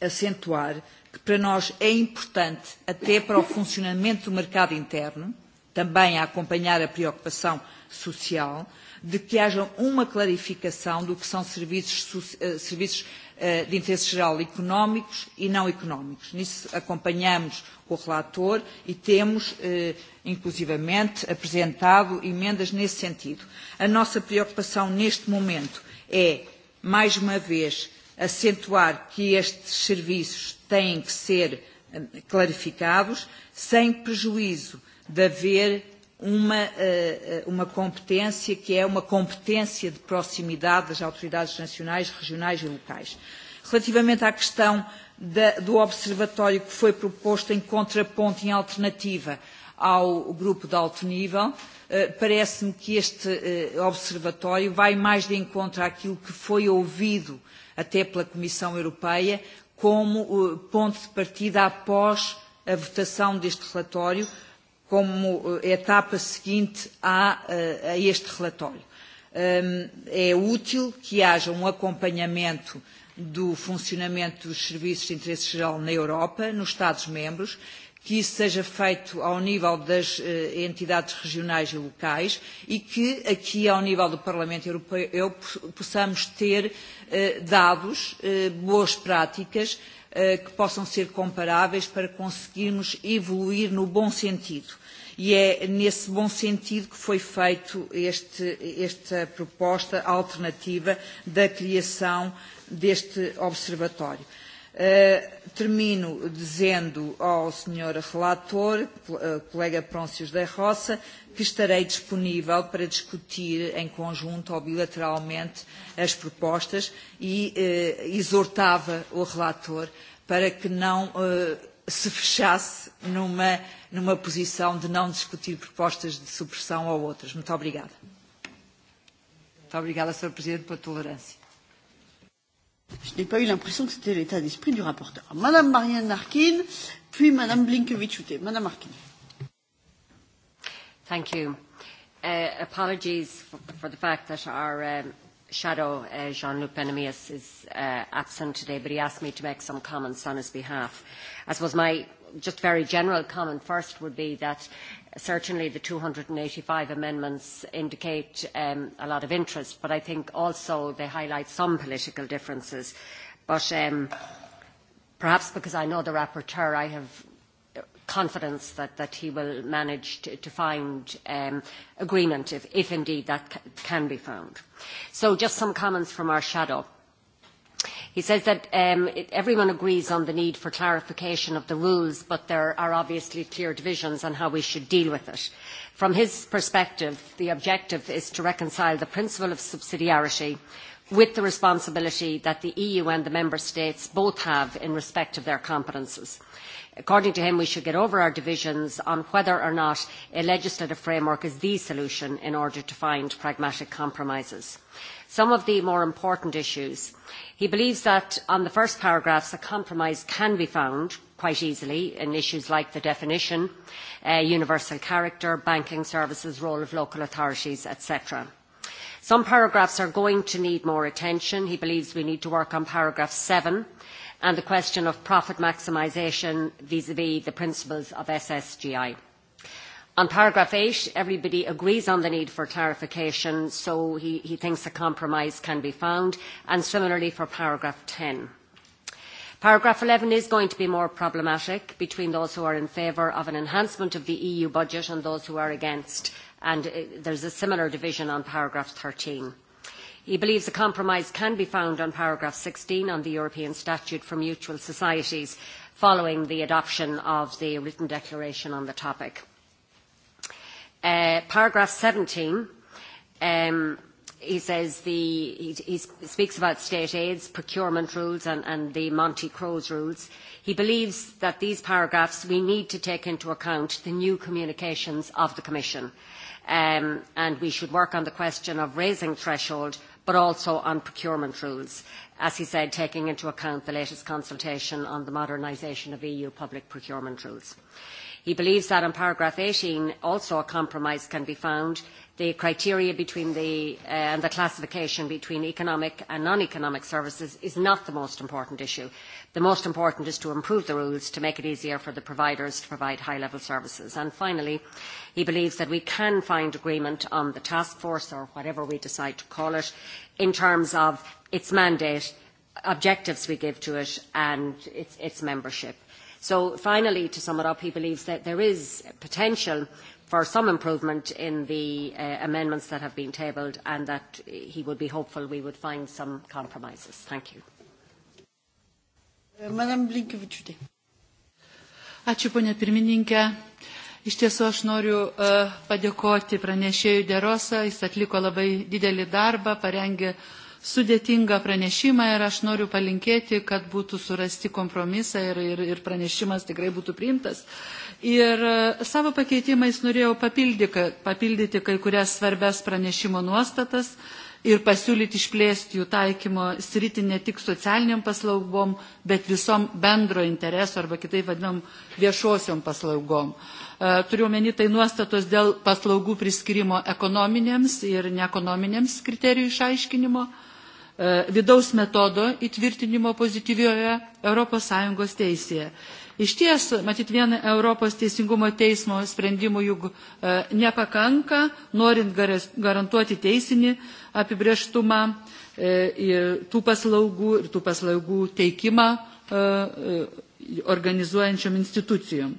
acentuar que para nós é importante, até para o funcionamento do mercado interno, também a acompanhar a preocupação social, de que haja uma clarificação do que são serviços, eh, serviços Eh, de interesse geral económicos e não económicos. Nisso acompanhamos o relator e temos, eh, inclusivamente, apresentado emendas nesse sentido. A nossa preocupação neste momento é, mais uma vez, acentuar que estes serviços têm que ser eh, clarificados, sem prejuízo de haver uma, eh, eh, uma competência que é uma competência de proximidade das autoridades nacionais, regionais e locais. Relativamente à questão da, do observatório que foi proposto em contraponto, em alternativa ao grupo de alto nível, eh, parece-me que este observatório vai mais de encontro àquilo que foi ouvido até pela Comissão Europeia como ponto de partida após a votação deste relatório, como eh, etapa seguinte a, eh, a este relatório. É útil que haja um acompanhamento do funcionamento dos serviços de interesse geral na Europa, nos Estados-membros, que isso seja feito ao nível das eh, entidades regionais e locais e que aqui ao nível do Parlamento Europeu possamos ter dados, boas práticas Eh, que possam ser comparáveis para conseguirmos evoluir no bom sentido. E é nesse bom sentido que foi feita este, esta proposta alternativa da criação deste observatório. Eh, termino dizendo ao Sr. Relator, eh, colega Prôncios da Roça, que estarei disponível para discutir em conjunto ou bilateralmente as propostas e eh, exortava o relator para que não eh, se fechasse numa, numa posição de não discutir propostas de supressão ou outras. Muito obrigada. Muito obrigada, Sr. Presidente, pela tolerância. Je n'ai pas eu l'impression que c'était l'état d'esprit du rapporteur. Madame Marianne Narkin, puis Madame blinkovic houté Madame Narkin. Thank you. Uh, apologies for, for the fact that our um, shadow, uh, Jean-Luc Benamias, is uh, absent today, but he asked me to make some comments on his behalf. I suppose my just very general comment first would be that certainly the 285 amendments indicate um, a lot of interest, but I think also they highlight some political differences. But um, perhaps because I know the rapporteur, I have confidence that, that he will manage to, to find um, agreement, if, if indeed that can be found. So just some comments from our shadow. He says that um, it, everyone agrees on the need for clarification of the rules, but there are obviously clear divisions on how we should deal with it. From his perspective, the objective is to reconcile the principle of subsidiarity with the responsibility that the EU and the Member States both have in respect of their competences. According to him, we should get over our divisions on whether or not a legislative framework is the solution in order to find pragmatic compromises some of the more important issues. He believes that on the first paragraphs a compromise can be found quite easily in issues like the definition, uh, universal character, banking services, role of local authorities, etc. Some paragraphs are going to need more attention. He believes we need to work on paragraph seven and the question of profit maximisation vis-à-vis the principles of SSGI. On paragraph 8, everybody agrees on the need for clarification, so he, he thinks a compromise can be found, and similarly for paragraph 10. Paragraph 11 is going to be more problematic between those who are in favour of an enhancement of the EU budget and those who are against, and there uh, there's a similar division on paragraph 13. He believes a compromise can be found on paragraph 16 on the European Statute for Mutual Societies following the adoption of the written declaration on the topic. Uh, paragraph 17, um, he says the, he, he speaks about state aids, procurement rules and, and the Monty Crows rules. He believes that these paragraphs we need to take into account the new communications of the Commission um, and we should work on the question of raising threshold but also on procurement rules, as he said, taking into account the latest consultation on the modernisation of EU public procurement rules. He believes that in paragraph 18 also a compromise can be found. The criteria between the, uh, and the classification between economic and non-economic services is not the most important issue. The most important is to improve the rules to make it easier for the providers to provide high-level services. And finally, he believes that we can find agreement on the task force or whatever we decide to call it in terms of its mandate, objectives we give to it and its, its membership. So finally, to sum it up, he believes that there is potential for some improvement in the uh, amendments that have been tabled and that he would be hopeful we would find some compromises. Thank you. Uh, Madam Ačiū, ponė pirmininkė. Iš tiesų aš noriu uh, padėkoti pranešėjui Derosą, jis atliko labai didelį darbą, parengė uh, sudėtingą pranešimą ir aš noriu palinkėti, kad būtų surasti kompromisą ir, ir, ir pranešimas tikrai būtų priimtas. Ir e, savo pakeitimais norėjau papildyti, papildyti kai kurias svarbias pranešimo nuostatas ir pasiūlyti išplėsti jų taikymo sritį ne tik socialiniam paslaugom, bet visom bendro intereso arba kitaip vadinam viešosiom paslaugom. E, turiu meni tai nuostatos dėl paslaugų priskirimo ekonominėms ir neekonominėms kriterijų išaiškinimo. E, vidaus metodo įtvirtinimo pozityvioje Europos Sąjungos teisėje. Iš ties, matyt, vieną Europos teisingumo teismo sprendimų juk e, nepakanka, norint garantuoti teisinį apibrieštumą e, tų paslaugų ir tų paslaugų teikimą organizuojančiam institucijom.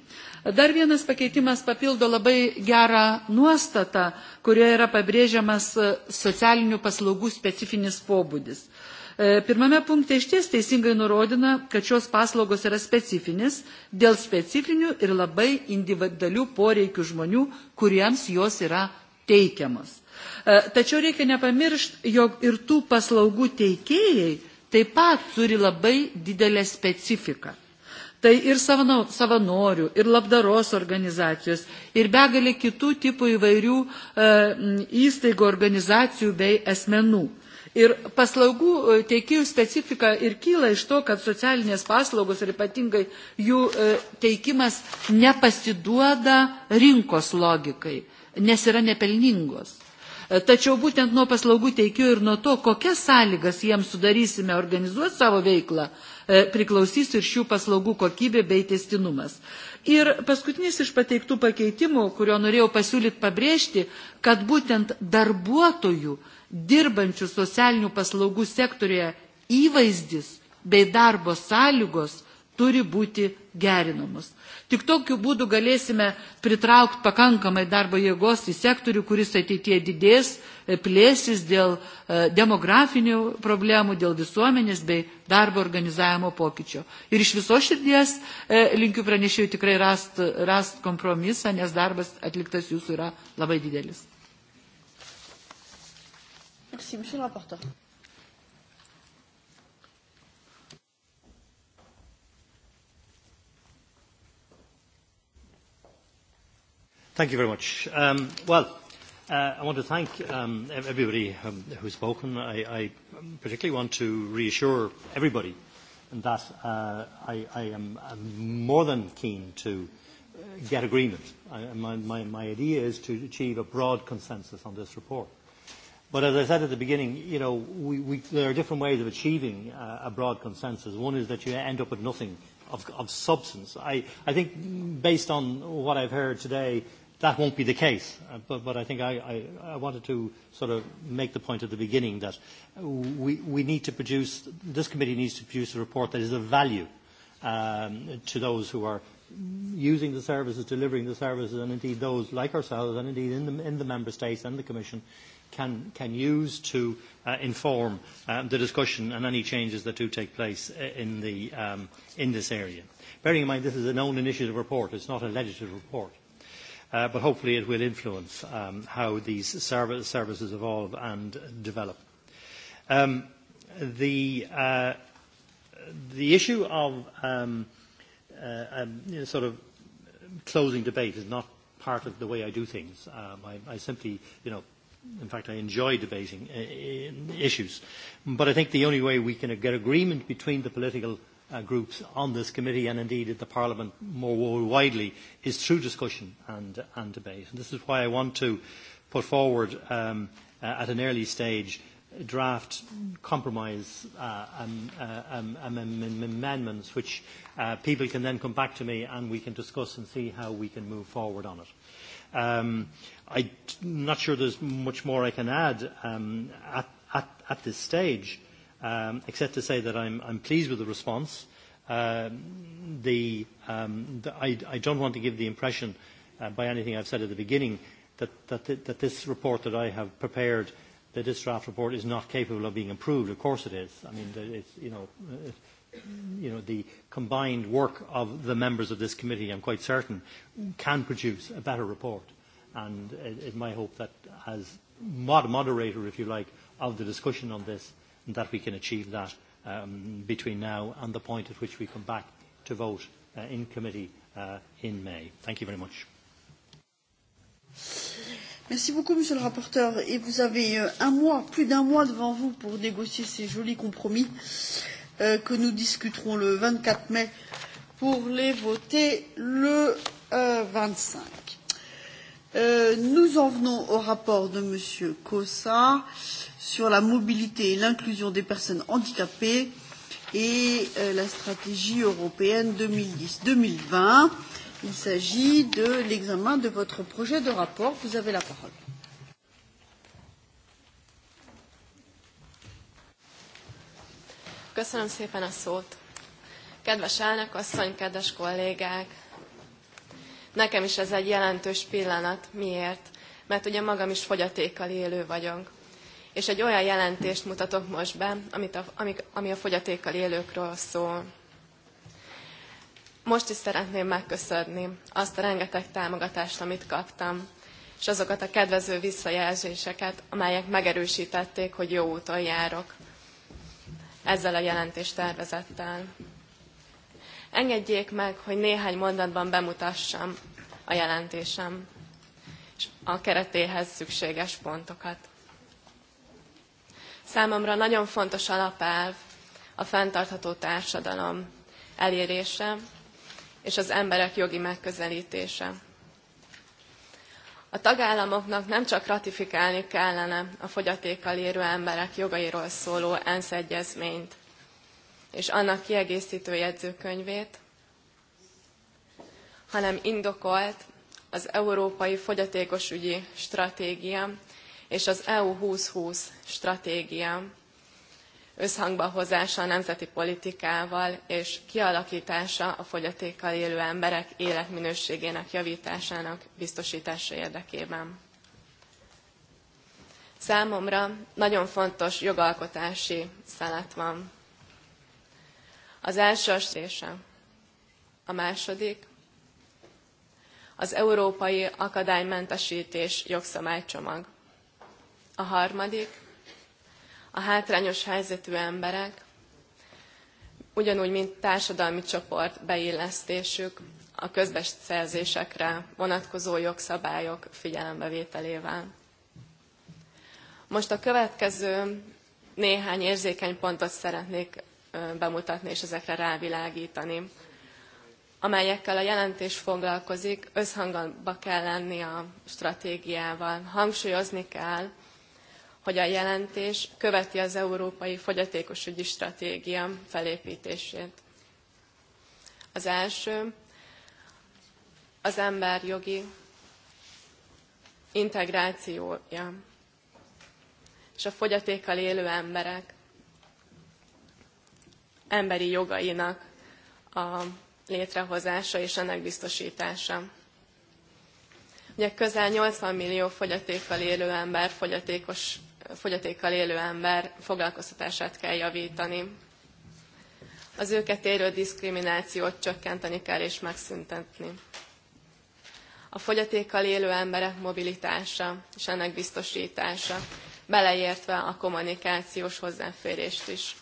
Dar vienas pakeitimas papildo labai gerą nuostatą, kurioje yra pabrėžiamas e, socialinių paslaugų specifinis pobūdis. E, pirmame punkte iš ties teisingai nurodina, kad šios paslaugos yra specifinis dėl specifinių ir labai individualių poreikių žmonių, kuriems jos yra teikiamos. E, tačiau reikia nepamiršti, jog ir tų paslaugų teikėjai taip pat turi labai didelę specifiką. Tai ir savanorių, ir labdaros organizacijos, ir begalė kitų tipų įvairių e, įstaigų, organizacijų bei asmenų. Ir paslaugų e, teikėjų specifika ir kyla iš to, kad socialinės paslaugos ir ypatingai jų e, teikimas nepasiduoda rinkos logikai, nes yra nepelningos. E, tačiau būtent nuo paslaugų teikėjų ir nuo to, kokias sąlygas jiems sudarysime organizuoti savo veiklą, E, priklausys ir šių paslaugų kokybė bei testinumas. Ir paskutinis iš pateiktų pakeitimų, kurio norėjau pasiūlyti pabrėžti, kad būtent darbuotojų dirbančių socialinių paslaugų sektorėje įvaizdis bei darbo sąlygos turi būti gerinamos. Tik tokiu būdu galėsime pritraukti pakankamai darbo jėgos į sektorių, kuris ateitie didės, e, plėsis dėl e, demografinių problemų, dėl visuomenės bei darbo organizavimo pokyčio. Ir iš viso širdies e, linkiu pranešėjų tikrai rast, rast kompromisą, nes darbas atliktas jūsų yra labai didelis. Merci, Thank you very much. Um, well, uh, I want to thank um, everybody um, who's spoken. I, I particularly want to reassure everybody that uh, I, I am I'm more than keen to uh, get agreement. I, my, my, my idea is to achieve a broad consensus on this report. But as I said at the beginning, you know, we, we, there are different ways of achieving uh, a broad consensus. One is that you end up with nothing of, of substance. I, I think based on what I've heard today, that won't be the case. Uh, but, but I think I, I, I wanted to sort of make the point at the beginning that we, we need to produce, this committee needs to produce a report that is of value um, to those who are using the services, delivering the services, and indeed those like ourselves, and indeed in the, in the member states and the commission, can, can use to uh, inform um, the discussion and any changes that do take place uh, in, the, um, in this area. Bearing in mind this is an own initiative report, it's not a legislative report uh, but hopefully it will influence um, how these serv services evolve and develop. Um, the, uh, the issue of um, uh, um, you know, sort of closing debate is not part of the way I do things. Um, I, I simply, you know, in fact, I enjoy debating uh, issues. But I think the only way we can get agreement between the political uh, groups on this committee and indeed at the Parliament more widely is through discussion and, and debate. And this is why I want to put forward um, uh, at an early stage draft compromise uh, um, uh, um, um, amendments which uh, people can then come back to me and we can discuss and see how we can move forward on it. Um, I'm not sure there's much more I can add um, at, at, at this stage um, except to say that I'm, I'm pleased with the response. Uh, the, um, the, I, I don't want to give the impression uh, by anything I've said at the beginning that, that, th that this report that I have prepared, that this draft report is not capable of being improved. Of course it is. I mean, it's, you know, it, uh, you know, the combined work of the members of this committee, I'm quite certain, can produce a better report. And it, uh, it's my hope that as mod moderator, if you like, of the discussion on this, and that we can achieve that um, between now and the point at which we come back to vote uh, in committee uh, in May. Thank you very much. Merci beaucoup, Monsieur le rapporteur. Et vous avez euh, un mois, plus d'un mois devant vous pour négocier ces jolis compromis euh, que nous discuterons le 24 mai pour les voter le euh, 25. Euh, nous en venons au rapport de Monsieur Cossa. Euh, sur la mobilité et l'inclusion des personnes handicapées et euh, la stratégie européenne 2010-2020. Il s'agit de l'examen de votre projet de rapport. Vous avez la parole. Köszönöm szépen a szót. Kedves elnök asszony, kedves kollégák! Nekem is ez egy jelentős pillanat. Miért? Mert ugye magam is fogyatékkal élő vagyok és egy olyan jelentést mutatok most be, amit a, ami, ami a fogyatékkal élőkről szól. Most is szeretném megköszönni azt a rengeteg támogatást, amit kaptam, és azokat a kedvező visszajelzéseket, amelyek megerősítették, hogy jó úton járok ezzel a jelentés tervezettel. Engedjék meg, hogy néhány mondatban bemutassam a jelentésem és a keretéhez szükséges pontokat. Számomra nagyon fontos alapelv a fenntartható társadalom elérése és az emberek jogi megközelítése. A tagállamoknak nem csak ratifikálni kellene a fogyatékkal érő emberek jogairól szóló ENSZ egyezményt és annak kiegészítő jegyzőkönyvét, hanem indokolt az Európai Fogyatékos Ügyi Stratégia és az EU 2020 stratégia összhangba hozása a nemzeti politikával és kialakítása a fogyatékkal élő emberek életminőségének javításának biztosítása érdekében. Számomra nagyon fontos jogalkotási szelet van. Az első a A második az európai akadálymentesítés jogszabálycsomag a harmadik, a hátrányos helyzetű emberek, ugyanúgy, mint társadalmi csoport beillesztésük a közbeszerzésekre vonatkozó jogszabályok figyelembevételével. Most a következő néhány érzékeny pontot szeretnék bemutatni és ezekre rávilágítani, amelyekkel a jelentés foglalkozik, összhangba kell lenni a stratégiával. Hangsúlyozni kell, hogy a jelentés követi az európai fogyatékosügyi stratégia felépítését. Az első az emberjogi integrációja és a fogyatékkal élő emberek emberi jogainak a létrehozása és ennek biztosítása. Ugye közel 80 millió fogyatékkal élő ember fogyatékos fogyatékkal élő ember foglalkoztatását kell javítani. Az őket érő diszkriminációt csökkenteni kell és megszüntetni. A fogyatékkal élő emberek mobilitása és ennek biztosítása, beleértve a kommunikációs hozzáférést is.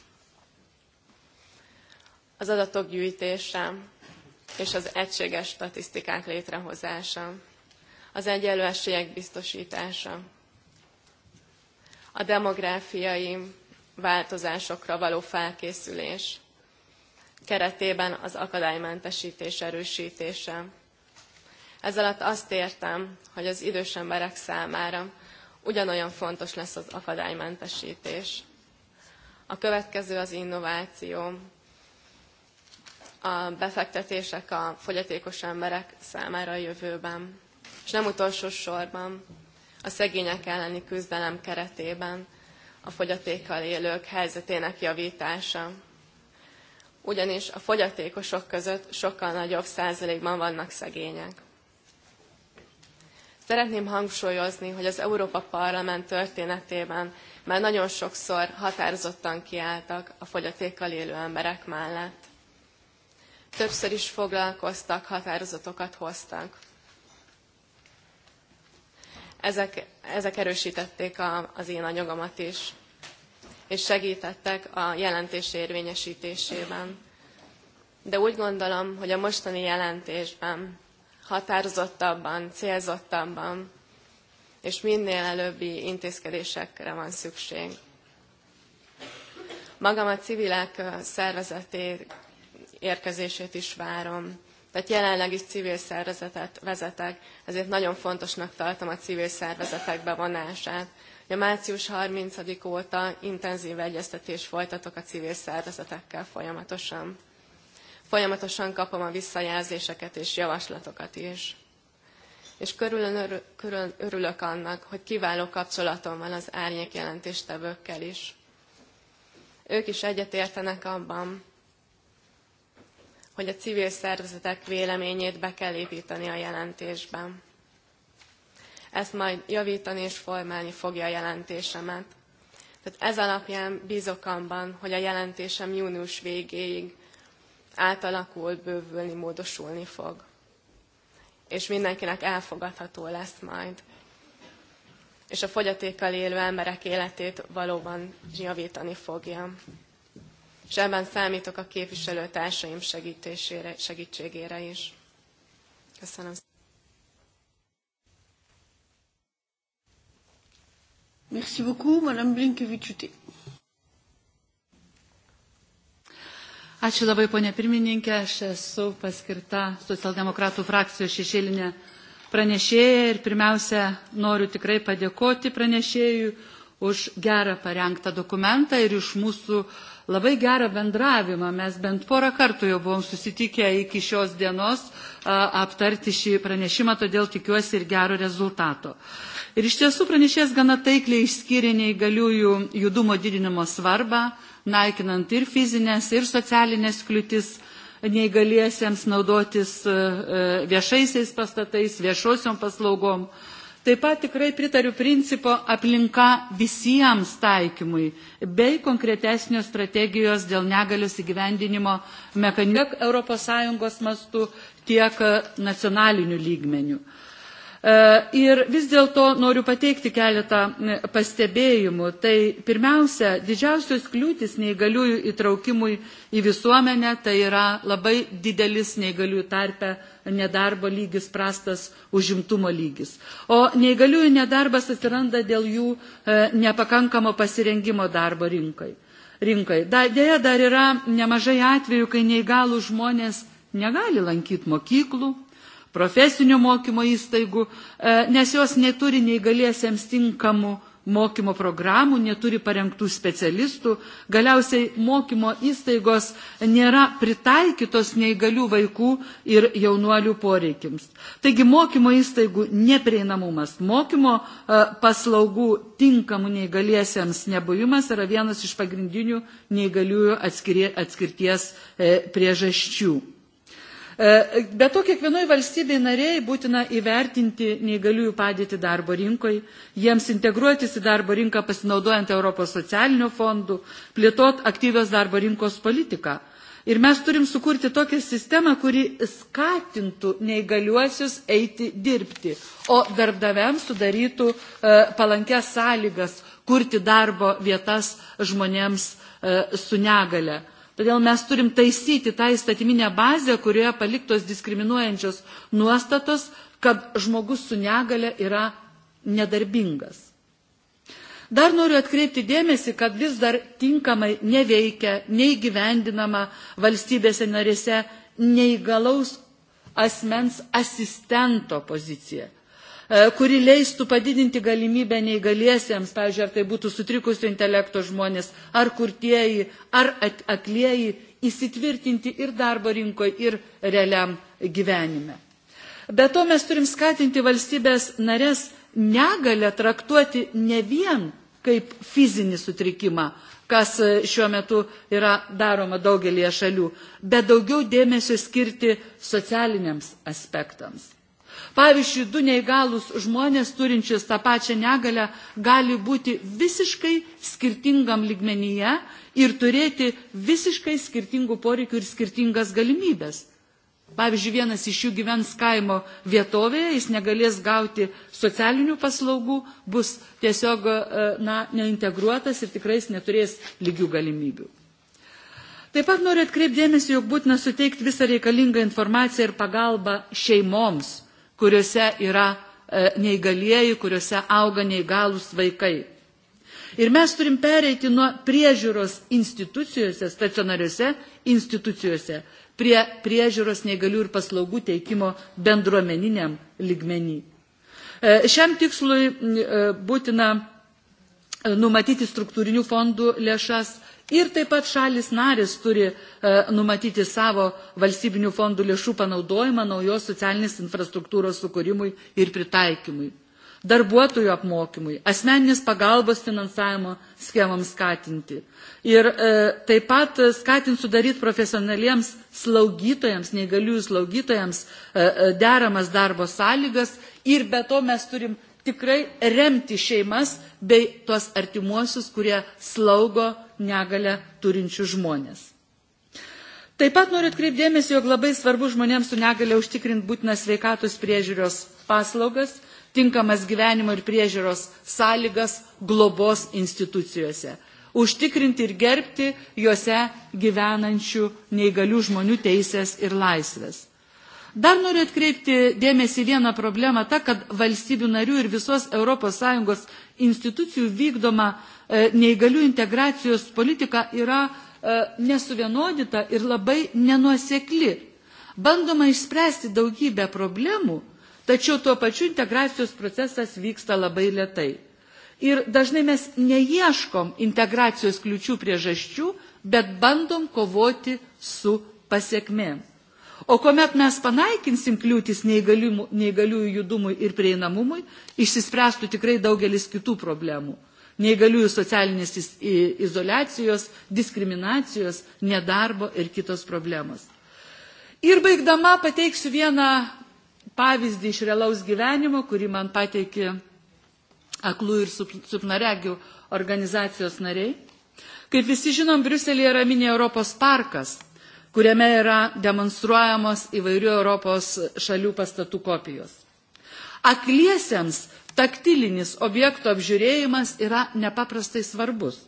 Az adatok gyűjtése és az egységes statisztikák létrehozása, az egyenlő esélyek biztosítása, a demográfiai változásokra való felkészülés keretében az akadálymentesítés erősítése. Ez alatt azt értem, hogy az idős emberek számára ugyanolyan fontos lesz az akadálymentesítés. A következő az innováció, a befektetések a fogyatékos emberek számára a jövőben. És nem utolsó sorban a szegények elleni küzdelem keretében a fogyatékkal élők helyzetének javítása. Ugyanis a fogyatékosok között sokkal nagyobb százalékban vannak szegények. Szeretném hangsúlyozni, hogy az Európa Parlament történetében már nagyon sokszor határozottan kiálltak a fogyatékkal élő emberek mellett. Többször is foglalkoztak, határozatokat hoztak ezek, ezek erősítették a, az én anyagomat is, és segítettek a jelentés érvényesítésében. De úgy gondolom, hogy a mostani jelentésben határozottabban, célzottabban és minél előbbi intézkedésekre van szükség. Magam a civilek szervezetét érkezését is várom, Tehát jelenleg is civil szervezetet vezetek, ezért nagyon fontosnak tartom a civil szervezetek bevonását. A március 30 óta intenzív egyeztetés folytatok a civil szervezetekkel folyamatosan. Folyamatosan kapom a visszajelzéseket és javaslatokat is. És körülön körül örülök annak, hogy kiváló kapcsolatom van az árnyék jelentéstevőkkel is. Ők is egyetértenek abban, hogy a civil szervezetek véleményét be kell építeni a jelentésben. Ezt majd javítani és formálni fogja a jelentésemet. Tehát ez alapján bízok abban, hogy a jelentésem június végéig átalakul, bővülni, módosulni fog. És mindenkinek elfogadható lesz majd. És a fogyatékkal élő emberek életét valóban javítani fogja és ebben számítok a társaim segítésére, segítségére is. Köszönöm szépen. Merci beaucoup, Madame Blinkevičiūtė. Ačiū labai, ponė pirmininkė. Aš esu paskirta socialdemokratų frakcijos šešėlinė pranešėja ir pirmiausia noriu tikrai padėkoti pranešėjui už gerą parengtą dokumentą ir iš mūsų uh, labai gerą bendravimą. Mes bent porą kartų jau buvom susitikę iki šios dienos aptarti šį pranešimą, todėl tikiuosi ir gero rezultato. Ir iš tiesų pranešės gana taikliai išskyrė neįgaliųjų judumo didinimo svarbą, naikinant ir fizinės, ir socialinės kliūtis neįgaliesiems naudotis viešaisiais pastatais, viešosiom paslaugom. Taip pat tikrai pritariu principo aplinka visiems taikymui bei konkretesnio strategijos dėl negalios įgyvendinimo mechanizmų tiek ES mastu, tiek nacionalinių lygmenių. E, ir vis dėlto noriu pateikti keletą pastebėjimų. Tai pirmiausia, didžiausios kliūtis neįgaliųjų įtraukimui į visuomenę, tai yra labai didelis neįgaliųjų tarpe nedarbo lygis, prastas užimtumo lygis. O neįgaliųjų nedarbas atsiranda dėl jų e, nepakankamo pasirengimo darbo rinkai. rinkai. Da, dėja, dar yra nemažai atvejų, kai neįgalų žmonės negali lankyti mokyklų, profesinio mokymo įstaigų, e, nes jos neturi neįgaliesiems tinkamų mokymo programų, neturi parengtų specialistų, galiausiai mokymo įstaigos nėra pritaikytos neįgalių vaikų ir jaunuolių poreikims. Taigi mokymo įstaigų neprieinamumas, mokymo e, paslaugų tinkamų neįgaliesiems nebuvimas yra vienas iš pagrindinių neįgaliųjų atskirties e, priežasčių. E, be to kiekvienoj valstybei nariai būtina įvertinti neįgaliųjų padėtį darbo rinkoje, jiems integruotis į darbo rinką pasinaudojant Europos socialinio fondų, plėtot aktyvios darbo rinkos politiką. Ir mes turim sukurti tokią sistemą, kuri skatintų neįgaliuosius eiti dirbti, o darbdaviams sudarytų e, palankės sąlygas kurti darbo vietas žmonėms e, su negale. Todėl mes turim taisyti tą įstatyminę bazę, kurioje paliktos diskriminuojančios nuostatos, kad žmogus su negale yra nedarbingas. Dar noriu atkreipti dėmesį, kad vis dar tinkamai neveikia, neįgyvendinama valstybėse narėse neįgalaus asmens asistento pozicija. E, kuri leistų padidinti galimybę neįgaliesiems, pavyzdžiui, ar tai būtų sutrikusio intelekto žmonės, ar kurtieji, ar aklieji, įsitvirtinti ir darbo rinkoje, ir realiam gyvenime. Be to mes turim skatinti valstybės narės negalę traktuoti ne vien kaip fizinį sutrikimą, kas šiuo metu yra daroma daugelie šalių, bet daugiau dėmesio skirti socialiniams aspektams. Pavyzdžiui, du neįgalus žmonės turinčius tą pačią negalę gali būti visiškai skirtingam ligmenyje ir turėti visiškai skirtingų poreikių ir skirtingas galimybės. Pavyzdžiui, vienas iš jų gyvens kaimo vietovėje, jis negalės gauti socialinių paslaugų, bus tiesiog e, na, neintegruotas ir tikrai neturės lygių galimybių. Taip pat noriu atkreipdėmėsi, jog būtina suteikti visą reikalingą informaciją ir pagalbą šeimoms, kuriuose yra e, neįgalieji, kuriuose auga neįgalus vaikai. Ir mes turim pereiti nuo priežiūros institucijose, stacionariuose institucijose, prie priežiūros negalių ir paslaugų teikimo bendruomeniniam ligmenį. E, šiam tikslui e, būtina numatyti struktūrinių fondų lėšas, Ir taip pat šalis narės turi e, numatyti savo valstybinių fondų lėšų panaudojimą naujos socialinės infrastruktūros sukūrimui ir pritaikymui, darbuotojų apmokymui, asmeninės pagalbos finansavimo schemams skatinti. Ir e, taip pat skatinti sudaryti profesionaliems slaugytojams, neįgaliųjų slaugytojams e, e, deramas darbo sąlygas ir be to mes turim tikrai remti šeimas bei tuos artimuosius, kurie slaugo negalę turinčių žmonės. Taip pat noriu atkreipdėmės, jog labai svarbu žmonėms su negalė užtikrinti būtinas sveikatos priežiūros paslaugas, tinkamas gyvenimo ir priežiūros sąlygas globos institucijose, užtikrinti ir gerbti juose gyvenančių neįgalių žmonių teisės ir laisvės. Dar noriu atkreipti dėmesį vieną problemą, ta, kad valstybių narių ir visos ES institucijų vykdoma E, neįgalių integracijos politika yra e, nesuvienodita ir labai nenuosekli. Bandoma išspręsti daugybę problemų, tačiau tuo pačiu integracijos procesas vyksta labai lietai. Ir dažnai mes neieškom integracijos kliučių priežasčių, bet bandom kovoti su pasiekmėm. O kuomet mes panaikinsim kliūtis neįgaliųjų judumui ir prieinamumui, išsispręstų tikrai daugelis kitų problemų neįgaliųjų socialinės izolacijos, diskriminacijos, nedarbo ir kitos problemos. Ir baigdama pateiksiu vieną pavyzdį iš realaus gyvenimo, kurį man pateikė aklų ir supnaregių organizacijos nariai. Kaip visi žinom, Briuselėje yra mini Europos parkas, kuriame yra demonstruojamos įvairių Europos šalių pastatų kopijos. Akliesiems taktilinis objekto apžiūrėjimas yra nepaprastai svarbus.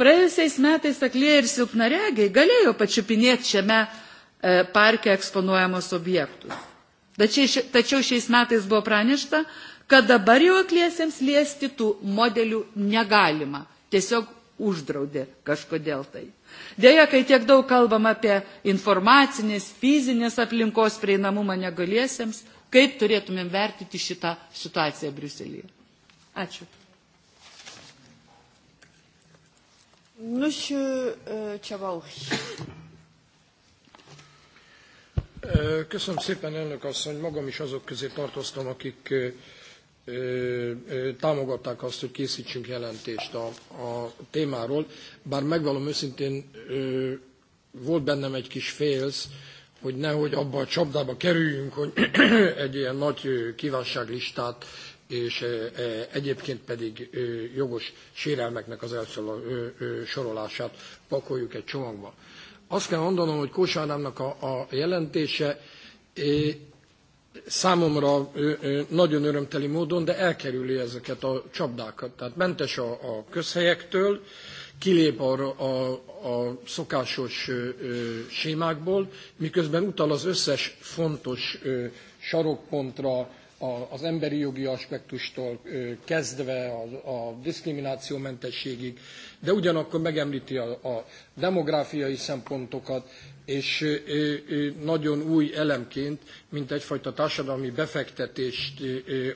Praėjusiais metais aklieji ir silpnaregiai galėjo pačiupinėti šiame e, parke eksponuojamos objektus. Tačiau šiais metais buvo pranešta, kad dabar jau akliesiems liesti tų modelių negalima. Tiesiog uždraudė kažkodėl tai. Dėja, kai tiek daug kalbam apie informacinės, fizinės aplinkos prieinamumą negaliesiems, kaip turėtumėm vertinti šitą situaciją Briuselėje. Ačiū. Monsieur euh, Köszönöm szépen, elnök asszony. Magam is azok közé tartoztam, akik támogatták azt, hogy készítsünk jelentést a, a témáról. Bár megvalom őszintén, volt bennem egy kis félsz, hogy nehogy abba a csapdába kerüljünk, hogy egy ilyen nagy kívánságlistát és egyébként pedig jogos sérelmeknek az elsorolását pakoljuk egy csomagba. Azt kell mondanom, hogy Kósárámnak a, a jelentése számomra nagyon örömteli módon, de elkerüli ezeket a csapdákat. Tehát mentes a, a közhelyektől, kilép a, a, a szokásos ö, ö, sémákból, miközben utal az összes fontos ö, sarokpontra, az emberi jogi aspektustól kezdve a, a diszkriminációmentességig, de ugyanakkor megemlíti a, a demográfiai szempontokat, és nagyon új elemként, mint egyfajta társadalmi befektetést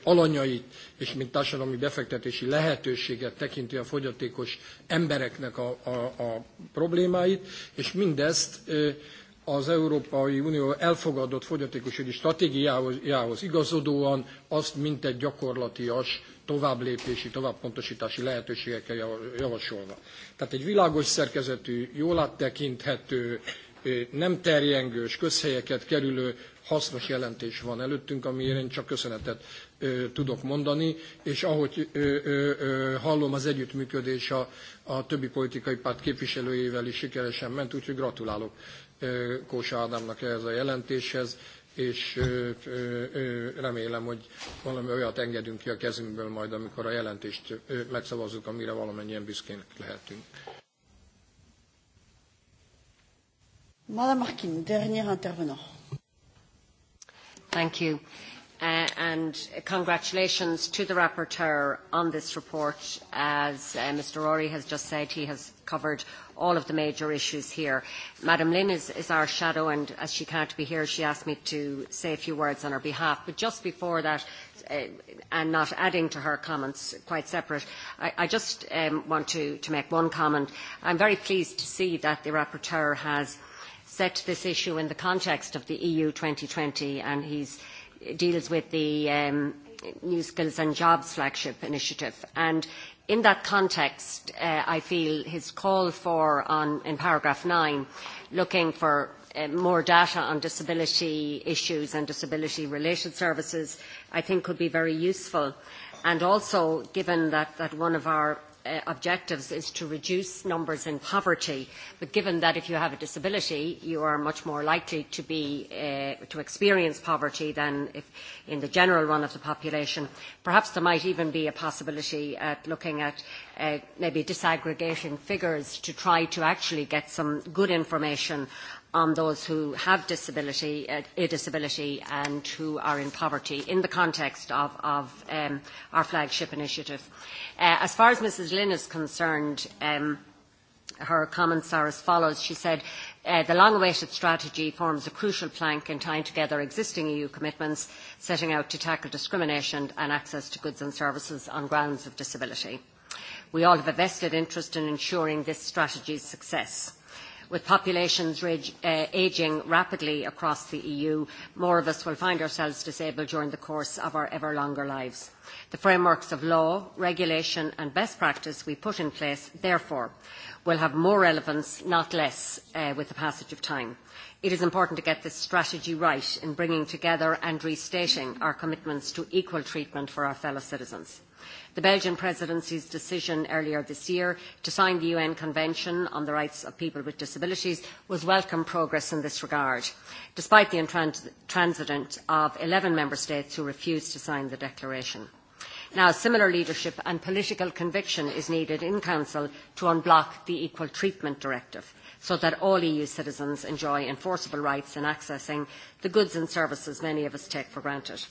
alanyait, és mint társadalmi befektetési lehetőséget tekinti a fogyatékos embereknek a, a, a problémáit, és mindezt az Európai Unió elfogadott fogyatékosügyi stratégiához igazodóan azt mint egy gyakorlatias továbblépési, továbbpontosítási lehetőségekkel javasolva. Tehát egy világos szerkezetű, jól áttekinthető, nem terjengős, közhelyeket kerülő hasznos jelentés van előttünk, amiért én csak köszönetet tudok mondani, és ahogy hallom, az együttműködés a, a többi politikai párt képviselőjével is sikeresen ment, úgyhogy gratulálok Kósa Ádámnak ehhez a jelentéshez, és remélem, hogy valami olyat engedünk ki a kezünkből majd, amikor a jelentést megszavazzuk, amire valamennyien büszkének lehetünk. Madam Harkin, dernier intervenant. Thank you. Uh, and congratulations to the rapporteur on this report. As uh, Mr. Rory has just said, he has covered all of the major issues here. Madam Lynn is, is our shadow, and as she can't be here, she asked me to say a few words on her behalf. But just before that, uh, and not adding to her comments quite separate, I, I just um, want to, to make one comment. I'm very pleased to see that the rapporteur has – set this issue in the context of the EU twenty and he deals with the um, New Skills and Jobs flagship initiative. And in that context, uh, I feel his call for, on, in paragraph nine, looking for uh, more data on disability issues and disability-related services, I think could be very useful. And also, given that, that one of our uh, objectives is to reduce numbers in poverty, but given that if you have a disability, you are much more likely to, be, uh, to experience poverty than if in the general run of the population. Perhaps there might even be a possibility at looking at uh, maybe disaggregating figures to try to actually get some good information on those who have disability, a uh, disability and who are in poverty in the context of, of um, our flagship initiative. Uh, as far as Mrs Lynn is concerned, um, her comments are as follows. She said, uh, the long-awaited strategy forms a crucial plank in tying together existing EU commitments setting out to tackle discrimination and access to goods and services on grounds of disability. We all have a vested interest in ensuring this strategy's success with populations uh, ageing rapidly across the EU, more of us will find ourselves disabled during the course of our ever longer lives. The frameworks of law, regulation and best practice we put in place, therefore, will have more relevance, not less, uh, with the passage of time. It is important to get this strategy right in bringing together and restating our commitments to equal treatment for our fellow citizens. The Belgian presidency's decision earlier this year to sign the UN Convention on the Rights of People with Disabilities was welcome progress in this regard, despite the intransigence of eleven member states who refused to sign the declaration. Now, similar leadership and political conviction is needed in Council to unblock the Equal Treatment Directive so that all EU citizens enjoy enforceable rights in accessing the goods and services many of us take for granted.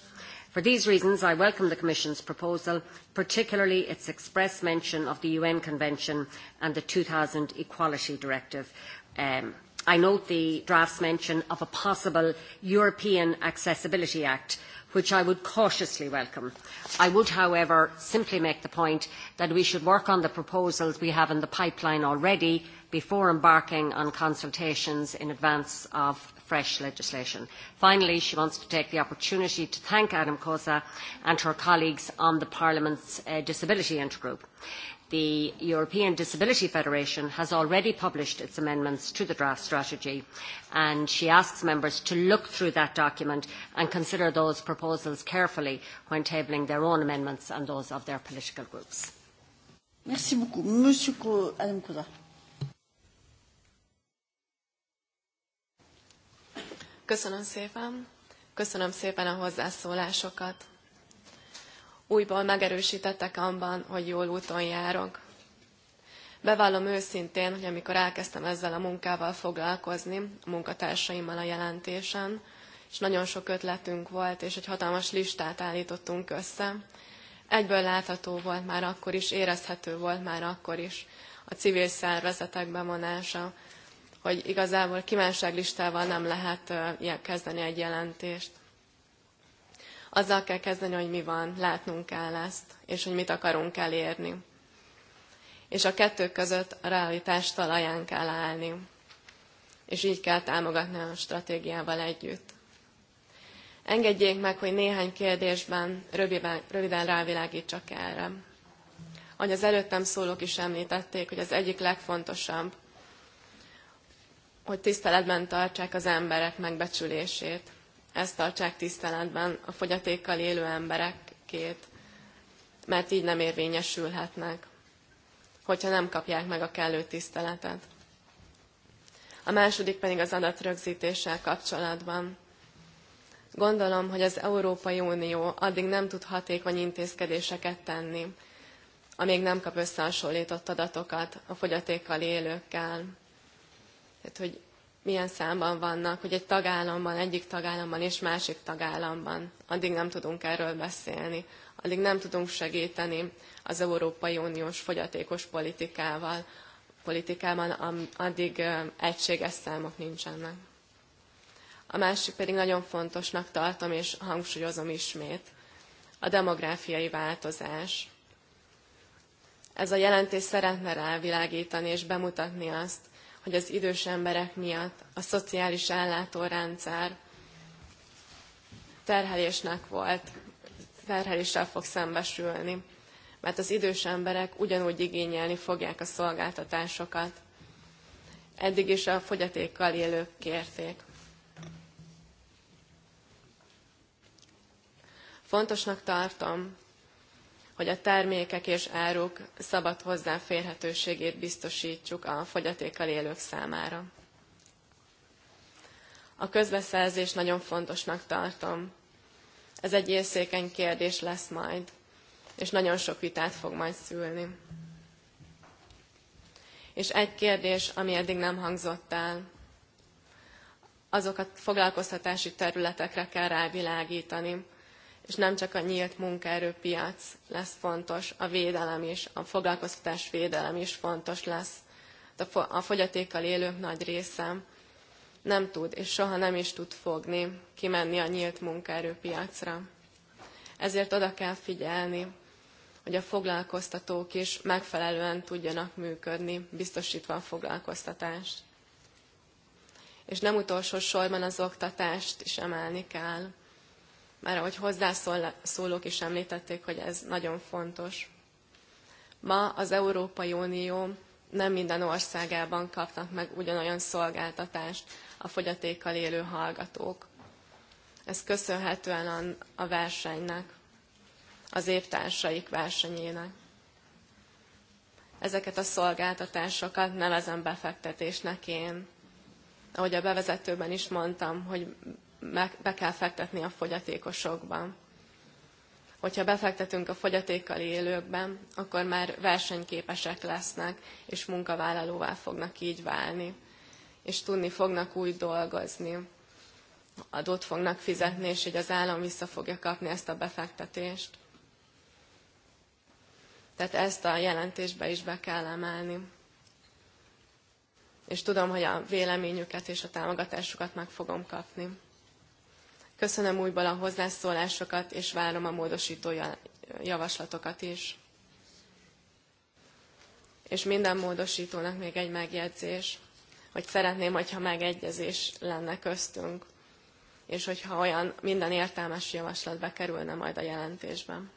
For these reasons, I welcome the Commission's proposal, particularly its express mention of the UN Convention and the two thousand Equality Directive. Um, I note the draft's mention of a possible European Accessibility Act, which I would cautiously welcome. I would, however, simply make the point that we should work on the proposals we have in the pipeline already before embarking on consultations in advance of fresh legislation. Finally, she wants to take the opportunity to thank Adam Cosa and her colleagues on the Parliament's uh, Disability Intergroup. The European Disability Federation has already published its amendments to the draft strategy and she asks members to look through that document and consider those proposals carefully when tabling their own amendments and those of their political groups. Merci beaucoup. Monsieur Adam Cosa. Köszönöm szépen. Köszönöm szépen a hozzászólásokat. Újból megerősítettek abban, hogy jól úton járok. Bevallom őszintén, hogy amikor elkezdtem ezzel a munkával foglalkozni, a munkatársaimmal a jelentésen, és nagyon sok ötletünk volt, és egy hatalmas listát állítottunk össze, egyből látható volt már akkor is, érezhető volt már akkor is a civil szervezetek bevonása, hogy igazából kívánságlistával nem lehet kezdeni egy jelentést. Azzal kell kezdeni, hogy mi van, látnunk kell ezt, és hogy mit akarunk elérni. És a kettő között a realitás talaján kell állni. És így kell támogatni a stratégiával együtt. Engedjék meg, hogy néhány kérdésben röviden, röviden rávilágítsak erre. Ahogy az előttem szólók is említették, hogy az egyik legfontosabb hogy tiszteletben tartsák az emberek megbecsülését. Ezt tartsák tiszteletben a fogyatékkal élő emberekét, mert így nem érvényesülhetnek, hogyha nem kapják meg a kellő tiszteletet. A második pedig az adatrögzítéssel kapcsolatban. Gondolom, hogy az Európai Unió addig nem tud hatékony intézkedéseket tenni, amíg nem kap összehasonlított adatokat a fogyatékkal élőkkel tehát hogy milyen számban vannak, hogy egy tagállamban, egyik tagállamban és másik tagállamban. Addig nem tudunk erről beszélni, addig nem tudunk segíteni az Európai Uniós fogyatékos politikával, politikában, addig egységes számok nincsenek. A másik pedig nagyon fontosnak tartom, és hangsúlyozom ismét, a demográfiai változás. Ez a jelentés szeretne rávilágítani és bemutatni azt, hogy az idős emberek miatt a szociális ellátórendszer terhelésnek volt, terheléssel fog szembesülni, mert az idős emberek ugyanúgy igényelni fogják a szolgáltatásokat. Eddig is a fogyatékkal élők kérték. Fontosnak tartom, hogy a termékek és áruk szabad hozzáférhetőségét biztosítsuk a fogyatékkal élők számára. A közbeszerzést nagyon fontosnak tartom. Ez egy érzékeny kérdés lesz majd, és nagyon sok vitát fog majd szülni. És egy kérdés, ami eddig nem hangzott el, Azokat a foglalkoztatási területekre kell rávilágítani, és nem csak a nyílt munkaerőpiac lesz fontos, a védelem is, a foglalkoztatás védelem is fontos lesz. A fogyatékkal élők nagy része nem tud, és soha nem is tud fogni kimenni a nyílt munkaerőpiacra. Ezért oda kell figyelni, hogy a foglalkoztatók is megfelelően tudjanak működni, biztosítva a foglalkoztatást. És nem utolsó sorban az oktatást is emelni kell Már ahogy hozzászólók is említették, hogy ez nagyon fontos. Ma az Európai Unió nem minden országában kapnak meg ugyanolyan szolgáltatást a fogyatékkal élő hallgatók. Ez köszönhetően a versenynek, az évtársaik versenyének. Ezeket a szolgáltatásokat nevezem befektetésnek én. Ahogy a bevezetőben is mondtam, hogy be kell fektetni a fogyatékosokban. Hogyha befektetünk a fogyatékkal élőkben, akkor már versenyképesek lesznek, és munkavállalóvá fognak így válni, és tudni fognak úgy dolgozni. Adót fognak fizetni, és így az állam vissza fogja kapni ezt a befektetést. Tehát ezt a jelentésbe is be kell emelni. És tudom, hogy a véleményüket és a támogatásukat meg fogom kapni. Köszönöm újból a hozzászólásokat, és várom a módosító javaslatokat is. És minden módosítónak még egy megjegyzés, hogy szeretném, hogyha megegyezés lenne köztünk, és hogyha olyan minden értelmes javaslat bekerülne majd a jelentésben.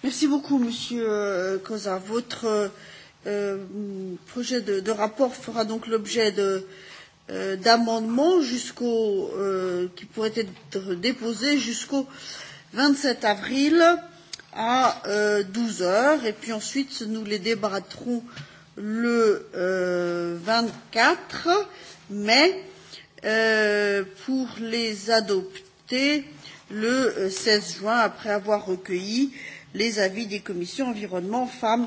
Merci beaucoup, Monsieur Cosa. Votre euh, euh, projet de, de rapport fera donc l'objet de euh, d'amendements jusqu'au euh, qui pourraient être déposés jusqu'au 27 avril à euh, 12 heures et puis ensuite nous les débattrons le euh, 24 mai euh, pour les adopter le 16 euh, juin après avoir recueilli les avis des commissions environnement femmes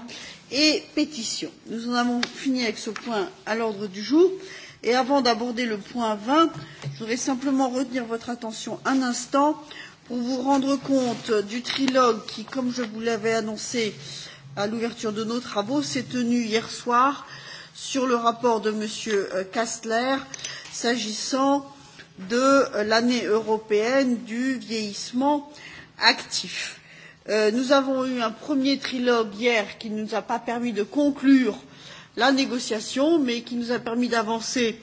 et pétition. Nous en avons fini avec ce point à l'ordre du jour. Et avant d'aborder le point 20, je voudrais simplement retenir votre attention un instant pour vous rendre compte du trilogue qui, comme je vous l'avais annoncé à l'ouverture de nos travaux, s'est tenu hier soir sur le rapport de M. Euh, Kastler s'agissant de euh, l'année européenne du vieillissement actif. Euh, nous avons eu un premier trilogue hier qui ne nous a pas permis de conclure la négociation, mais qui nous a permis d'avancer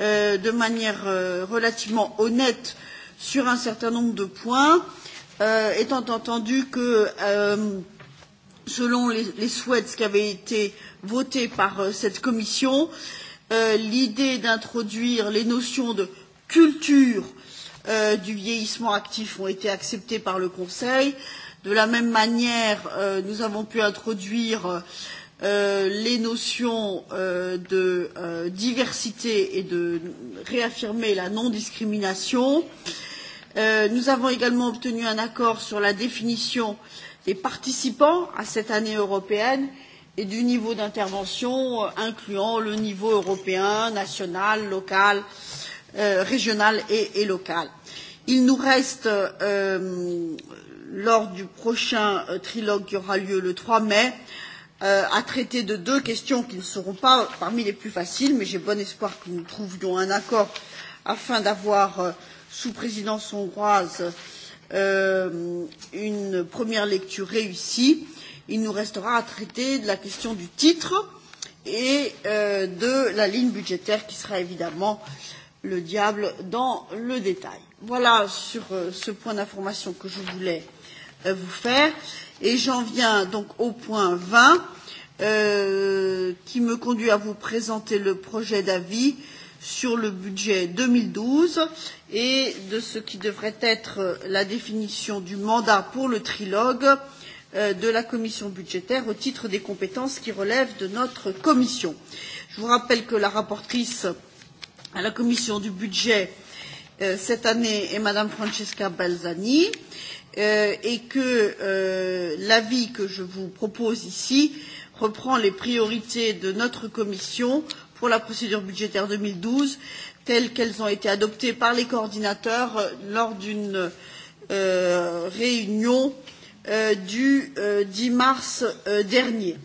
euh, de manière euh, relativement honnête sur un certain nombre de points, étant entendu que, selon les, souhaits qui avaient été votés par cette commission, l'idée d'introduire les notions de culture du vieillissement actif ont été acceptées par le Conseil. Euh, De la même manière, euh, nous avons pu introduire euh, les notions euh, de euh, diversité et de réaffirmer la non-discrimination. Euh, nous avons également obtenu un accord sur la définition des participants à cette année européenne et du niveau d'intervention euh, incluant le niveau européen, national, local, euh, régional et, et local. Il nous reste euh, lors du prochain euh, trilogue qui aura lieu le 3 mai, euh, à traiter de deux questions qui ne seront pas parmi les plus faciles, mais j'ai bon espoir que nous trouvions un accord afin d'avoir, euh, sous présidence hongroise, euh, une première lecture réussie. Il nous restera à traiter de la question du titre et euh, de la ligne budgétaire qui sera évidemment le diable dans le détail. Voilà sur euh, ce point d'information que je voulais vous faire. Et j'en viens donc au point 20, euh, qui me conduit à vous présenter le projet d'avis sur le budget 2012 et de ce qui devrait être la définition du mandat pour le trilogue euh, de la commission budgétaire au titre des compétences qui relèvent de notre commission. Je vous rappelle que la rapportrice à la commission du budget euh, cette année est Madame Francesca Balzani. Euh, euh, et que euh, l'avis que je vous propose ici reprend les priorités de notre commission pour la procédure budgétaire 2012 telles qu'elles ont été adoptées par les coordinateurs euh, lors d'une euh, réunion euh, du euh, 10 mars euh, dernier.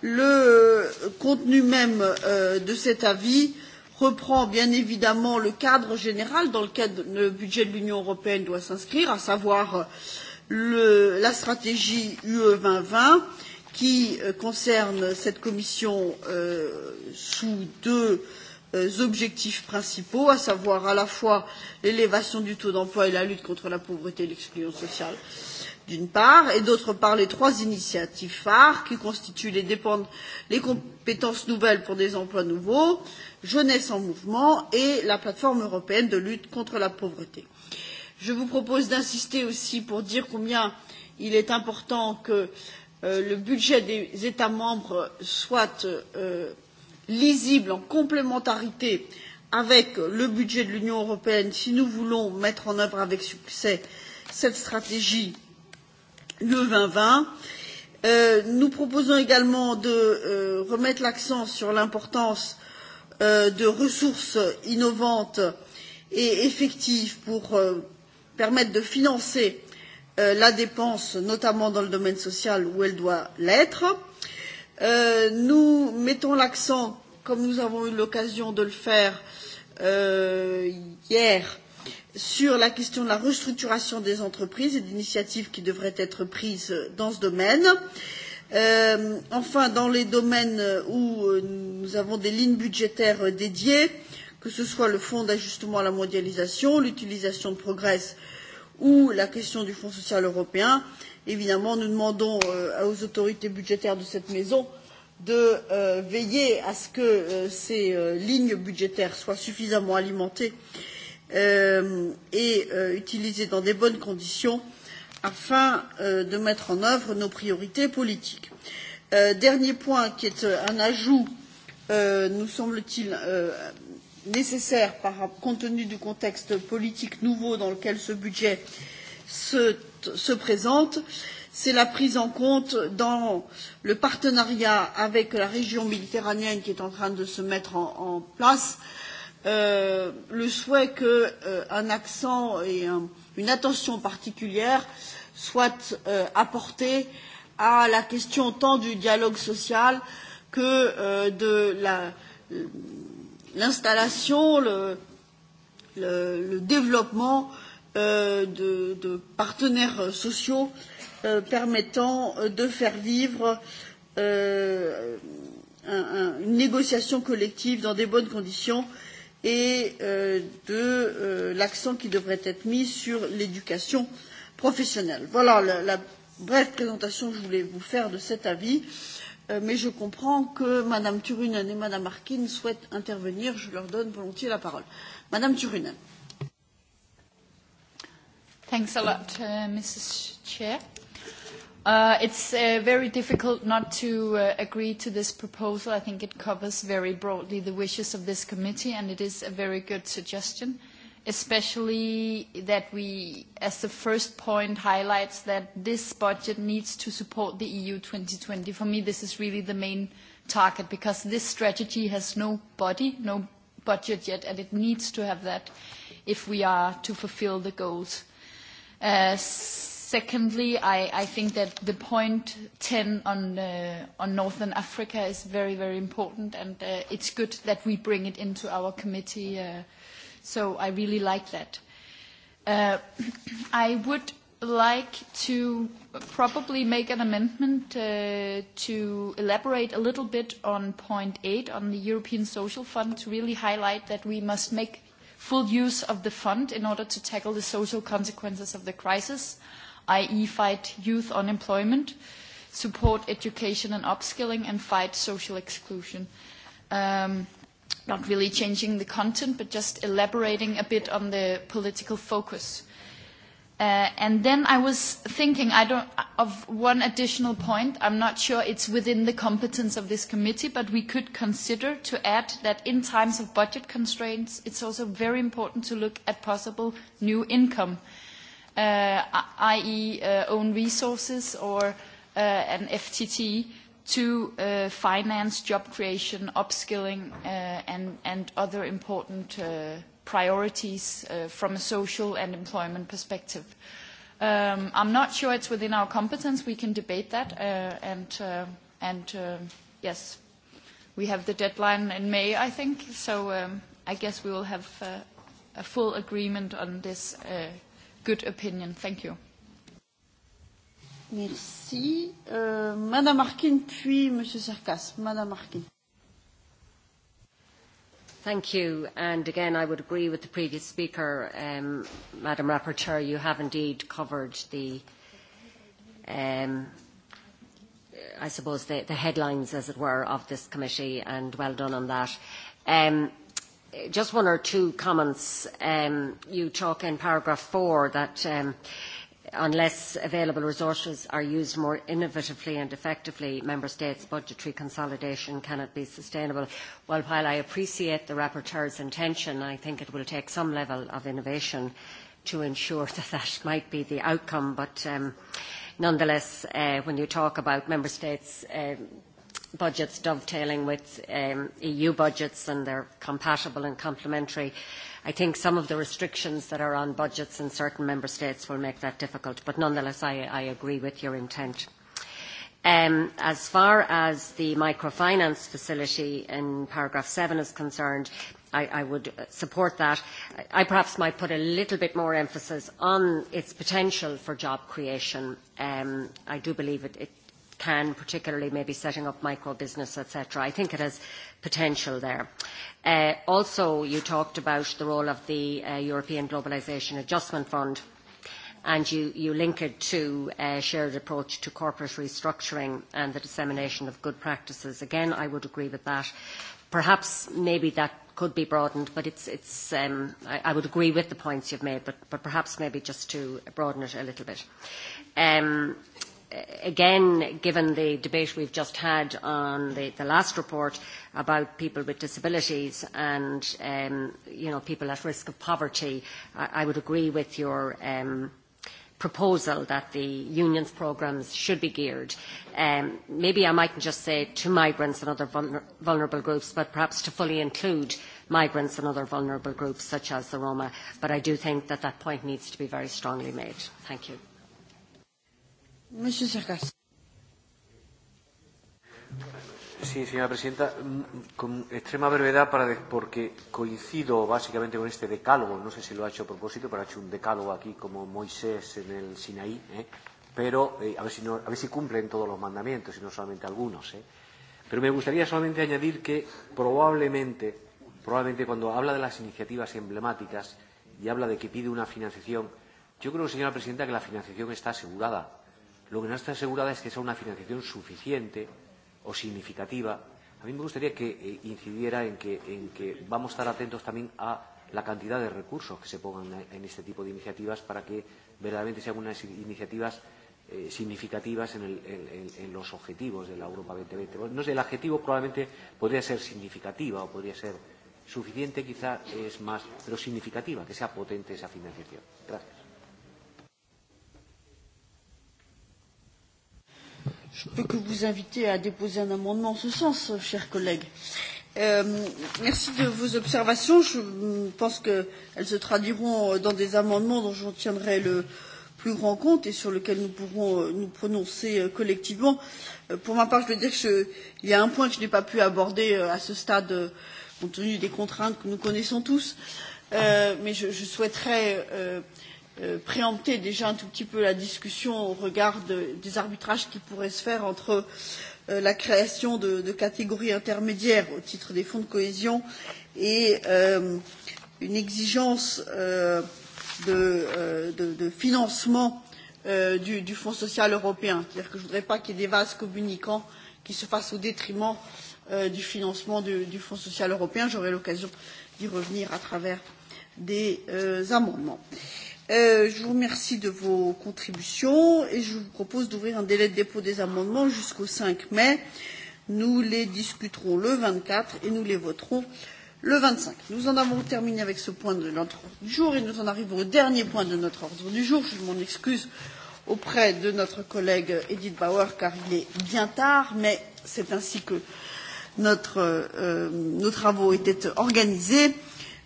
Le euh, contenu même euh, de cet avis euh, reprend bien évidemment le cadre général dans lequel le budget de l'Union européenne doit s'inscrire, à savoir le, la stratégie UE 2020 qui euh, concerne cette commission euh, sous deux euh, objectifs principaux, à savoir à la fois l'élévation du taux d'emploi et la lutte contre la pauvreté et l'exclusion sociale d'une part, et d'autre part les trois initiatives phares qui constituent les, les compétences nouvelles pour des emplois nouveaux, euh, Jeunesse en mouvement et la plateforme européenne de lutte contre la pauvreté. Je vous propose d'insister aussi pour dire combien il est important que euh, le budget des États membres soit euh, lisible en complémentarité avec le budget de l'Union européenne si nous voulons mettre en œuvre avec succès cette stratégie le 2020. Euh, nous proposons également de euh, remettre l'accent sur l'importance Euh, de ressources innovantes et effectives pour euh, permettre de financer euh, la dépense, notamment dans le domaine social où elle doit l'être. Euh, nous mettons l'accent, comme nous avons eu l'occasion de le faire euh, hier, sur la question de la restructuration des entreprises et d'initiatives qui devraient être prises dans ce domaine. Euh, Euh, enfin, dans les domaines euh, où euh, nous avons des lignes budgétaires euh, dédiées, que ce soit le fonds d'ajustement à la mondialisation, l'utilisation de progrès ou la question du Fonds social européen, évidemment, nous demandons euh, aux autorités budgétaires de cette maison de euh, veiller à ce que euh, ces euh, lignes budgétaires soient suffisamment alimentées euh, et euh, utilisées dans des bonnes conditions afin euh, de mettre en œuvre nos priorités politiques. Euh, dernier point qui est euh, un ajout, euh, nous semble-t-il, euh, nécessaire par, compte tenu du contexte politique nouveau dans lequel ce budget se, se présente, c'est la prise en compte dans le partenariat avec la région méditerranéenne qui est en train de se mettre en, en place, euh, le souhait qu'un euh, accent et un, une attention particulière soit euh, apportée à la question tant du dialogue social que euh, de l'installation, le, le, le développement euh, de, de partenaires sociaux euh, permettant euh, de faire vivre euh, un, un, une négociation collective dans des bonnes conditions et euh, de euh, l'accent qui devrait être mis sur l'éducation professionnelle. Voilà la, la brève présentation que je voulais vous faire de cet avis, euh, mais je comprends que Madame Turunen et Madame Harkin souhaitent intervenir. Je leur donne volontiers la parole. Madame Turunen. Thanks a lot, uh, Mrs. Chair. Uh, it's uh, very difficult not to uh, agree to this proposal. I think it covers very broadly the wishes of this committee, and it is a very good suggestion, especially that we, as the first point, highlights that this budget needs to support the EU 2020. For me, this is really the main target, because this strategy has no body, no budget yet, and it needs to have that if we are to fulfill the goals. Uh, Secondly, I, I think that the point 10 on, uh, on Northern Africa is very, very important, and uh, it's good that we bring it into our committee. Uh, so I really like that. Uh, I would like to probably make an amendment uh, to elaborate a little bit on point 8 on the European Social Fund to really highlight that we must make full use of the fund in order to tackle the social consequences of the crisis. Uh, i.e. fight youth unemployment, support education and upskilling, and fight social exclusion. Um, not really changing the content, but just elaborating a bit on the political focus. Uh, and then I was thinking I don't, of one additional point. I'm not sure it's within the competence of this committee, but we could consider to add that in times of budget constraints, it's also very important to look at possible new income uh, i.e. Uh, own resources or uh, an FTT to uh, finance job creation, upskilling uh, and, and other important uh, priorities uh, from a social and employment perspective. Um, I'm not sure it's within our competence. We can debate that. Uh, and uh, and uh, yes, we have the deadline in May, I think. So um, I guess we will have uh, a full agreement on this uh, good opinion. Thank you. Merci. Uh, Madame Harkin, puis Monsieur Sarkas. Madame Harkin. Thank you. And again, I would agree with the previous speaker, um, Madam Rapporteur, you have indeed covered the, um, I suppose, the, the headlines, as it were, of this committee, and well done on that. Um, just one or two comments. Um, you talk in paragraph four that um, unless available resources are used more innovatively and effectively, Member States' budgetary consolidation cannot be sustainable. Well, while I appreciate the Rapporteur's intention, I think it will take some level of innovation to ensure that that might be the outcome. But um, nonetheless, uh, when you talk about Member States' uh, budgets dovetailing with um, EU budgets and they're compatible and complementary. I think some of the restrictions that are on budgets in certain member states will make that difficult, but nonetheless I, I agree with your intent. Um, as far as the microfinance facility in paragraph 7 is concerned, I, I would support that. I, I perhaps might put a little bit more emphasis on its potential for job creation. Um, I do believe it, it can, particularly maybe setting up micro business, etc. I think it has potential there. Uh, also, you talked about the role of the uh, European Globalisation Adjustment Fund and you, you link it to a uh, shared approach to corporate restructuring and the dissemination of good practices. Again, I would agree with that. Perhaps maybe that could be broadened, but it's, it's, um, I, I would agree with the points you've made, but, but perhaps maybe just to broaden it a little bit. Um, again, given the debate we've just had on the, the last report about people with disabilities and um, you know, people at risk of poverty, I, I would agree with your um, proposal that the union's programmes should be geared. Um, maybe I might just say to migrants and other vulner vulnerable groups, but perhaps to fully include migrants and other vulnerable groups such as the Roma. But I do think that that point needs to be very strongly made. Thank you. Sarkas. Sí, señora presidenta, con extrema brevedad para de, porque coincido básicamente con este decálogo, no sé si lo ha hecho a propósito, pero ha hecho un decálogo aquí como Moisés en el Sinaí, ¿eh? pero eh, a, ver si no, a ver si cumplen todos los mandamientos y no solamente algunos. ¿eh? Pero me gustaría solamente añadir que probablemente, probablemente cuando habla de las iniciativas emblemáticas y habla de que pide una financiación, yo creo, señora presidenta, que la financiación está asegurada lo que no está asegurada es que sea una financiación suficiente o significativa. A mí me gustaría que eh, incidiera en que, en que vamos a estar atentos también a la cantidad de recursos que se pongan en este tipo de iniciativas para que verdaderamente sean unas iniciativas eh, significativas en, el, en, en los objetivos de la Europa 2020. no sé, el adjetivo probablemente podría ser significativa o podría ser suficiente, quizá es más, pero significativa, que sea potente esa financiación. Gracias. Je peux que vous inviter à déposer un amendement en ce sens, chers collègues. Euh, merci de vos observations. Je pense qu'elles se traduiront dans des amendements dont j'en tiendrai le plus grand compte et sur lesquels nous pourrons euh, nous prononcer euh, collectivement. Euh, pour ma part, je veux dire qu'il y a un point que je n'ai pas pu aborder à ce stade, compte tenu des contraintes que nous connaissons tous, euh, mais je, je souhaiterais euh, Euh, préempter déjà un tout petit peu la discussion au regard de, des arbitrages qui pourraient se faire entre euh, la création de, de catégories intermédiaires au titre des fonds de cohésion et euh, une exigence euh, de, euh, de, de financement euh, du, du Fonds social européen. C'est-à-dire que je ne voudrais pas qu'il y ait des vases communicants qui se fassent au détriment euh, du financement du, du Fonds social européen. J'aurai l'occasion d'y revenir à travers des euh, amendements. Euh, Euh, je vous remercie de vos contributions et je vous propose d'ouvrir un délai de dépôt des amendements jusqu'au 5 mai. Nous les discuterons le 24 et nous les voterons le 25. Nous en avons terminé avec ce point de l'ordre du jour et nous en arrivons au dernier point de notre ordre du jour. Je m'en excuse auprès de notre collègue Edith Bauer car il est bien tard, mais c'est ainsi que notre, euh, euh nos travaux étaient organisés.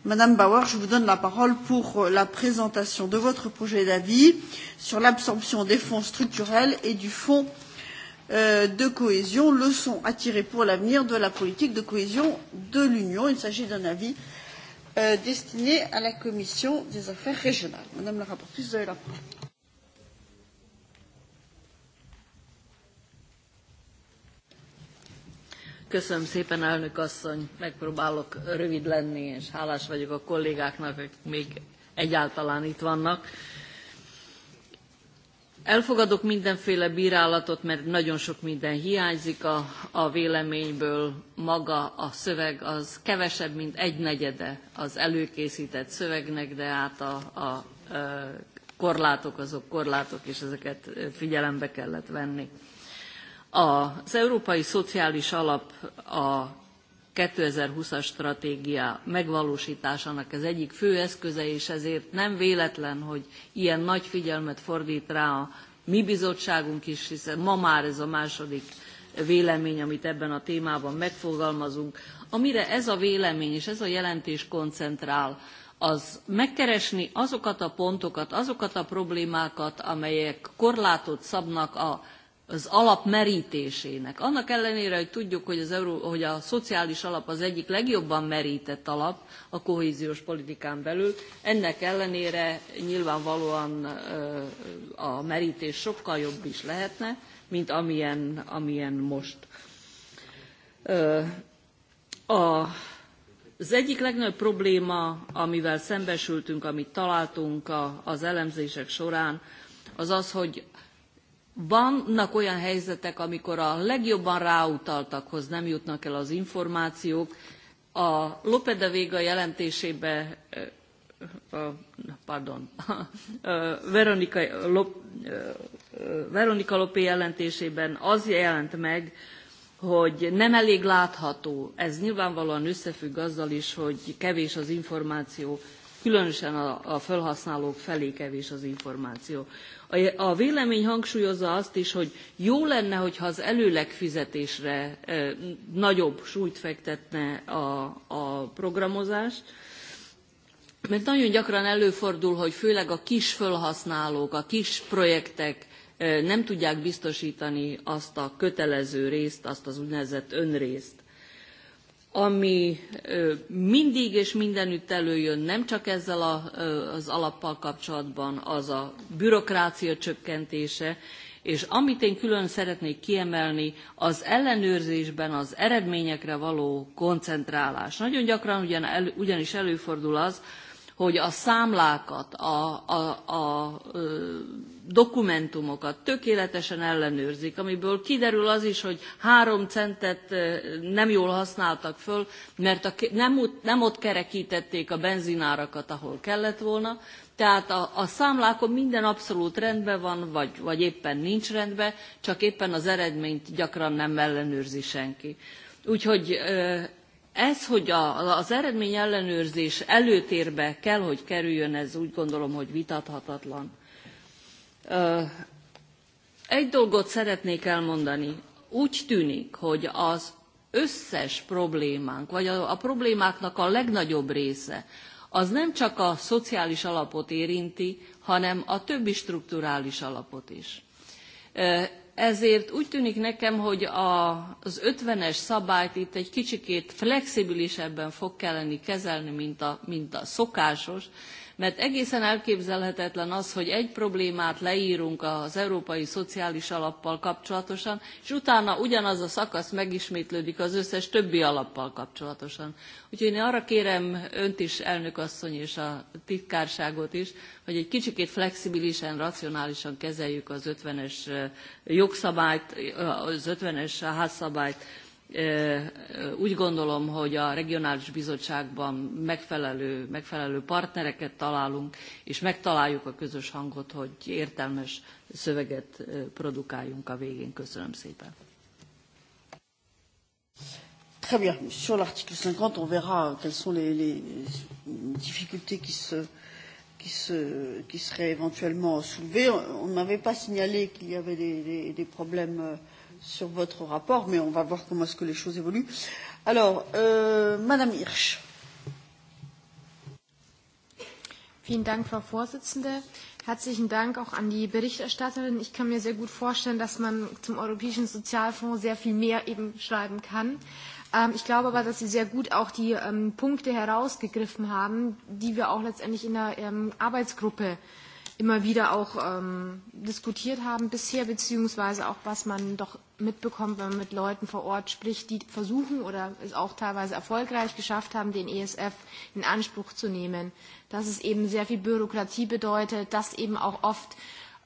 Madame Bauer, je vous donne la parole pour euh, la présentation de votre projet d'avis sur l'absorption des fonds structurels et du fonds euh, de cohésion, leçon à tirer pour l'avenir de la politique de cohésion de l'Union. Il s'agit d'un avis euh, destiné à la Commission des affaires régionales. Madame la rapporteure, vous avez la parole. Köszönöm szépen, elnök asszony. Megpróbálok rövid lenni, és hálás vagyok a kollégáknak, akik még egyáltalán itt vannak. Elfogadok mindenféle bírálatot, mert nagyon sok minden hiányzik a, a véleményből. Maga a szöveg az kevesebb, mint egy negyede az előkészített szövegnek, de hát a, a, a korlátok azok korlátok, és ezeket figyelembe kellett venni. Az Európai Szociális Alap a 2020-as stratégia megvalósításának az egyik fő eszköze, és ezért nem véletlen, hogy ilyen nagy figyelmet fordít rá a mi bizottságunk is, hiszen ma már ez a második vélemény, amit ebben a témában megfogalmazunk. Amire ez a vélemény és ez a jelentés koncentrál, az megkeresni azokat a pontokat, azokat a problémákat, amelyek korlátot szabnak a az alap merítésének. Annak ellenére, hogy tudjuk, hogy, az Euró, hogy a szociális alap az egyik legjobban merített alap a kohéziós politikán belül, ennek ellenére nyilvánvalóan a merítés sokkal jobb is lehetne, mint amilyen, amilyen most. A Az egyik legnagyobb probléma, amivel szembesültünk, amit találtunk az elemzések során, az az, hogy Vannak olyan helyzetek, amikor a legjobban ráutaltakhoz nem jutnak el az információk. A Lope de Vega jelentésébe, pardon, Veronika, Lop, Veronika Lopé jelentésében az jelent meg, hogy nem elég látható. Ez nyilvánvalóan összefügg azzal is, hogy kevés az információ, különösen a, a felhasználók felé kevés az információ. A, a vélemény hangsúlyozza azt is, hogy jó lenne, hogyha az előleg fizetésre e, nagyobb súlyt fektetne a, a programozás, mert nagyon gyakran előfordul, hogy főleg a kis felhasználók, a kis projektek e, nem tudják biztosítani azt a kötelező részt, azt az úgynevezett önrészt ami mindig és mindenütt előjön, nem csak ezzel a, az alappal kapcsolatban, az a bürokrácia csökkentése, és amit én külön szeretnék kiemelni, az ellenőrzésben az eredményekre való koncentrálás. Nagyon gyakran ugyan, el, ugyanis előfordul az, hogy a számlákat, a, a, a dokumentumokat tökéletesen ellenőrzik, amiből kiderül az is, hogy három centet nem jól használtak föl, mert a, nem, nem ott kerekítették a benzinárakat, ahol kellett volna, Tehát a, a számlákon minden abszolút rendben van, vagy, vagy éppen nincs rendben, csak éppen az eredményt gyakran nem ellenőrzi senki. Úgyhogy Ez, hogy a, az eredmény ellenőrzés előtérbe kell, hogy kerüljön, ez úgy gondolom, hogy vitathatatlan. Egy dolgot szeretnék elmondani. Úgy tűnik, hogy az összes problémánk, vagy a, a problémáknak a legnagyobb része, az nem csak a szociális alapot érinti, hanem a többi strukturális alapot is ezért úgy tűnik nekem, hogy a, az 50-es szabályt itt egy kicsikét flexibilisebben fog kelleni kezelni, mint a, mint a szokásos, mert egészen elképzelhetetlen az, hogy egy problémát leírunk az európai szociális alappal kapcsolatosan, és utána ugyanaz a szakasz megismétlődik az összes többi alappal kapcsolatosan. Úgyhogy én arra kérem önt is, elnök asszony és a titkárságot is, hogy egy kicsikét flexibilisen, racionálisan kezeljük az 50-es eh, jogszabályt, eh, az 50-es házszabályt, úgy gondolom, hogy a regionális bizottságban megfelelő, megfelelő partnereket találunk, és megtaláljuk a közös hangot, hogy értelmes szöveget produkáljunk a végén. Köszönöm szépen. Très bien. Sur l'article 50, on verra euh, quelles sont les, les difficultés qui, se, qui, se, qui seraient éventuellement soulevées. On ne m'avait pas signalé qu'il y avait des, des, des problèmes euh, sur votre rapport, mais on va voir comment est-ce que les choses évoluent. Alors, euh, Madame Hirsch. Vielen Dank, Frau Vorsitzende. Herzlichen Dank auch an die Berichterstatterin. Ich kann mir sehr gut vorstellen, dass man zum Europäischen Sozialfonds sehr viel mehr eben schreiben kann. Ähm, ich glaube aber, dass Sie sehr gut auch die ähm, Punkte herausgegriffen haben, die wir auch letztendlich in der ähm, Arbeitsgruppe Arbeitsgruppe immer wieder auch ähm, diskutiert haben bisher, beziehungsweise auch was man doch mitbekommt, wenn man mit Leuten vor Ort spricht, die versuchen oder es auch teilweise erfolgreich geschafft haben, den ESF in Anspruch zu nehmen. Dass es eben sehr viel Bürokratie bedeutet, dass eben auch oft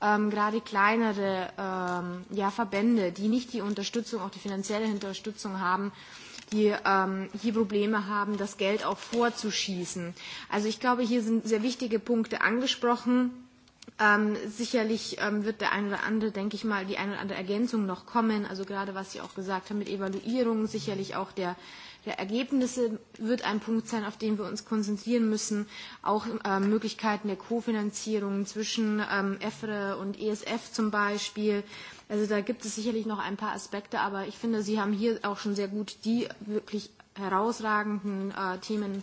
ähm, gerade kleinere ähm, ja, Verbände, die nicht die Unterstützung, auch die finanzielle Unterstützung haben, die ähm, hier Probleme haben, das Geld auch vorzuschießen. Also ich glaube, hier sind sehr wichtige Punkte angesprochen Ähm, sicherlich ähm, wird der eine oder andere, denke ich mal, die ein oder andere Ergänzung noch kommen. Also gerade was Sie auch gesagt haben mit Evaluierung, sicherlich auch der, der Ergebnisse wird ein Punkt sein, auf den wir uns konzentrieren müssen. Auch ähm, Möglichkeiten der Kofinanzierung zwischen ähm, EFRE und ESF zum Beispiel. Also da gibt es sicherlich noch ein paar Aspekte, aber ich finde, Sie haben hier auch schon sehr gut die wirklich herausragenden äh, Themen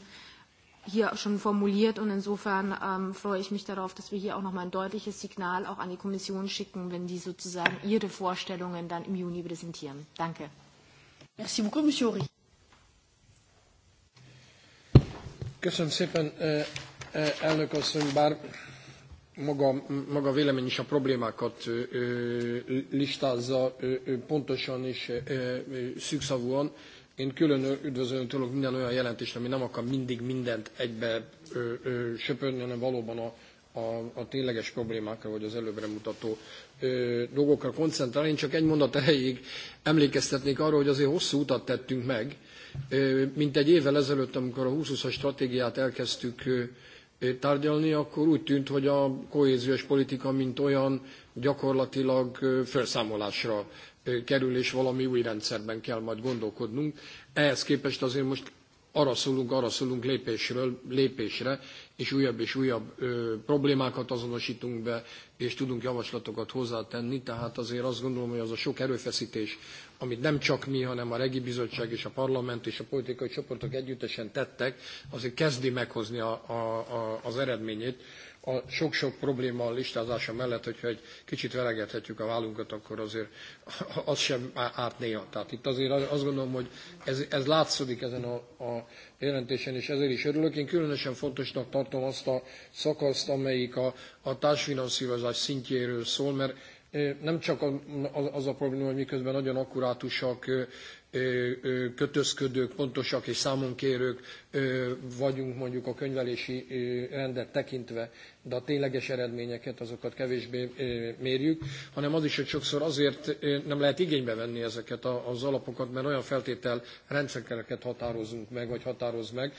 hier schon formuliert und insofern ähm, freue ich mich darauf, dass wir hier auch nochmal ein deutliches Signal auch an die Kommission schicken, wenn die sozusagen ihre Vorstellungen dann im Juni präsentieren. Danke. Merci beaucoup, Monsieur Horry. Köszönöm szépen, elnök asszony, bár maga, maga vélemény is a problémákat listázza pontosan és szükszavúan Én külön üdvözölöm tőlük minden olyan jelentést, ami nem akar mindig mindent egybe söpörni, hanem valóban a, a, a tényleges problémákra, vagy az előbbre mutató ö, dolgokra koncentrálni. Én csak egy mondat erejéig emlékeztetnék arra, hogy azért hosszú utat tettünk meg. Ö, mint egy évvel ezelőtt, amikor a 2020-as stratégiát elkezdtük ö, tárgyalni, akkor úgy tűnt, hogy a kohéziós politika, mint olyan, gyakorlatilag felszámolásra kerülés valami új rendszerben kell majd gondolkodnunk. Ehhez képest azért most arra szólunk, arra szólunk lépésről, lépésre, és újabb és újabb ö, problémákat azonosítunk be, és tudunk javaslatokat hozzátenni, tehát azért azt gondolom, hogy az a sok erőfeszítés, amit nem csak mi, hanem a Regi Bizottság és a Parlament és a politikai csoportok együttesen tettek, azért kezdi meghozni a, a, a, az eredményét a sok-sok probléma a listázása mellett, hogyha egy kicsit veregethetjük a vállunkat, akkor azért az sem árt néha. Tehát itt azért azt gondolom, hogy ez, ez látszódik ezen a, a jelentésen, és ezért is örülök. Én különösen fontosnak tartom azt a szakaszt, amelyik a, a társfinanszírozás szintjéről szól, mert eh, nem csak az a probléma, hogy miközben nagyon akkurátusak eh, kötözködők, pontosak és számonkérők vagyunk mondjuk a könyvelési rendet tekintve, de a tényleges eredményeket azokat kevésbé mérjük, hanem az is, hogy sokszor azért nem lehet igénybe venni ezeket az alapokat, mert olyan feltétel rendszereket határozunk meg, vagy határoz meg,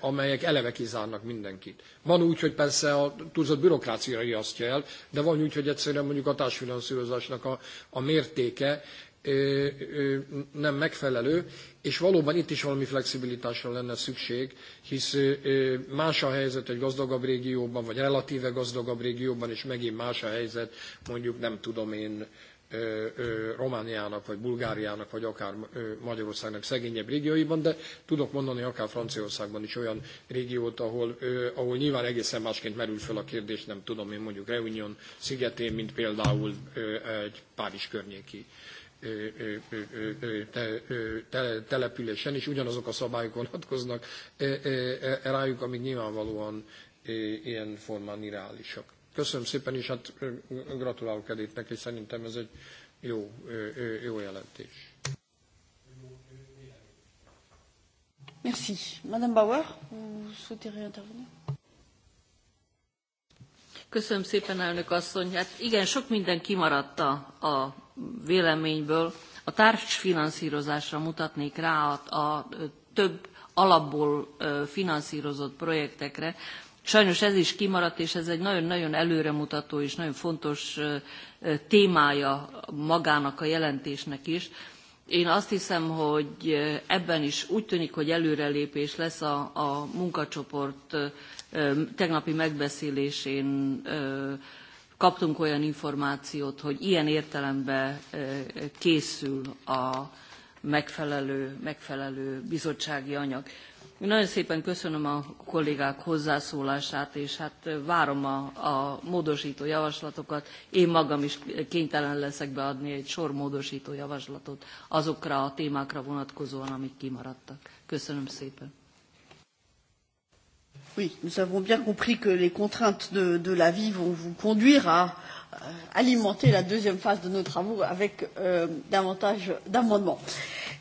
amelyek eleve kizárnak mindenkit. Van úgy, hogy persze a túlzott bürokrácia riasztja el, de van úgy, hogy egyszerűen mondjuk a társfinanszírozásnak a, a mértéke nem megfelelő, és valóban itt is valami flexibilitásra lenne szükség, hisz más a helyzet egy gazdagabb régióban, vagy relatíve gazdagabb régióban, és megint más a helyzet, mondjuk nem tudom én, Romániának, vagy Bulgáriának, vagy akár Magyarországnak szegényebb régióiban, de tudok mondani akár Franciaországban is olyan régiót, ahol, ahol nyilván egészen másként merül fel a kérdés, nem tudom én mondjuk Reunion szigetén, mint például egy Párizs környéki településen, és ugyanazok a szabályok vonatkoznak rájuk, amik nyilvánvalóan ilyen formán irálisak. Köszönöm szépen, és hát gratulálok Editnek, és szerintem ez egy jó, jó jelentés. Merci. Madame Bauer, vous souhaitez réintervenir Köszönöm szépen, elnök asszony. Hát igen, sok minden kimaradt a, a véleményből. A társfinanszírozásra mutatnék rá a, a több alapból finanszírozott projektekre. Sajnos ez is kimaradt, és ez egy nagyon-nagyon előremutató és nagyon fontos témája magának a jelentésnek is. Én azt hiszem, hogy ebben is úgy tűnik, hogy előrelépés lesz a, a munkacsoport tegnapi megbeszélésén kaptunk olyan információt, hogy ilyen értelemben készül a megfelelő, megfelelő bizottsági anyag. Én nagyon szépen köszönöm a kollégák hozzászólását, és hát várom a, a módosító javaslatokat. Én magam is kénytelen leszek beadni egy sor módosító javaslatot azokra a témákra vonatkozóan, amik kimaradtak. Köszönöm szépen. Oui, nous avons bien compris que les contraintes de, de la vie vont vous conduire à euh, alimenter la deuxième phase de nos travaux avec euh, davantage d'amendements.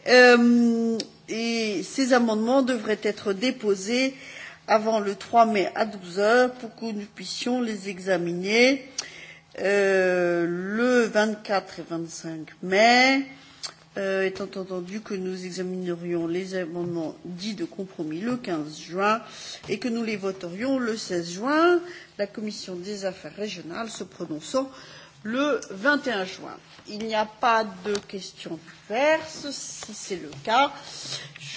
Euh, et ces amendements devraient être déposés avant le 3 mai à 12 heures pour que nous puissions les examiner euh, le 24 et 25 mai euh, étant entendu que nous examinerions les amendements dits de compromis le 15 juin et que nous les voterions le 16 juin, la commission des affaires régionales se prononçant le 21 juin. Il n'y a pas de questions diverses. Si c'est le cas,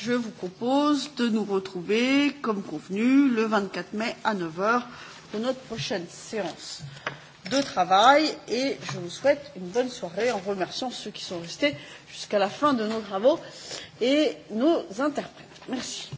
je vous propose de nous retrouver, comme convenu, le 24 mai à 9h pour notre prochaine séance de travail et je vous souhaite une bonne soirée en remerciant ceux qui sont restés jusqu'à la fin de nos travaux et nos interprètes. Merci.